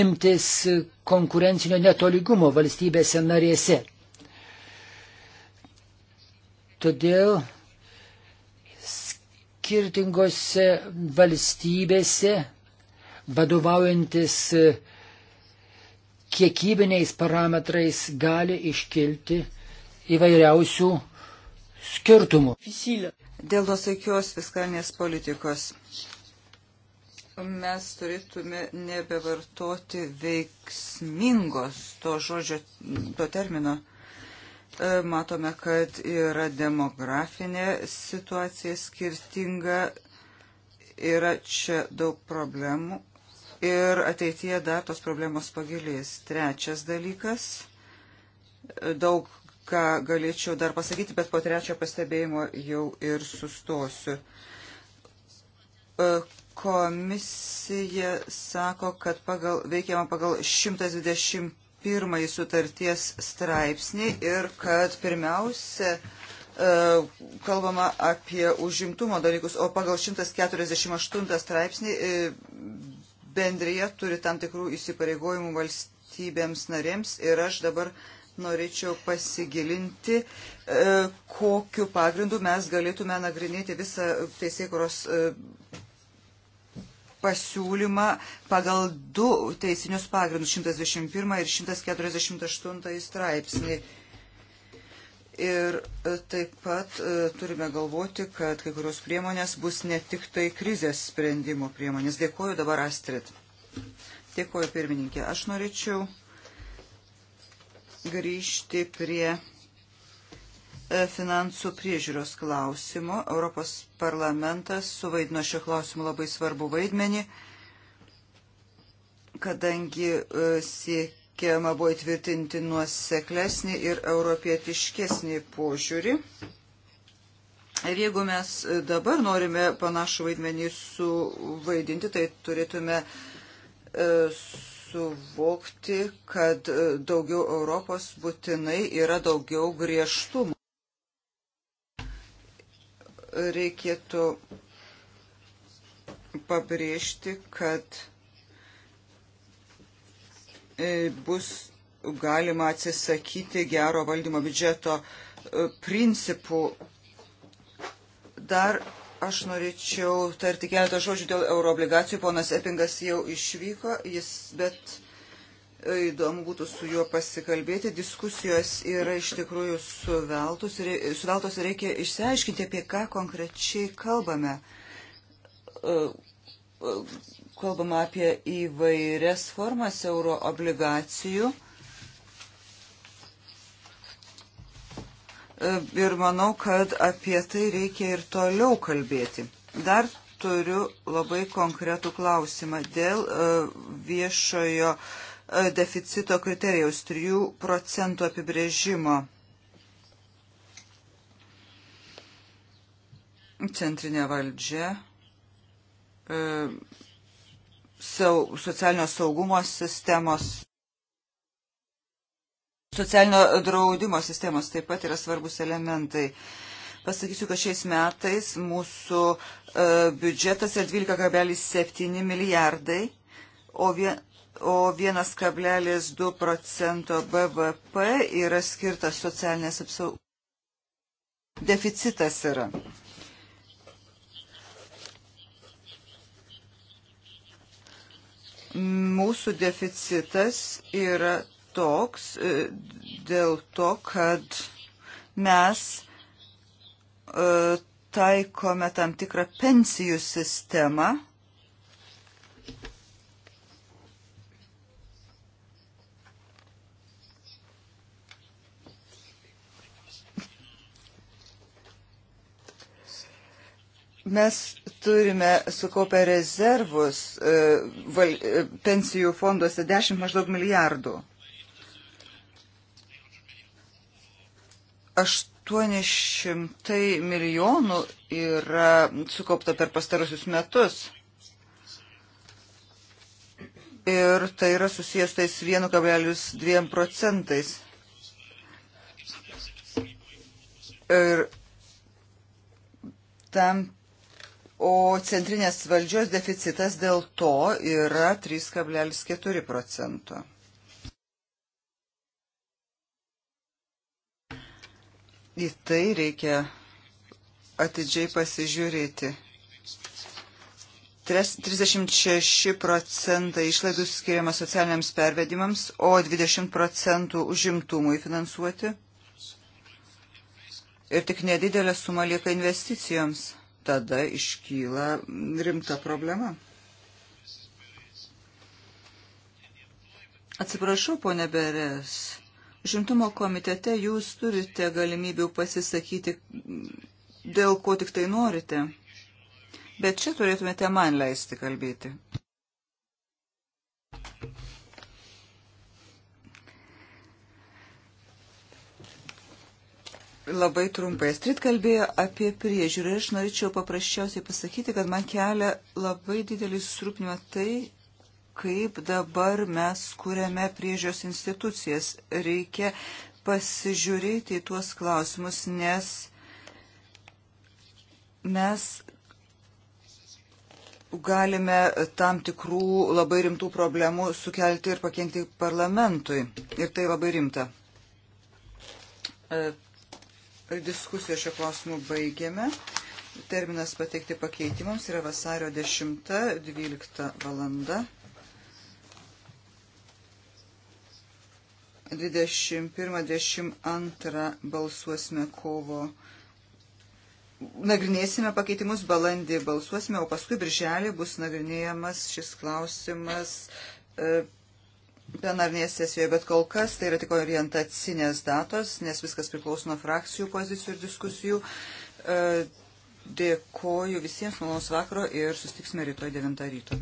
imtis konkurencinio netolygumo valstybėse narėse. Todėl skirtingose valstybėse vadovaujantis kiekybiniais parametrais gali iškilti įvairiausių skirtumų. Dėl nusaikios fiskalinės politikos mes turėtume nebevartoti veiksmingos to žodžio, to termino. E, matome, kad yra demografinė situacija skirtinga, yra čia daug problemų ir ateityje dar tos problemos pagilės. Trečias dalykas - daug ką galėčiau dar pasakyti, bet po trečio pastebėjimo jau ir sustosiu. E, komisija sako, kad pagal, veikiama pagal 121 sutarties straipsnį ir kad pirmiausia e, kalbama apie užimtumo dalykus, o pagal 148 straipsnį e, bendrėje turi tam tikrų įsipareigojimų valstybėms narėms ir aš dabar norėčiau pasigilinti, e, kokiu pagrindu mes galėtume nagrinėti visą teisėkuros e, pasiūlymą pagal du teisinius pagrindus 121 ir 148 straipsnį. Ir e, taip pat turime galvoti, kad kai kurios priemonės bus ne tik tai krizės sprendimo priemonės. Dėkuoju dabar Astrid. Dėkuoju pirmininkė. Aš norėčiau grįžti prie e, finansų priežiūros klausimo. Europos parlamentas suvaidino šio klausimu labai svarbu vaidmenį, kadangi e, siekiama buvo įtvirtinti nuoseklesnį ir europietiškesnį požiūrį. Ir jeigu mes e, dabar norime panašų vaidmenį suvaidinti, tai turėtume su suvokti, kad e, daugiau Europos būtinai yra daugiau griežtumų. Reikėtų pabrėžti, kad e, bus galima atsisakyti gero valdymo biudžeto e, principų. Dar Aš norėčiau tarti keletą žodžių dėl euroobligacijų. Ponas Epingas jau išvyko, jis, bet e, įdomu būtų su juo pasikalbėti. Diskusijos yra iš tikrųjų suveltos ir, suveltos ir reikia išsiaiškinti, apie ką konkrečiai kalbame. E, e, kalbama apie įvairias formas euro obligacijų. ir manau, kad apie tai reikia ir toliau kalbėti. Dar turiu labai konkretų klausimą dėl e, viešojo e, deficito kriterijaus 3 procentų apibrėžimo. Centrinė valdžia, e, socialinio saugumo sistemos Socialinio draudimo sistemos taip pat yra svarbus elementai. Pasakysiu, kad šiais metais mūsų uh, biudžetas yra 12,7 milijardai, o, vien, o 1,2 procento BVP yra skirtas socialinės apsaugos. Deficitas yra. Mūsų deficitas yra toks e, dėl to, kad mes e, taikome tam tikrą pensijų sistemą. Mes turime sukaupę rezervus e, pensijų fonduose 10 maždaug milijardų. 800 milijonų yra sukaupta per pastarusius metus. Ir tai yra susijęs tais 1,2 procentais. Ir tam, o centrinės valdžios deficitas dėl to yra 3,4 procento. į tai reikia atidžiai pasižiūrėti. 36 procentai išlaidų skiriama socialiniams pervedimams, o 20 procentų užimtumui finansuoti. Ir tik nedidelė suma lieka investicijoms. Tada iškyla rimta problema. Atsiprašau, ponė Beres. Žimtumo komitete jūs turite galimybių pasisakyti, mm, dėl ko tik tai norite. Bet čia turėtumėte man leisti kalbėti. Labai trumpai. Astrid kalbėjo apie priežiūrą ir aš norėčiau paprasčiausiai pasakyti, kad man kelia labai didelį susirūpinimą tai, kaip dabar mes kūrėme priežios institucijas. Reikia pasižiūrėti į tuos klausimus, nes mes galime tam tikrų labai rimtų problemų sukelti ir pakengti parlamentui. Ir tai labai rimta. E, diskusiją šio klausimu baigėme. Terminas pateikti pakeitimams yra vasario 10-12 valanda. 21-22 balsuosime kovo. Nagrinėsime pakeitimus balandį, balsuosime, o paskui birželį bus nagrinėjamas šis klausimas e, plenarnės sesijoje, bet kol kas tai yra tik orientacinės datos, nes viskas priklauso nuo frakcijų pozicijų ir diskusijų. E, dėkoju visiems, malonaus vakaro ir sustiksime rytoj 9 ryto.